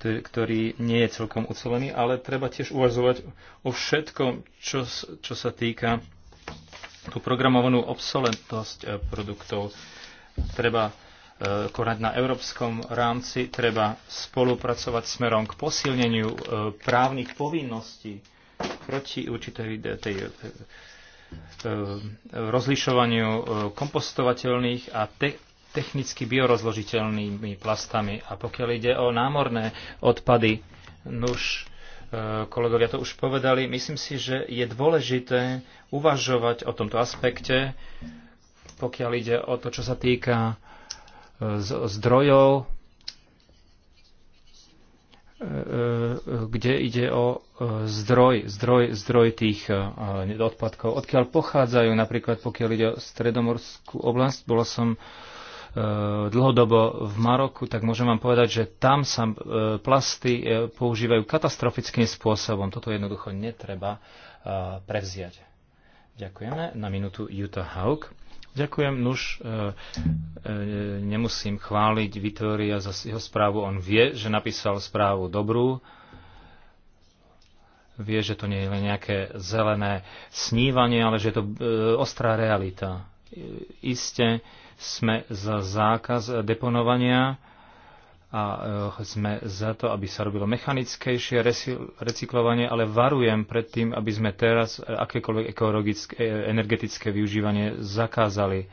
ktorý nie je celkom ucelený, ale treba tiež uvažovať o všetkom, čo, čo sa týka tú programovanú obsolentnosť e, produktov. Treba konať na európskom rámci, treba spolupracovať smerom k posilneniu právnych povinností proti určitej tej, eh, rozlišovaniu eh, kompostovateľných a te, technicky biorozložiteľnými plastami. A pokiaľ ide o námorné odpady, nuž, eh, kolegovia to už povedali, myslím si, že je dôležité uvažovať o tomto aspekte, pokiaľ ide o to, čo sa týka zdrojov, E, e, kde ide o e, zdroj, zdroj, zdroj tých odpadkov. Odkiaľ pochádzajú, napríklad pokiaľ ide o stredomorskú oblasť, bola som dlhodobo v Maroku, tak môžem vám povedať, že tam sa plasty používajú katastrofickým spôsobom. Toto jednoducho netreba prevziať. Ďakujeme. Na minútu Jutta Haug. Ďakujem, nuž, e, e, nemusím chváliť Vitória za jeho správu. On vie, že napísal správu dobrú, vie, že to nie je len nejaké zelené snívanie, ale že je to e, ostrá realita. E, iste sme za zákaz deponovania a e, sme za to, aby sa robilo mechanickejšie recyklovanie, ale varujem pred tým, aby sme teraz e, akékoľvek ekologické, e, energetické využívanie zakázali.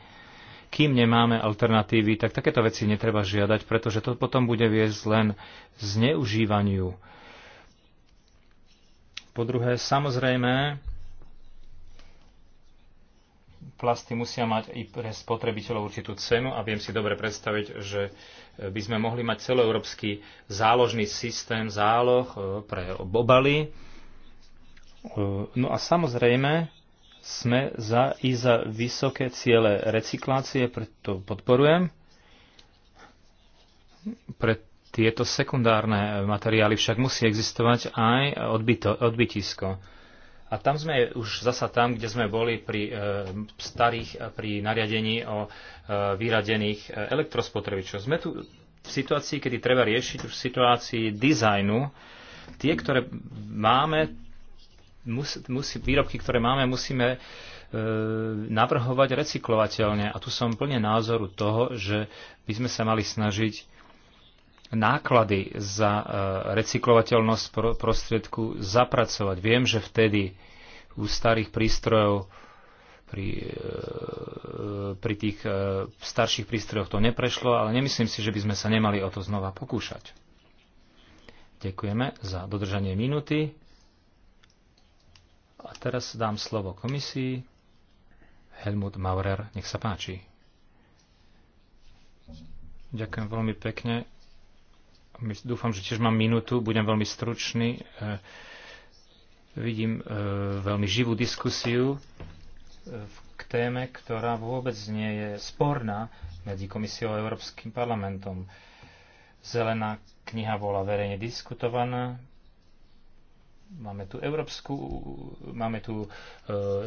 Kým nemáme alternatívy, tak takéto veci netreba žiadať, pretože to potom bude viesť len zneužívaniu. Po druhé, samozrejme, plasty musia mať i pre spotrebiteľov určitú cenu a viem si dobre predstaviť, že by sme mohli mať celoeurópsky záložný systém záloh e, pre obaly. E, no a samozrejme sme za i za vysoké ciele recyklácie, preto podporujem. Pre tieto sekundárne materiály však musí existovať aj odbyto, odbytisko a tam sme už zasa tam, kde sme boli pri e, starých, e, pri nariadení o e, vyradených e, elektrospotrebičoch. Sme tu v situácii, kedy treba riešiť už v situácii dizajnu. Tie, ktoré máme, mus, musí, výrobky, ktoré máme, musíme e, navrhovať recyklovateľne. A tu som plne názoru toho, že by sme sa mali snažiť náklady za e, recyklovateľnosť prostriedku zapracovať. Viem, že vtedy u starých prístrojov pri, e, pri tých e, starších prístrojoch to neprešlo, ale nemyslím si, že by sme sa nemali o to znova pokúšať. Ďakujeme za dodržanie minúty. A teraz dám slovo komisii. Helmut Maurer, nech sa páči. Ďakujem veľmi pekne Dúfam, že tiež mám minútu, budem veľmi stručný. E, vidím e, veľmi živú diskusiu e, k téme, ktorá vôbec nie je sporná medzi komisiou a Európskym parlamentom. Zelená kniha bola verejne diskutovaná. Máme tu európsku, máme tu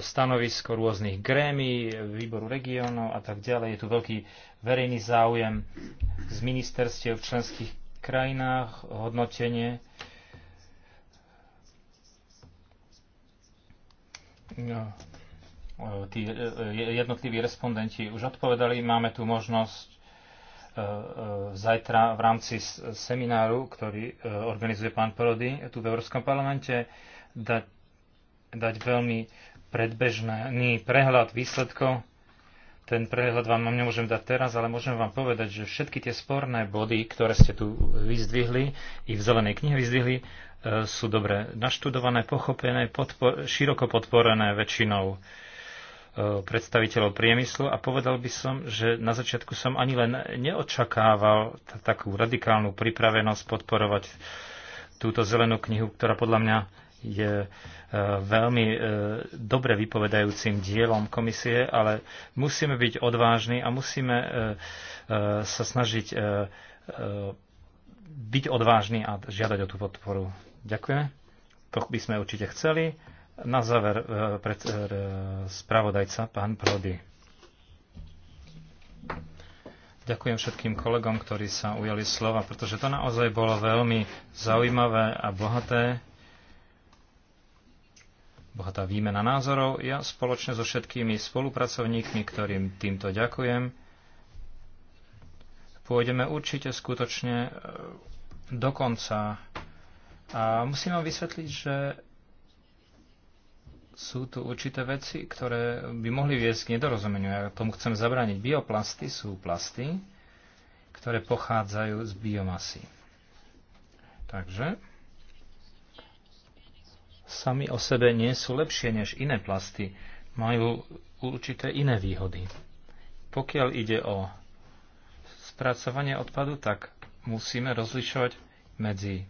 stanovisko rôznych grémy, výboru regiónov a tak ďalej. Je tu veľký verejný záujem z ministerstiev členských krajinách, hodnotenie no, e, tí e, e, jednotliví respondenti už odpovedali. Máme tu možnosť zajtra v rámci semináru, ktorý organizuje pán Prody tu v Európskom parlamente, dať, dať veľmi predbežný prehľad výsledkov ten prehľad vám nemôžem dať teraz, ale môžem vám povedať, že všetky tie sporné body, ktoré ste tu vyzdvihli, i v Zelenej knihe vyzdvihli, e, sú dobre naštudované, pochopené, podpor- široko podporené väčšinou e, predstaviteľov priemyslu a povedal by som, že na začiatku som ani len neočakával takú radikálnu pripravenosť podporovať túto zelenú knihu, ktorá podľa mňa je e, veľmi e, dobre vypovedajúcim dielom komisie, ale musíme byť odvážni a musíme e, sa snažiť byť odvážni a žiadať o tú podporu. Ďakujeme. To by sme určite chceli. Na záver pred, spravodajca, pán Prody. Ďakujem všetkým kolegom, ktorí sa ujali slova, pretože to naozaj bolo veľmi zaujímavé a bohaté bohatá výmena názorov. Ja spoločne so všetkými spolupracovníkmi, ktorým týmto ďakujem, pôjdeme určite skutočne e, do konca. A musím vám vysvetliť, že sú tu určité veci, ktoré by mohli viesť k nedorozumeniu. Ja tomu chcem zabrániť. Bioplasty sú plasty, ktoré pochádzajú z biomasy. Takže sami o sebe nie sú lepšie než iné plasty, majú určité iné výhody. Pokiaľ ide o spracovanie odpadu, tak musíme rozlišovať medzi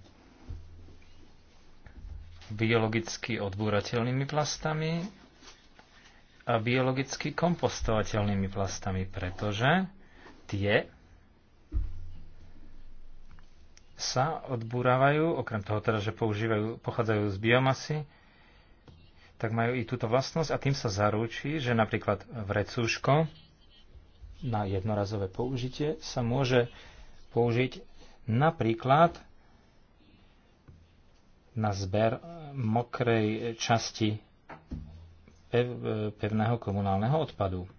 biologicky odbúrateľnými plastami a biologicky kompostovateľnými plastami, pretože tie sa odburávajú, okrem toho teda, že používajú, pochádzajú z biomasy, tak majú i túto vlastnosť a tým sa zaručí, že napríklad vrecúško na jednorazové použitie sa môže použiť napríklad na zber mokrej časti pevného komunálneho odpadu.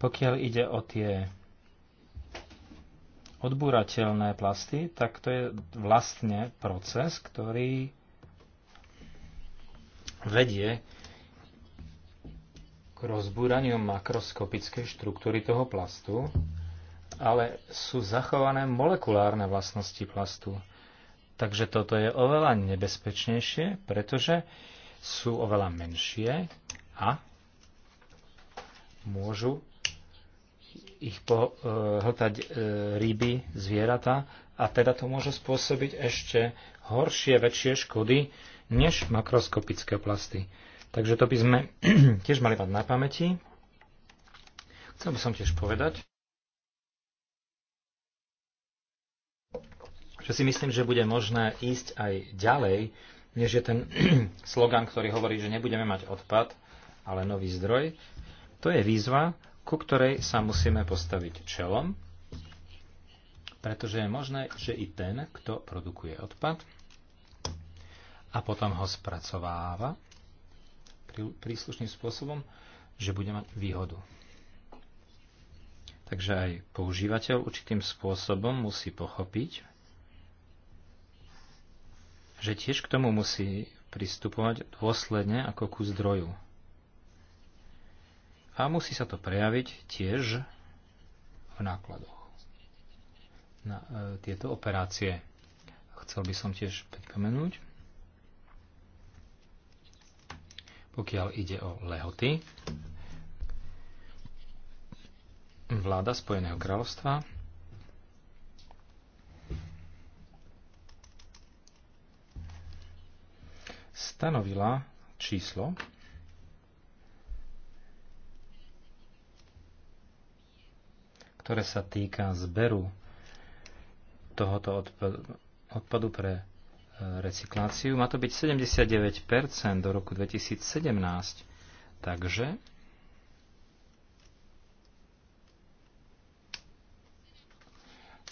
Pokiaľ ide o tie odbúrateľné plasty, tak to je vlastne proces, ktorý vedie k rozbúraniu makroskopickej štruktúry toho plastu, ale sú zachované molekulárne vlastnosti plastu. Takže toto je oveľa nebezpečnejšie, pretože sú oveľa menšie a môžu ich pohltať e, e, ryby, zvieratá a teda to môže spôsobiť ešte horšie, väčšie škody než makroskopické plasty. Takže to by sme *clears throat* tiež mali mať na pamäti. Chcel by som tiež povedať, že si myslím, že bude možné ísť aj ďalej, než je ten *clears throat* slogan, ktorý hovorí, že nebudeme mať odpad, ale nový zdroj. To je výzva, ku ktorej sa musíme postaviť čelom, pretože je možné, že i ten, kto produkuje odpad a potom ho spracováva príslušným spôsobom, že bude mať výhodu. Takže aj používateľ určitým spôsobom musí pochopiť, že tiež k tomu musí pristupovať dôsledne ako ku zdroju. A musí sa to prejaviť tiež v nákladoch na e, tieto operácie. Chcel by som tiež pripomenúť, pokiaľ ide o lehoty, vláda Spojeného kráľovstva stanovila číslo ktoré sa týka zberu tohoto odpadu, pre e, recykláciu. Má to byť 79% do roku 2017. Takže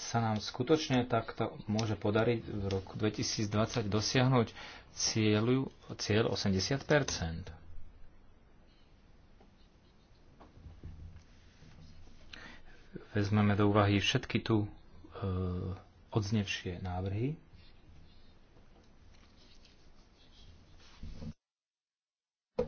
sa nám skutočne takto môže podariť v roku 2020 dosiahnuť cieľu, cieľ 80 vezmeme do úvahy všetky tu e, odznevšie návrhy.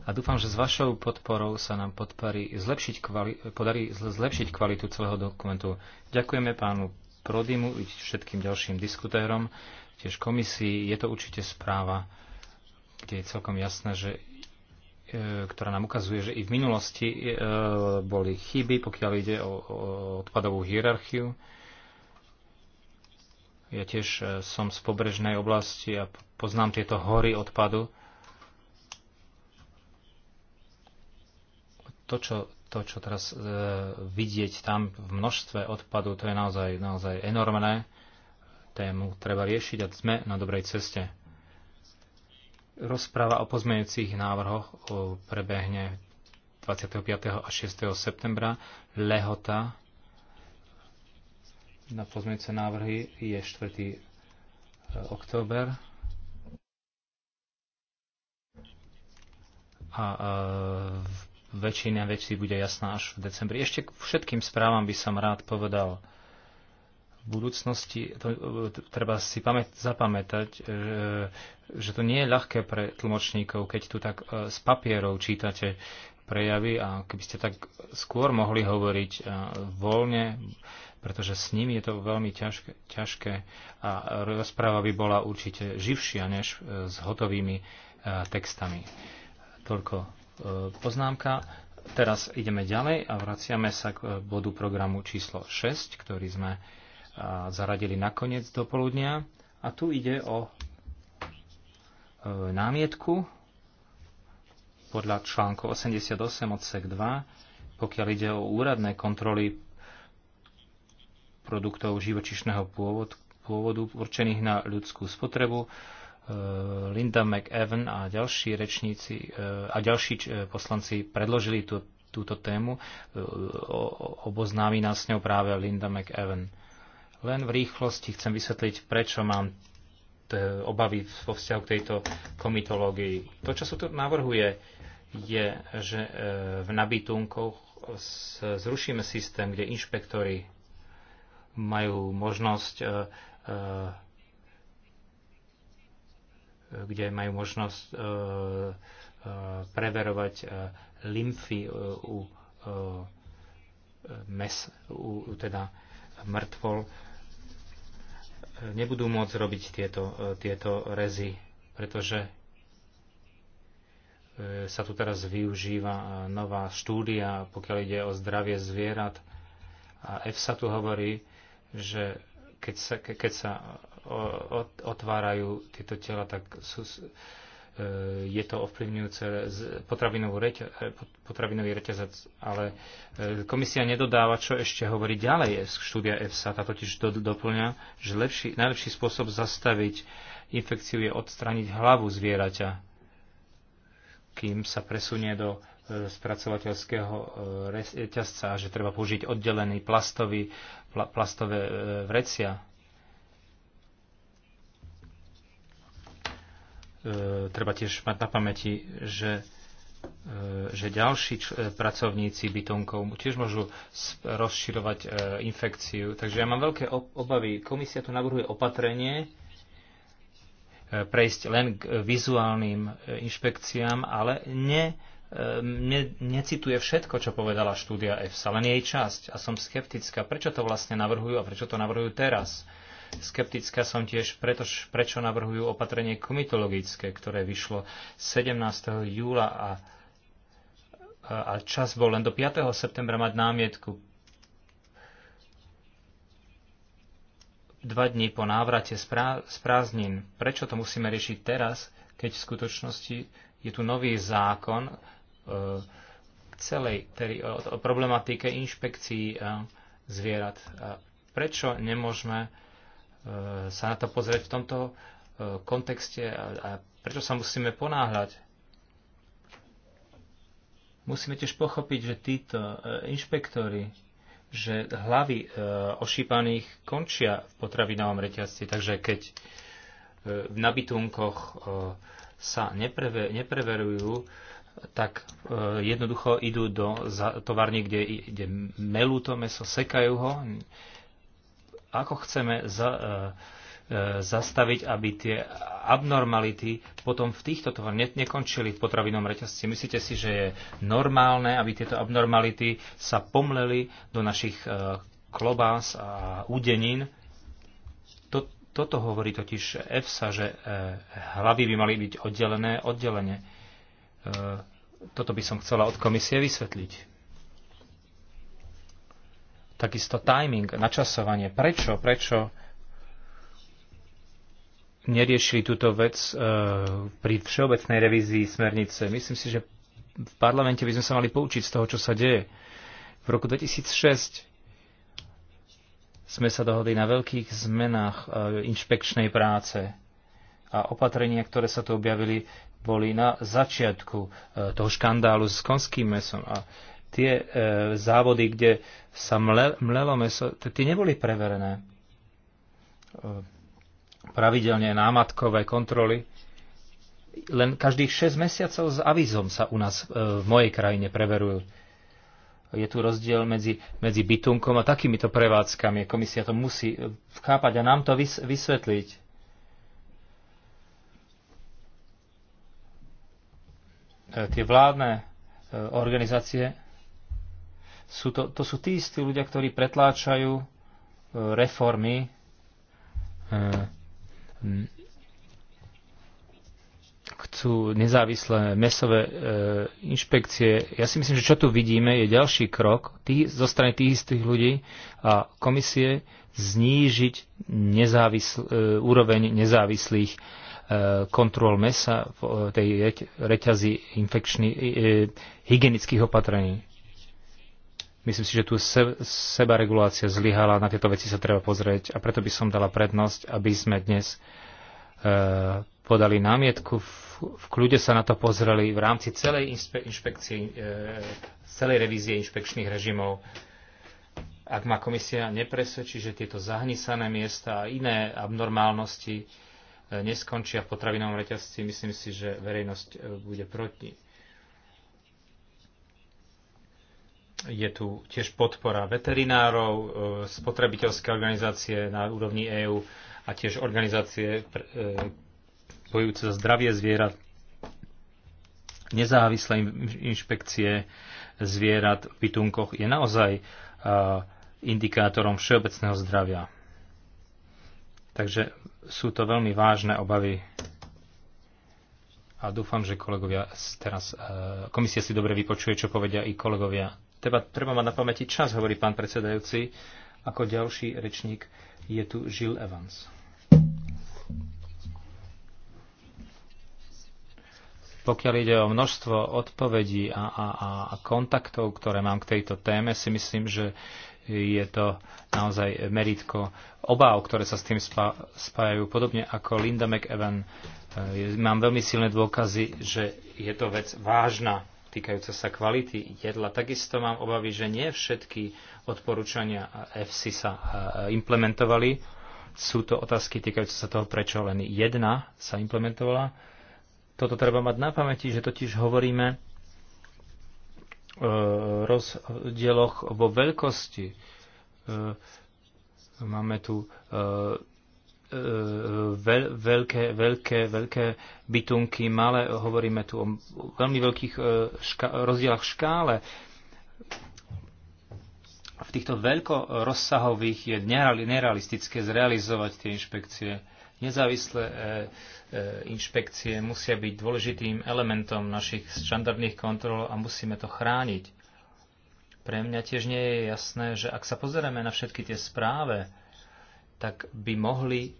A dúfam, že s vašou podporou sa nám podparí zlepšiť kvali- podarí zlepšiť kvalitu celého dokumentu. Ďakujeme pánu Prodimu i všetkým ďalším diskutérom, tiež komisii. Je to určite správa, kde je celkom jasné, že E, ktorá nám ukazuje, že i v minulosti e, boli chyby, pokiaľ ide o odpadovú hierarchiu. Ja tiež e, som z pobrežnej oblasti a poznám tieto hory odpadu. To, čo, to, čo teraz vidieť tam v množstve odpadu, to je naozaj, naozaj enormné. Tému treba riešiť a sme na dobrej ceste. Rozpráva o pozmeňujúcich návrhoch prebehne 25. a 6. septembra. Lehota na pozmeňujúce návrhy je 4. E, október. A e, väčšina vecí bude jasná až v decembri. Ešte k všetkým správam by som rád povedal, v budúcnosti to, e, treba si pamät, zapamätať, e, že to nie je ľahké pre tlmočníkov, keď tu tak e, z papierov čítate prejavy a keby ste tak skôr mohli hovoriť voľne, pretože s nimi je to veľmi ťažké, ťažké a rozpráva by bola určite živšia než s hotovými textami. Toľko poznámka. Teraz ideme ďalej a vraciame sa k bodu programu číslo 6, ktorý sme zaradili na koniec do poludnia. A tu ide o e, námietku podľa článku 88 odsek 2, pokiaľ ide o úradné kontroly produktov živočišného pôvodu určených na ľudskú spotrebu. E, Linda McEwan a ďalší rečníci e, a ďalší poslanci predložili tú, túto tému. Oboznámi nás s ňou práve Linda McEwan. Len v rýchlosti chcem vysvetliť, prečo mám obavy vo vzťahu k tejto komitológii. To, čo sa tu navrhuje, je, že e, v nabitunkoch zrušíme systém, kde inšpektori majú možnosť e, e, kde majú možnosť preverovať lymfy u mes, u, teda mŕtvol nebudú môcť robiť tieto, e, tieto rezy, pretože e, sa tu teraz využíva e, nová štúdia, pokiaľ ide o zdravie zvierat. A EFSA tu hovorí, že keď sa, keď sa otvárajú tieto tela, tak sú, E, je to ovplyvňujúce potravinovú reť, e, potravinový reťazec, ale e, komisia nedodáva, čo ešte hovorí ďalej štúdia EFSA. Tá totiž do, doplňa, že lepší, najlepší spôsob zastaviť infekciu je odstrániť hlavu zvieraťa, kým sa presunie do spracovateľského reťazca, že treba použiť oddelený plastový, pla, plastové vrecia E, treba tiež mať na pamäti, že e, že ďalší e, pracovníci bytonkov tiež môžu rozširovať infekciu. Takže ja mám veľké obavy. Komisia tu navrhuje opatrenie prejsť len k vizuálnym inšpekciám, ale ne, ne, necituje všetko, čo povedala štúdia EFSA, len jej časť. A som skeptická, prečo to vlastne navrhujú a prečo to navrhujú teraz Skeptická som tiež, pretož, prečo navrhujú opatrenie komitologické, ktoré vyšlo 17. júla a, a čas bol len do 5. septembra mať námietku. Dva dní po návrate z prázdnin. Prečo to musíme riešiť teraz, keď v skutočnosti je tu nový zákon e, k celej tedy, o, problematike inšpekcií e, zvierat? E, prečo nemôžeme E, sa na to pozrieť v tomto e, kontexte a, a prečo sa musíme ponáhľať. Musíme tiež pochopiť, že títo e, inšpektori, že hlavy ošípaných končia v potravinovom reťazci, takže keď v nabitunkoch sa nepreverujú, tak jednoducho idú do tovární, kde, kde melú to meso, sekajú ho, ako chceme za, e, e, zastaviť, aby tie abnormality potom v týchto tovaroch ne, nekončili v potravinom reťazci? Myslíte si, že je normálne, aby tieto abnormality sa pomleli do našich e, klobás a údenín? To, toto hovorí totiž EFSA, že e, hlavy by mali byť oddelené oddelenie. E, toto by som chcela od komisie vysvetliť. Takisto timing, načasovanie. Prečo? Prečo neriešili túto vec uh, pri všeobecnej revízii smernice? Myslím si, že v parlamente by sme sa mali poučiť z toho, čo sa deje. V roku 2006 sme sa dohodli na veľkých zmenách e, inšpekčnej práce a opatrenia, ktoré sa tu objavili, boli na začiatku e, toho škandálu s konským mesom. A tie e, závody, kde sa mle, mlelo meso, tie neboli preverené. E, pravidelne námatkové kontroly. Len každých 6 mesiacov s avizom sa u nás e, v mojej krajine preverujú. Je tu rozdiel medzi, medzi bytunkom a takýmito prevádzkami. Komisia to musí vkápať e, a nám to vys, vysvetliť. E, tie vládne e, organizácie sú to, to sú tí istí ľudia, ktorí pretláčajú e, reformy e, chcú nezávislé mesové e, inšpekcie. Ja si myslím, že čo tu vidíme je ďalší krok tých, zo strany tých istých ľudí a komisie znížiť nezávisl, úroveň nezávislých kontrol mesa v tej reťazi infekčných hygienických opatrení. Myslím si, že tu se, regulácia zlyhala, na tieto veci sa treba pozrieť a preto by som dala prednosť, aby sme dnes e, podali námietku, v, v kľude sa na to pozreli v rámci celej inspe, inšpekcie, e, celej revízie inšpekčných režimov. Ak ma komisia nepresvedčí, že tieto zahnisané miesta a iné abnormálnosti e, neskončia v potravinovom reťazci, myslím si, že verejnosť e, bude proti Je tu tiež podpora veterinárov, e, spotrebiteľské organizácie na úrovni EÚ a tiež organizácie e, bojujúce za zdravie zvierat, nezávislé inšpekcie zvierat v bytunkoch je naozaj e, indikátorom všeobecného zdravia. Takže sú to veľmi vážne obavy a dúfam, že kolegovia teraz, komisia si dobre vypočuje, čo povedia i kolegovia Treba, treba mať na pamäti čas, hovorí pán predsedajúci. Ako ďalší rečník je tu Jill Evans. Pokiaľ ide o množstvo odpovedí a, a, a kontaktov, ktoré mám k tejto téme, si myslím, že je to naozaj meritko obáv, ktoré sa s tým spájajú. Podobne ako Linda McEwan, eh, mám veľmi silné dôkazy, že je to vec vážna týkajúca sa kvality jedla. Takisto mám obavy, že nie všetky odporúčania FC sa e, implementovali. Sú to otázky týkajúce sa toho, prečo len jedna sa implementovala. Toto treba mať na pamäti, že totiž hovoríme o e, rozdieloch vo veľkosti. E, máme tu veľ, veľké, veľké, veľké bytunky, malé, hovoríme tu o veľmi veľkých e, ška, rozdielach v škále. V týchto veľkorozsahových je nerealistické zrealizovať tie inšpekcie. Nezávislé e, e, inšpekcie musia byť dôležitým elementom našich štandardných kontrol a musíme to chrániť. Pre mňa tiež nie je jasné, že ak sa pozrieme na všetky tie správe, tak by mohli e,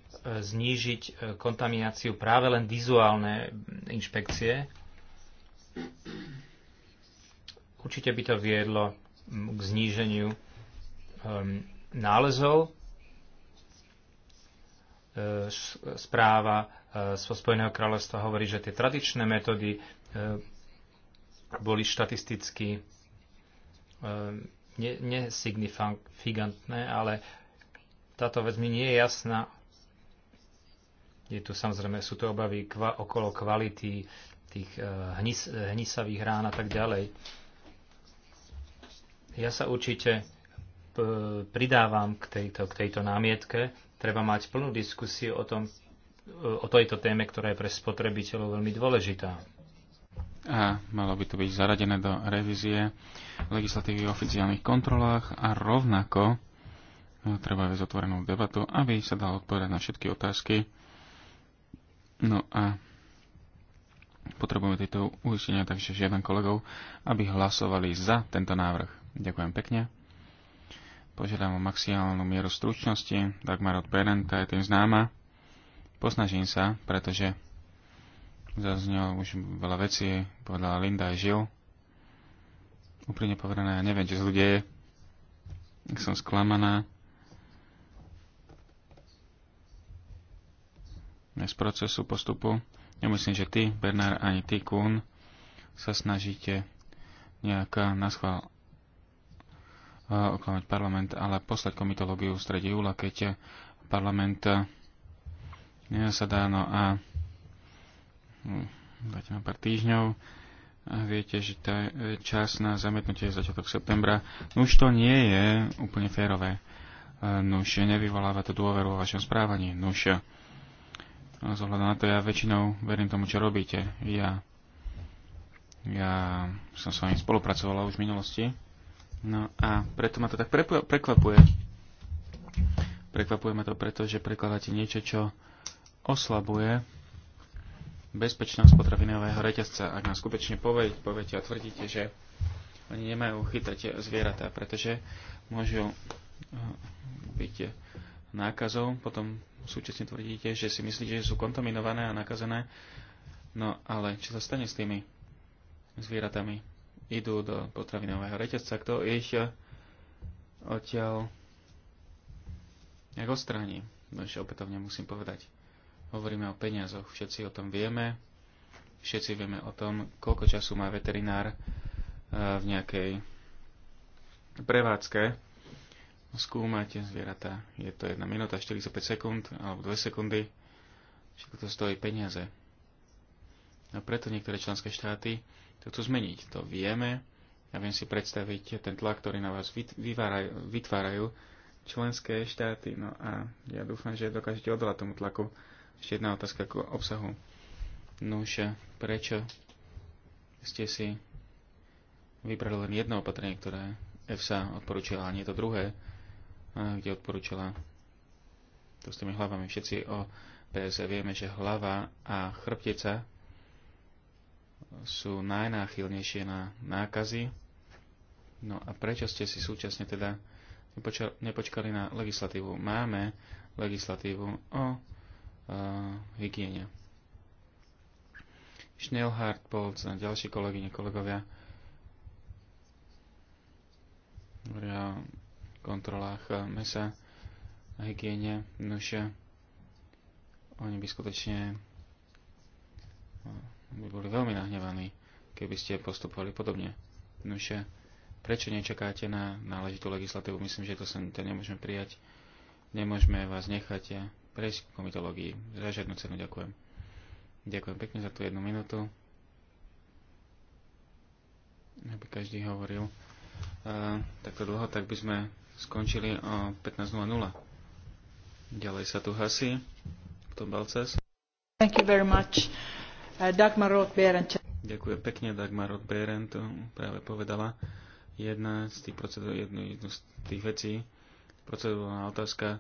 znížiť e, kontamináciu práve len vizuálne inšpekcie. Určite by to viedlo k zníženiu ehm, nálezov. E, správa zo Spojeného kráľovstva hovorí, že tie tradičné metódy boli štatisticky ehm, nesignifikantné, ale táto vec mi nie je jasná. Je tu samozrejme, sú to obavy kva, okolo kvality tých eh, hnis, hnisavých rán a tak ďalej. Ja sa určite eh, pridávam k tejto, k tejto námietke. Treba mať plnú diskusiu o, tom, eh, o tejto téme, ktorá je pre spotrebiteľov veľmi dôležitá. A malo by to byť zaradené do revízie legislatívy o oficiálnych kontrolách a rovnako No, treba viesť otvorenú debatu, aby sa dalo odpovedať na všetky otázky. No a potrebujeme tieto uistenia, takže žiadam kolegov, aby hlasovali za tento návrh. Ďakujem pekne. Požiadam o maximálnu mieru stručnosti. Dagmar od tá je tým známa. Posnažím sa, pretože zaznel už veľa vecí, povedala Linda aj Žil. Úprimne povedané, ja neviem, čo sa deje. Som sklamaná z procesu postupu. Nemyslím, že ty, Bernard, ani ty, Kuhn, sa snažíte nejak naschvál e, oklamať parlament, ale poslať komitológiu v strede júla, keď parlament e, sa no a hm, dáte na pár týždňov, a viete, že to je čas na zamietnutie začiatok septembra. No už to nie je úplne férové. E, nuž nevyvoláva to dôveru o vašom správaní. Nuž zohľadom na to ja väčšinou verím tomu, čo robíte. Ja, ja som s vami spolupracovala už v minulosti. No a preto ma to tak prekvapuje. Prekvapuje ma to preto, že prekladáte niečo, čo oslabuje bezpečnosť potravinového reťazca. Ak nám skutočne povie, poviete a tvrdíte, že oni nemajú chytať zvieratá, pretože môžu eh, byť nákazov, potom súčasne tvrdíte, že si myslíte, že sú kontaminované a nakazené. No ale čo sa stane s tými zvieratami? Idú do potravinového reťazca, kto ich eh, odtiaľ nejak odstráni. No ešte opätovne musím povedať. Hovoríme o peniazoch, všetci o tom vieme. Všetci vieme o tom, koľko času má veterinár eh, v nejakej prevádzke skúmať zvieratá. Je to 1 minúta 45 sekúnd alebo 2 sekundy. Všetko to stojí peniaze. A preto niektoré členské štáty to chcú zmeniť. To vieme. Ja viem si predstaviť ten tlak, ktorý na vás vytvárajú, vytvárajú členské štáty. No a ja dúfam, že dokážete odolať tomu tlaku. Ešte jedna otázka k obsahu. Nuž, prečo ste si vybrali len jedno opatrenie, ktoré EFSA odporúčila, a nie to druhé? kde odporúčala to s tými hlavami. Všetci o PSE vieme, že hlava a chrbtica sú najnáchylnejšie na nákazy. No a prečo ste si súčasne teda nepočkali na legislatívu? Máme legislatívu o uh, hygiene. Schnellhardt, Polc a ďalší kolegyne, kolegovia kontrolách e, mesa hygiene. Nož oni by skutočne e, by boli veľmi nahnevaní, keby ste postupovali podobne. Nož prečo nečakáte na náležitú legislatívu? Myslím, že to sa to nemôžeme prijať. Nemôžeme vás nechať e, prejsť k komitológii. Za žiadnu cenu ďakujem. Ďakujem pekne za tú jednu minútu. Aby každý hovoril uh, takto dlho, tak by sme skončili o 15.00. Ďalej sa tu hasí. Tom Balces. Thank you very much. Uh, Ďakujem pekne, Dagmar Roth Berend to práve povedala. Jedna z tých procedur, jednu, jednu z tých vecí, procedurálna otázka,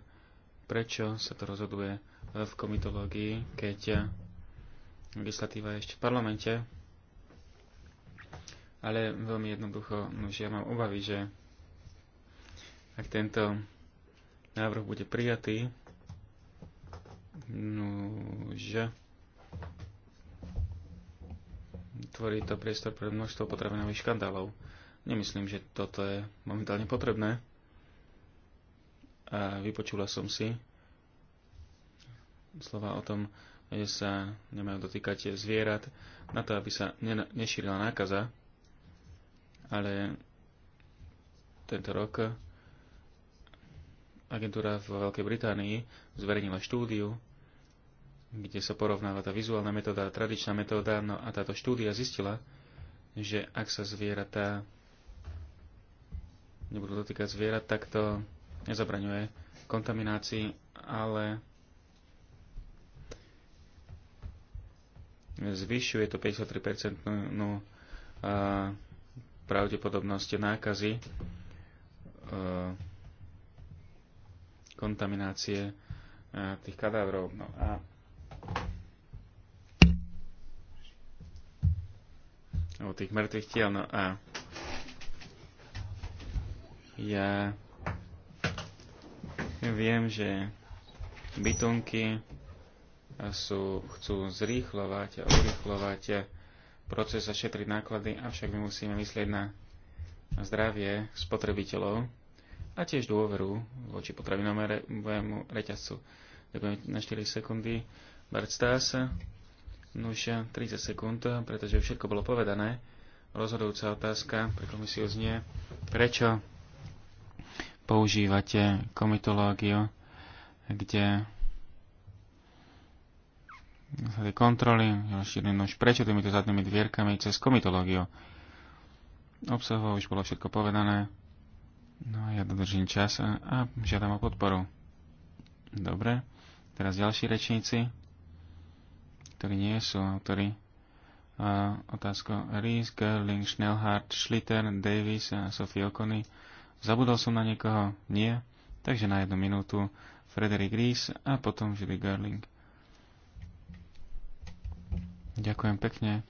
prečo sa to rozhoduje v komitológii, keď legislatíva je ešte v parlamente, ale veľmi jednoducho, no, že ja mám obavy, že ak tento návrh bude prijatý, no, že tvorí to priestor pre množstvo potravinových škandálov. Nemyslím, že toto je momentálne potrebné. A vypočula som si slova o tom, že sa nemajú dotýkať zvierat na to, aby sa nešírila nákaza. Ale tento rok agentúra vo Veľkej Británii zverejnila štúdiu, kde sa porovnáva tá vizuálna metóda a tradičná metóda. No a táto štúdia zistila, že ak sa zvieratá nebudú dotýkať zvierat, tak to nezabraňuje kontaminácii, ale zvyšuje to 53% pravdepodobnosť nákazy kontaminácie eh, tých kadávrov. No a o tých mŕtvych tiel. No a ja viem, že bytunky sú, chcú zrýchlovať a urýchlovať proces a šetriť náklady, avšak my musíme myslieť na zdravie spotrebiteľov a tiež dôveru voči potravinovému reťazcu. Ďakujem na 4 sekundy. Bart Stas, nuša 30 sekúnd, pretože všetko bolo povedané. Rozhodujúca otázka pre komisiu znie, prečo používate komitológiu, kde kontroly, nož, prečo týmito zadnými dvierkami cez komitológiu. Obsahov už bolo všetko povedané. No a ja dodržím čas a, a žiadam o podporu. Dobre, teraz ďalší rečníci, ktorí nie sú autory. A otázka Rees, Gerling, Schnellhardt, Schlitter, Davis a Sophie Okony. Zabudol som na niekoho? Nie. Takže na jednu minútu Frederick Rees a potom Julie Gerling. Ďakujem pekne.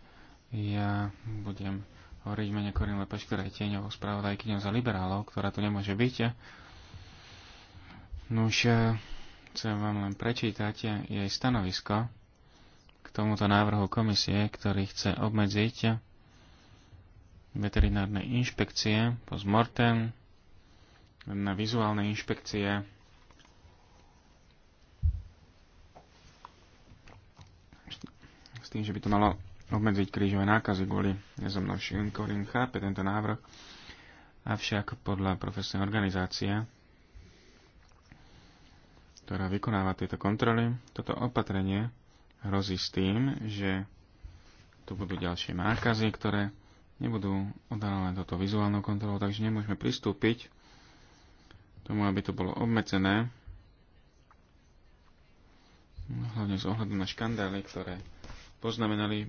Ja budem hovoriť mene Korin Lepeš, ktorá je tieňovou spravodajkyňou za liberálov, ktorá tu nemôže byť. Nuž, e, chcem vám len prečítať jej stanovisko k tomuto návrhu komisie, ktorý chce obmedziť veterinárne inšpekcie postmortem na vizuálne inšpekcie s tým, že by to malo obmedziť krížové nákazy kvôli nezomnovším šinkorin. Chápe tento návrh, avšak podľa profesnej organizácie, ktorá vykonáva tieto kontroly, toto opatrenie hrozí s tým, že tu budú ďalšie nákazy, ktoré nebudú len toto vizuálnou kontrolou, takže nemôžeme pristúpiť tomu, aby to bolo obmedzené, hlavne s ohľadu na škandály, ktoré poznamenali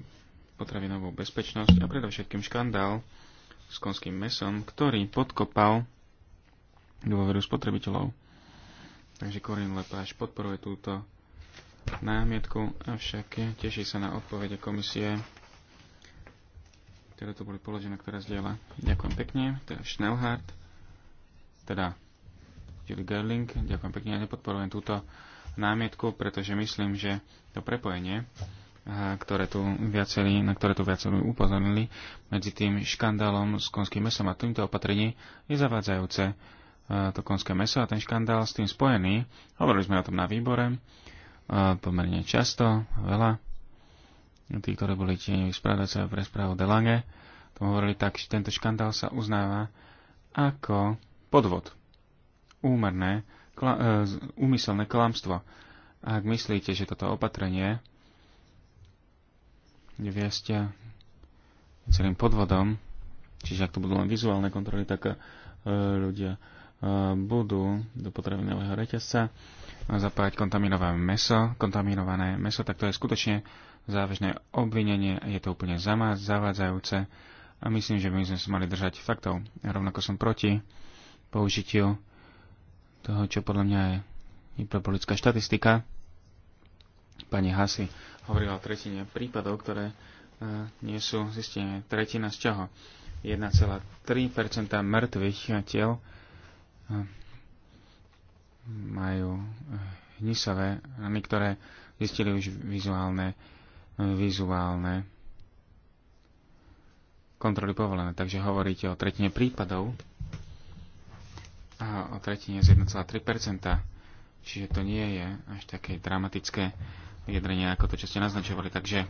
potravinovú bezpečnosť a predovšetkým škandál s konským mesom, ktorý podkopal dôveru spotrebiteľov. Takže Korin Lepáš podporuje túto námietku, avšak teší sa na odpovede komisie, ktoré tu boli položené, ktorá zdieľa. Ďakujem pekne, teda Schnellhardt, teda Julie Gerling, ďakujem pekne, ja nepodporujem túto námietku, pretože myslím, že to prepojenie ktoré tu viacerí, na ktoré tu viacerí upozornili, medzi tým škandálom s konským mesom a týmto opatrením je zavádzajúce e, to konské meso a ten škandál s tým spojený. Hovorili sme o tom na výbore e, pomerne často, veľa. Tí, ktorí boli tie spravodajcovia pre správu Delange, to hovorili tak, že tento škandál sa uznáva ako podvod. Úmerné, kla- e, úmyselné klamstvo. Ak myslíte, že toto opatrenie bude celým podvodom, čiže ak to budú len vizuálne kontroly, tak e, ľudia e, budú do potravinového reťazca e, zapájať kontaminované meso, kontaminované meso, tak to je skutočne závažné obvinenie, je to úplne zavádzajúce a myslím, že my sme sa mali držať faktov. Ja rovnako som proti použitiu toho, čo podľa mňa je hyperbolická štatistika. Pani Hasi hovorila o tretine prípadov, ktoré e, nie sú zistené. Tretina z čoho? 1,3 mŕtvych tiel e, majú e, hnisové rany, ktoré zistili už vizuálne, vizuálne kontroly povolené. Takže hovoríte o tretine prípadov a o tretine z 1,3%. Čiže to nie je až také dramatické vyjadrenia ako to, čo ste naznačovali, takže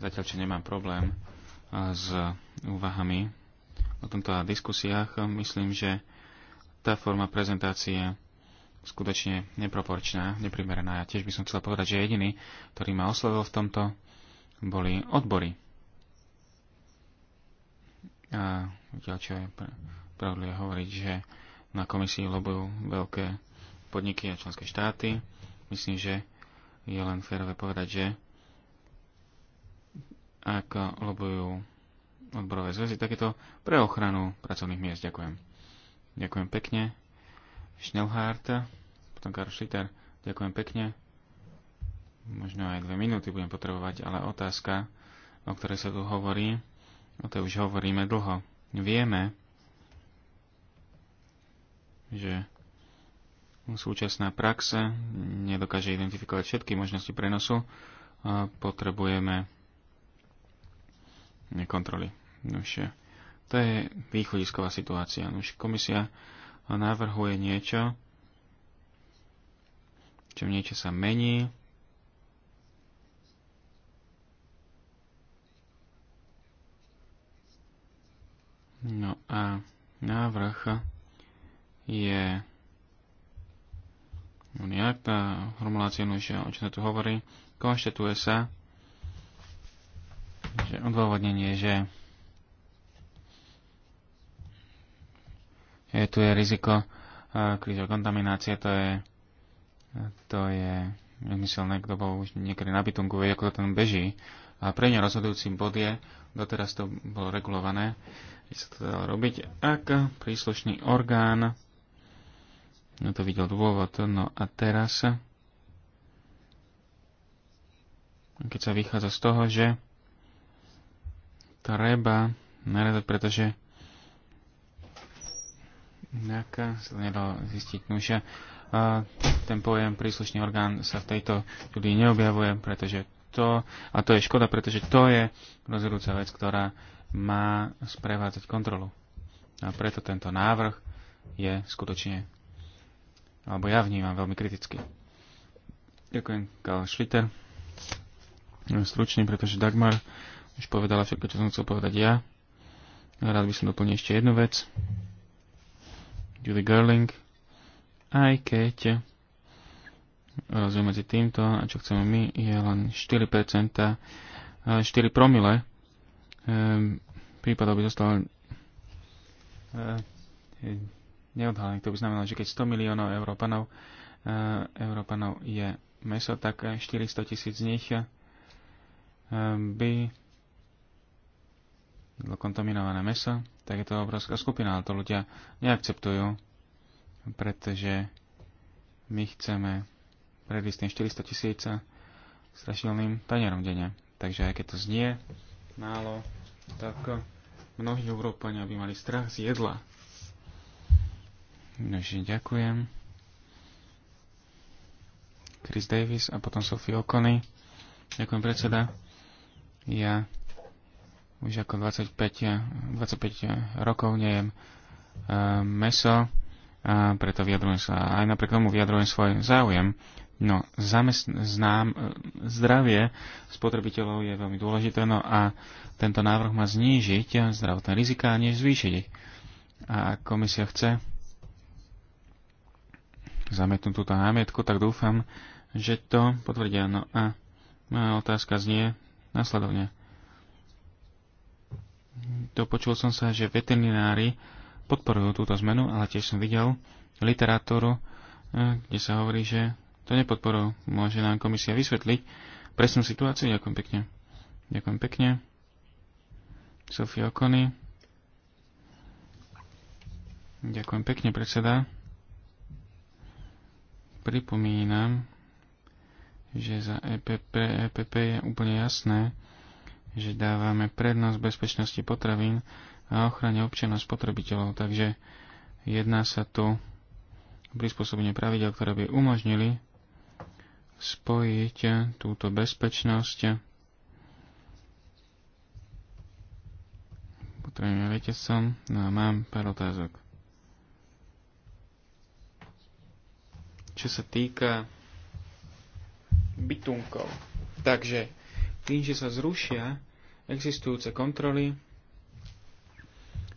zatiaľ, čo nemám problém eh, s úvahami o tomto a diskusiách, myslím, že tá forma prezentácie skutočne neproporčná, neprimeraná. Ja tiež by som chcel povedať, že jediný, ktorý ma oslovil v tomto, boli odbory. A zatiaľ, čo je pravdlivé hovoriť, že na komisii lobujú veľké podniky a členské štáty. Myslím, že je len férové povedať, že ak lobujú odborové zväzy, tak je to pre ochranu pracovných miest. Ďakujem. Ďakujem pekne. Schnellhardt, potom Karl Schlitter. Ďakujem pekne. Možno aj dve minúty budem potrebovať, ale otázka, o ktorej sa tu hovorí, o tej už hovoríme dlho. Vieme, že Súčasná prax nedokáže identifikovať všetky možnosti prenosu. Potrebujeme kontroly. Už to je východisková situácia. Už komisia navrhuje niečo, čo niečo sa mení, No a návrh je nejak tá formulácia, no, o čo sa tu hovorí, konštatuje sa, že odôvodnenie, že je, tu je riziko e, krízov kontaminácie, to je to je nezmyselné, kto bol už niekedy na bytunku, vie, ako to tam beží. A pre ne rozhodujúci bod je, doteraz to bolo regulované, že sa to dalo robiť, ak príslušný orgán No to videl dôvod. No a teraz, keď sa vychádza z toho, že treba naradať, pretože nejaká sa nedalo zistiť. Nuž, no a ten pojem príslušný orgán sa v tejto štúdii neobjavuje, pretože to, a to je škoda, pretože to je rozhodujúca vec, ktorá má sprevádzať kontrolu. A preto tento návrh je skutočne alebo ja vnímam veľmi kriticky. Ďakujem, Karl Schlitter. stručný, pretože Dagmar už povedala všetko, čo som chcel povedať ja. Rád by som doplnil ešte jednu vec. Julie Gerling. Aj keď rozdiel medzi týmto a čo chceme my je len 4%, 4 eh, promile ehm, prípadov by zostalo eh, neodhalených. To by znamenalo, že keď 100 miliónov Európanov, eh, Európanov je meso, tak 400 tisíc z nich eh, by jedlo kontaminované meso, tak je to obrovská skupina, ale to ľudia neakceptujú, pretože my chceme predísť tým 400 tisíc strašilným tanierom denne. Takže aj keď to znie málo, tak mnohí Európania by mali strach z jedla. Takže ďakujem. Chris Davis a potom Sophie Okony. Ďakujem, predseda. Ja už ako 25, 25 rokov nejem eh, meso, a preto vyjadrujem sa, aj napriek tomu vyjadrujem svoj záujem. No, zamestnám, eh, zdravie spotrebiteľov je veľmi dôležité, no a tento návrh má znížiť zdravotné rizika a než zvýšiť ich. A komisia chce zametnú túto námietku, tak dúfam, že to potvrdia. No a moja otázka znie následovne. Dopočul som sa, že veterinári podporujú túto zmenu, ale tiež som videl literatúru, eh, kde sa hovorí, že to nepodporujú. Môže nám komisia vysvetliť presnú situáciu? Ďakujem pekne. Ďakujem pekne. Sofia Okony. Ďakujem pekne, predseda. Pripomínam, že za EPP, EPP je úplne jasné, že dávame prednosť bezpečnosti potravín a ochrane občanov spotrebiteľov, takže jedná sa tu prispôsobenie pravidel, ktoré by umožnili spojiť túto bezpečnosť Potrebujeme letecom. No a mám pár otázok. čo sa týka bytunkov. Takže tým, že sa zrušia existujúce kontroly,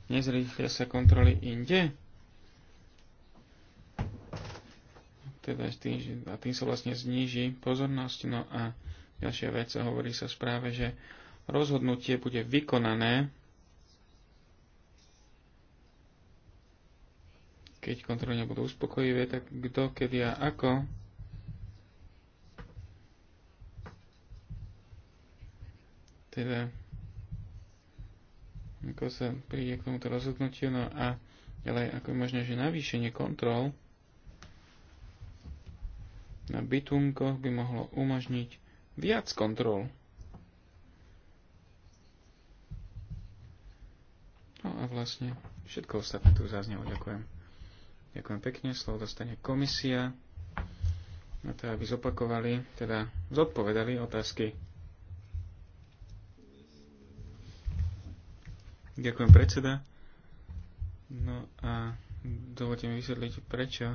nezrýchlia sa kontroly inde, teda tým, že, a tým sa vlastne zníži pozornosť. No a ďalšia vec, hovorí sa správe, že rozhodnutie bude vykonané keď kontroly nebudú uspokojivé, tak kto, kedy a ako teda ako sa príde k tomuto rozhodnutiu, no a ďalej ako je možné, že navýšenie kontrol na bytunkoch by mohlo umožniť viac kontrol. No a vlastne všetko ostatné tu zaznelo. Ďakujem. Ďakujem pekne, slovo dostane komisia, na to, aby zopakovali, teda zodpovedali otázky. Ďakujem predseda. No a dovolte mi vysvetliť, prečo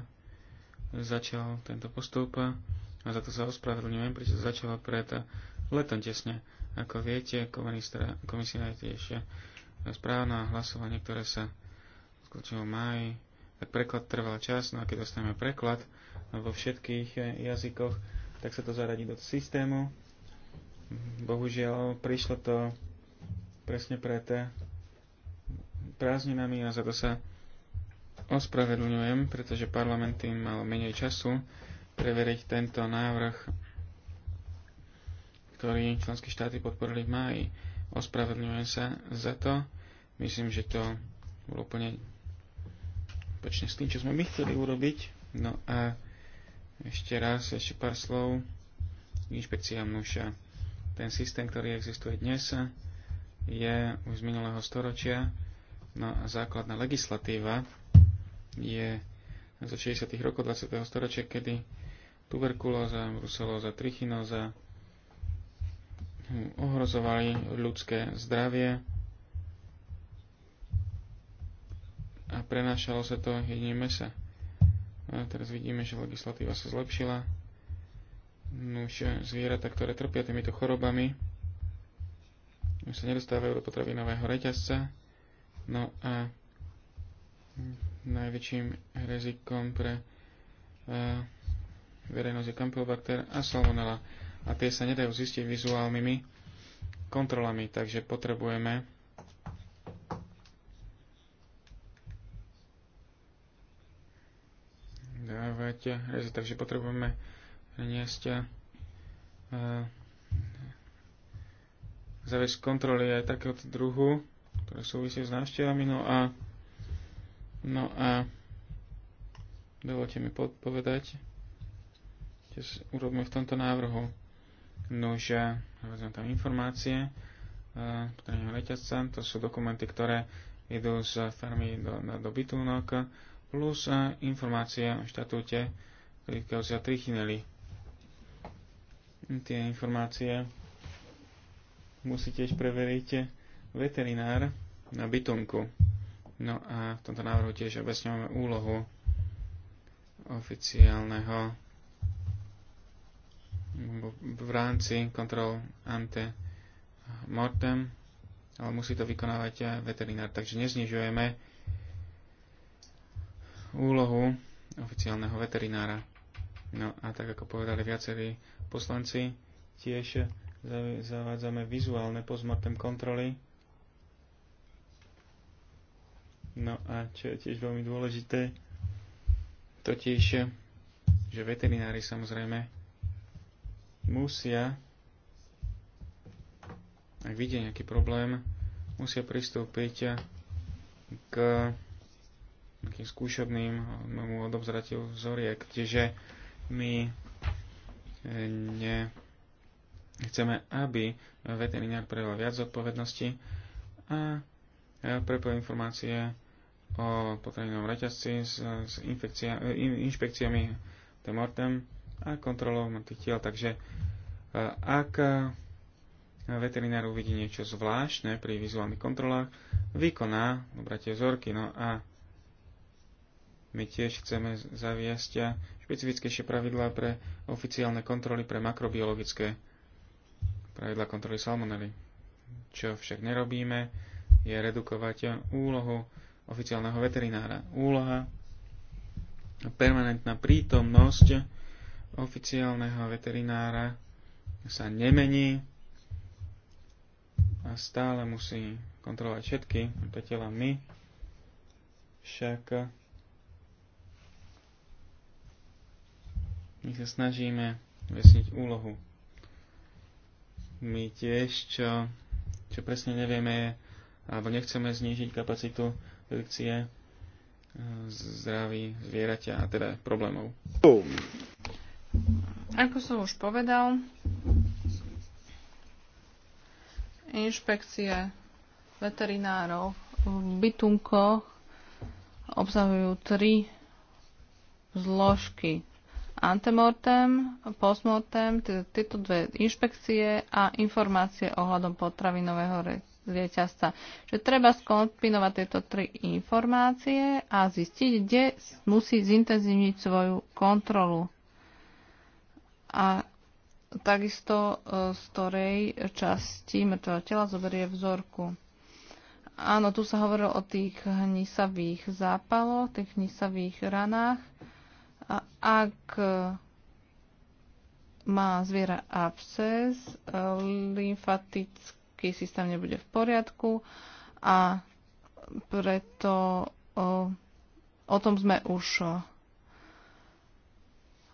začal tento postup a za to sa ospravedlňujem, prečo začala pred letom tesne. Ako viete, komisia je tiež správna hlasovanie, ktoré sa skutočne v máji tak preklad trval čas, no a keď dostaneme preklad vo všetkých eh, jazykoch, tak sa to zaradí do systému. Bohužiaľ, prišlo to presne pred eh, prázdninami a za to sa ospravedlňujem, pretože parlament tým mal menej času preveriť tento návrh, ktorý členské štáty podporili v máji. Ospravedlňujem sa za to. Myslím, že to bolo úplne opačne s tým, čo sme my chceli urobiť. No a ešte raz, ešte pár slov inšpekcia mnúša. Ten systém, ktorý existuje dnes, je už z minulého storočia. No a základná legislatíva je zo 60. rokov 20. storočia, kedy tuberkulóza, bruselóza, trichinóza ohrozovali ľudské zdravie a prenášalo sa to jedine mesa. A teraz vidíme, že legislatíva sa zlepšila. už e, zvieratá, ktoré trpia týmito chorobami, už sa nedostávajú do potravinového reťazca. No a najväčším rizikom pre uh, verejnosť je Campylobacter a Salmonella. A tie sa nedajú zistiť vizuálnymi kontrolami, takže potrebujeme dávať takže potrebujeme niesť eh, zaviesť kontroly aj takéhoto druhu, ktoré súvisí s návštevami. No a, no a dovolte mi povedať, čo urobíme v tomto návrhu. No, že vezmem tam informácie, eh, potrebného reťazca, to sú dokumenty, ktoré idú z farmy do, do plus informácie o štatúte týkajú sa trichinely. Tie informácie musí tiež preveriť veterinár na bytunku. No a v tomto návrhu tiež objasňujeme úlohu oficiálneho v rámci kontrol ante mortem, ale musí to vykonávať veterinár, takže neznižujeme úlohu oficiálneho veterinára. No a tak ako povedali viacerí poslanci, tiež zavádzame vizuálne postmortem kontroly. No a čo je tiež veľmi dôležité, totiž, že veterinári samozrejme musia, ak vidia nejaký problém, musia pristúpiť k takým skúšobným eh, mu odobzratiu vzoriek. Čiže my eh, ne, chceme, aby veterinár prejavil viac zodpovednosti a eh, prepojil informácie o potravinovom reťazci s, s inšpekciami temortem a kontrolou tých tiel. Takže ak veterinár uvidí niečo zvláštne pri vizuálnych kontrolách, vykoná obratie vzorky. No a my tiež chceme zaviesť špecifickejšie pravidlá pre oficiálne kontroly pre makrobiologické pravidlá kontroly salmonely. Čo však nerobíme, je redukovať úlohu oficiálneho veterinára. Úloha permanentná prítomnosť oficiálneho veterinára sa nemení a stále musí kontrolovať všetky, to tela my, však My sa snažíme vesniť úlohu. My tiež, čo, čo presne nevieme, alebo nechceme znížiť kapacitu redukcie e, zdraví zvieratia a teda problémov. Ako som už povedal, inšpekcie veterinárov v bytunkoch obsahujú tri zložky antemortem, postmortem, tieto dve inšpekcie a informácie ohľadom potravinového reťazca. Čiže treba skombinovať tieto tri informácie a zistiť, kde musí zintenzívniť svoju kontrolu. A takisto e, z ktorej časti mŕtvého tela zoberie vzorku. Áno, tu sa hovorilo o tých hnisavých zápaloch, tých hnisavých ranách. Ak e, má zviera absces, e, lymfatický systém nebude v poriadku a preto o, e, o tom sme už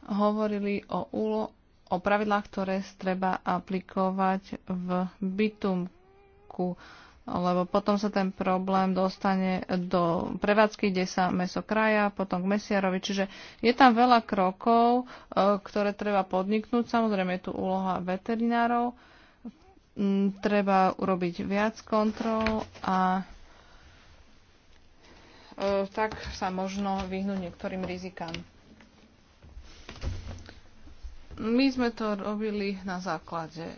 hovorili o, úlo, o pravidlách, ktoré treba aplikovať v bytumku lebo potom sa ten problém dostane do prevádzky, kde sa meso kraja, potom k mesiarovi. Čiže je tam veľa krokov, e, ktoré treba podniknúť. Samozrejme je tu úloha veterinárov. Mm, treba urobiť viac kontrol a e, tak sa možno vyhnúť niektorým rizikám. My sme to robili na základe e,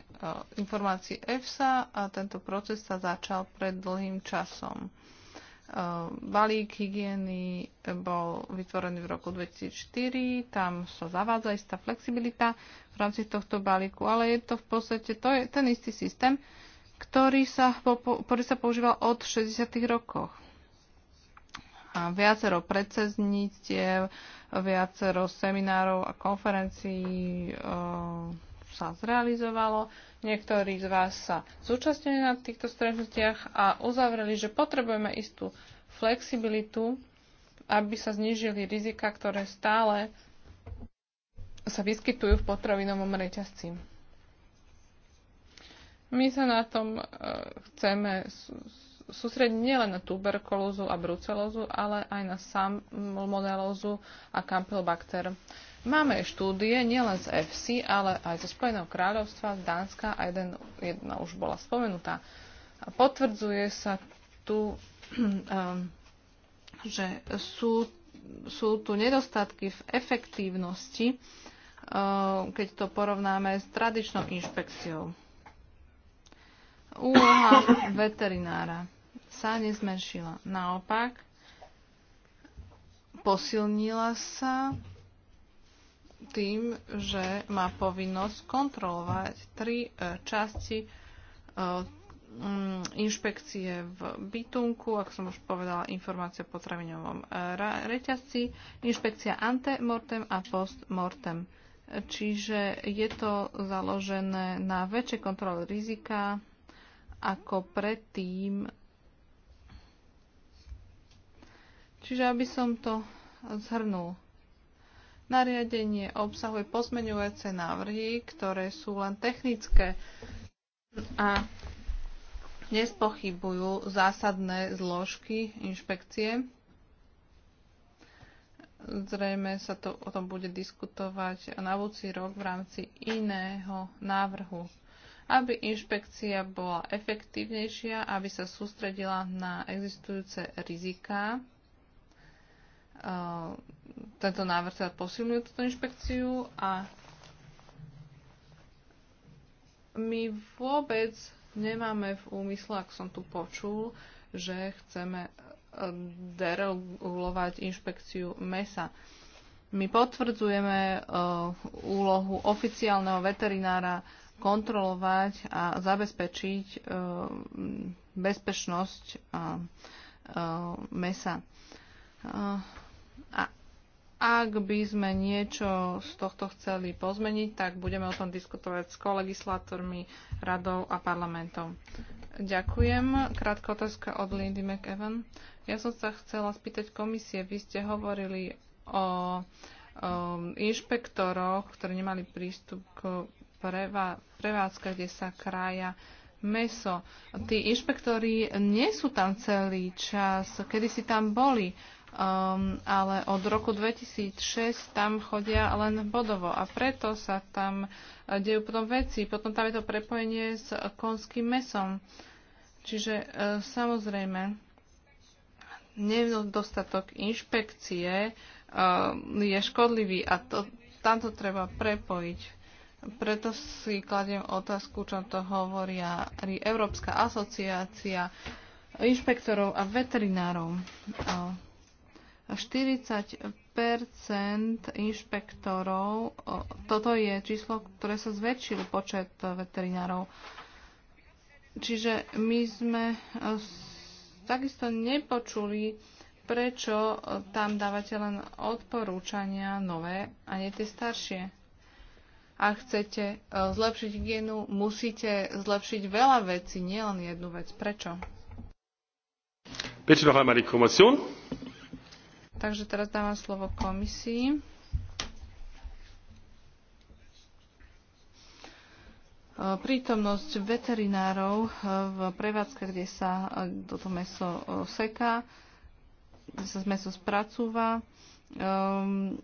informácií EFSA a tento proces sa začal pred dlhým časom. E, balík hygieny bol vytvorený v roku 2004, tam sa zavádza istá flexibilita v rámci tohto balíku, ale je to v podstate to je ten istý systém, ktorý sa, ktorý sa používal od 60. rokoch viacero predsedníctiev, viacero seminárov a konferencií eh, sa zrealizovalo. Niektorí z vás sa zúčastnili na týchto stretnutiach a uzavreli, že potrebujeme istú flexibilitu, aby sa znížili rizika, ktoré stále sa vyskytujú v potravinovom reťazci. My sa na tom eh, chceme sústrediť nielen na tuberkulózu a brucelózu, ale aj na salmonelózu a campylobacter. Máme štúdie nielen z FC, ale aj zo Spojeného kráľovstva, z Dánska, a jeden, jedna už bola spomenutá. Potvrdzuje sa tu, *clears throat* um, že sú, sú tu nedostatky v efektívnosti, um, keď to porovnáme s tradičnou inšpekciou úloha veterinára sa nezmenšila. Naopak, posilnila sa tým, že má povinnosť kontrolovať tri e, časti e, mm, inšpekcie v bytunku, ako som už povedala, informácia o potravinovom e, reťazci, inšpekcia antemortem a postmortem. Čiže je to založené na väčšej kontrole rizika, ako predtým. Čiže aby som to zhrnul. Nariadenie obsahuje pozmeňujúce návrhy, ktoré sú len technické a nespochybujú zásadné zložky inšpekcie. Zrejme sa to, o tom bude diskutovať na budúci rok v rámci iného návrhu aby inšpekcia bola efektívnejšia, aby sa sústredila na existujúce riziká. Ehm, tento návrh teda posilňuje túto inšpekciu a my vôbec nemáme v úmysle, ak som tu počul, že chceme ehm, deregulovať inšpekciu mesa. My potvrdzujeme ehm, úlohu oficiálneho veterinára kontrolovať a zabezpečiť e, bezpečnosť e, mesa. E, a ak by sme niečo z tohto chceli pozmeniť, tak budeme o tom diskutovať s kolegislátormi, radou a parlamentom. Ďakujem. Krátka otázka od Lindy McEvan. Ja som sa chcela spýtať komisie. Vy ste hovorili o, o inšpektoroch, ktorí nemali prístup k prevádzka, kde sa krája meso. Tí inšpektori nie sú tam celý čas, kedy si tam boli, um, ale od roku 2006 tam chodia len bodovo a preto sa tam eh, dejú potom veci. Potom tam je to prepojenie s konským mesom. Čiže uh, samozrejme, nedostatok inšpekcie uh, je škodlivý a to, tamto treba prepojiť preto si kladiem otázku, čo to hovoria Európska asociácia inšpektorov a veterinárov. 40 inšpektorov, toto je číslo, ktoré sa zväčšil počet veterinárov. Čiže my sme e, takisto nepočuli, prečo tam dávate len odporúčania nové a nie tie staršie a chcete e, zlepšiť hygienu, musíte zlepšiť veľa vecí, nielen jednu vec. Prečo? Bitte noch einmal die Kommission. Takže teraz dávam slovo komisii. E, prítomnosť veterinárov e, v prevádzke, kde sa toto meso seká, kde sa meso spracúva, um,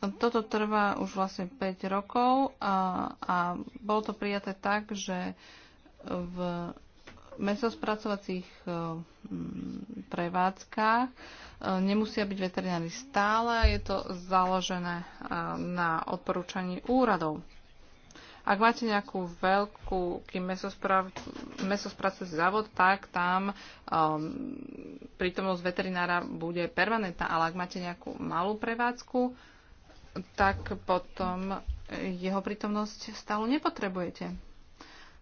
No, toto trvá už vlastne 5 rokov a, a bolo to prijaté tak, že v mesospracovacích e, prevádzkach e, nemusia byť veterinári stále, je to založené e, na odporúčaní úradov. Ak máte nejakú veľkú mesospra mesospracujúci závod, tak tam um, prítomnosť veterinára bude permanentná, ale ak máte nejakú malú prevádzku, tak potom jeho prítomnosť stále nepotrebujete.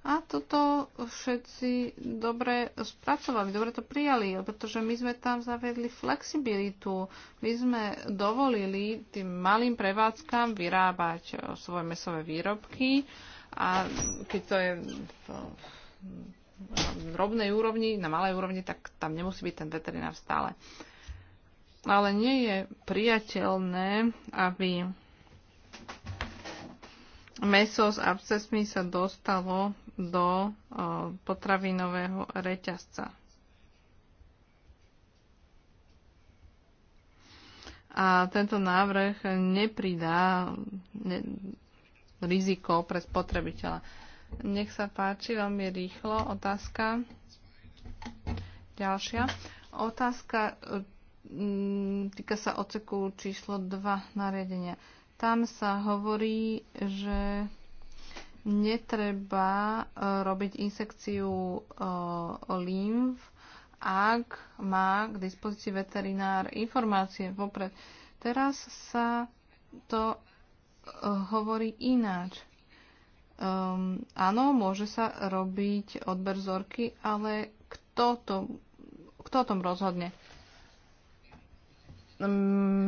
A toto všetci dobre spracovali, dobre to prijali, pretože my sme tam zavedli flexibilitu. My sme dovolili tým malým prevádzkam vyrábať eh, svoje mesové výrobky a keď to je v drobnej úrovni, na malej úrovni, tak tam nemusí byť ten veterinár stále. Uh, ale nie je priateľné, aby meso s abscesmi sa dostalo do potravinového reťazca. A tento návrh nepridá ne, riziko pre spotrebiteľa. Nech sa páči, veľmi rýchlo. Otázka. Ďalšia. Otázka Mm, týka sa oceku číslo 2 nariadenia. Tam sa hovorí, že netreba e, robiť insekciu e, lymf, ak má k dispozícii veterinár informácie vopred. Teraz sa to e, hovorí ináč. Um, áno, môže sa robiť odber vzorky, ale kto, to, kto o tom rozhodne?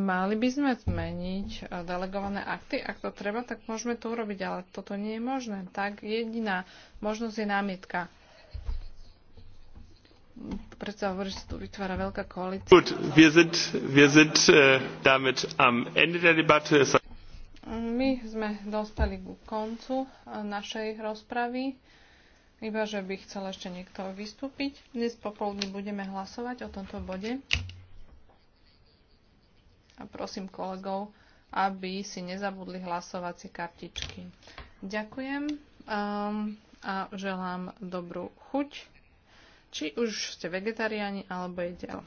mali by sme zmeniť e, delegované akty. Ak to treba, tak môžeme to urobiť, ale toto nie je možné. Tak jediná možnosť je námietka. Predsa hovorí, že sa tu vytvára veľká koalícia. Gut, wir sind, wir sind äh, damit am Ende der Debatte. My sme dostali ku koncu e, našej rozpravy. Iba, že by chcel ešte niekto vystúpiť. Dnes popoludne budeme hlasovať o tomto bode. A prosím kolegov, aby si nezabudli hlasovacie kartičky. Ďakujem um, a želám dobrú chuť, či už ste vegetariáni alebo jedel.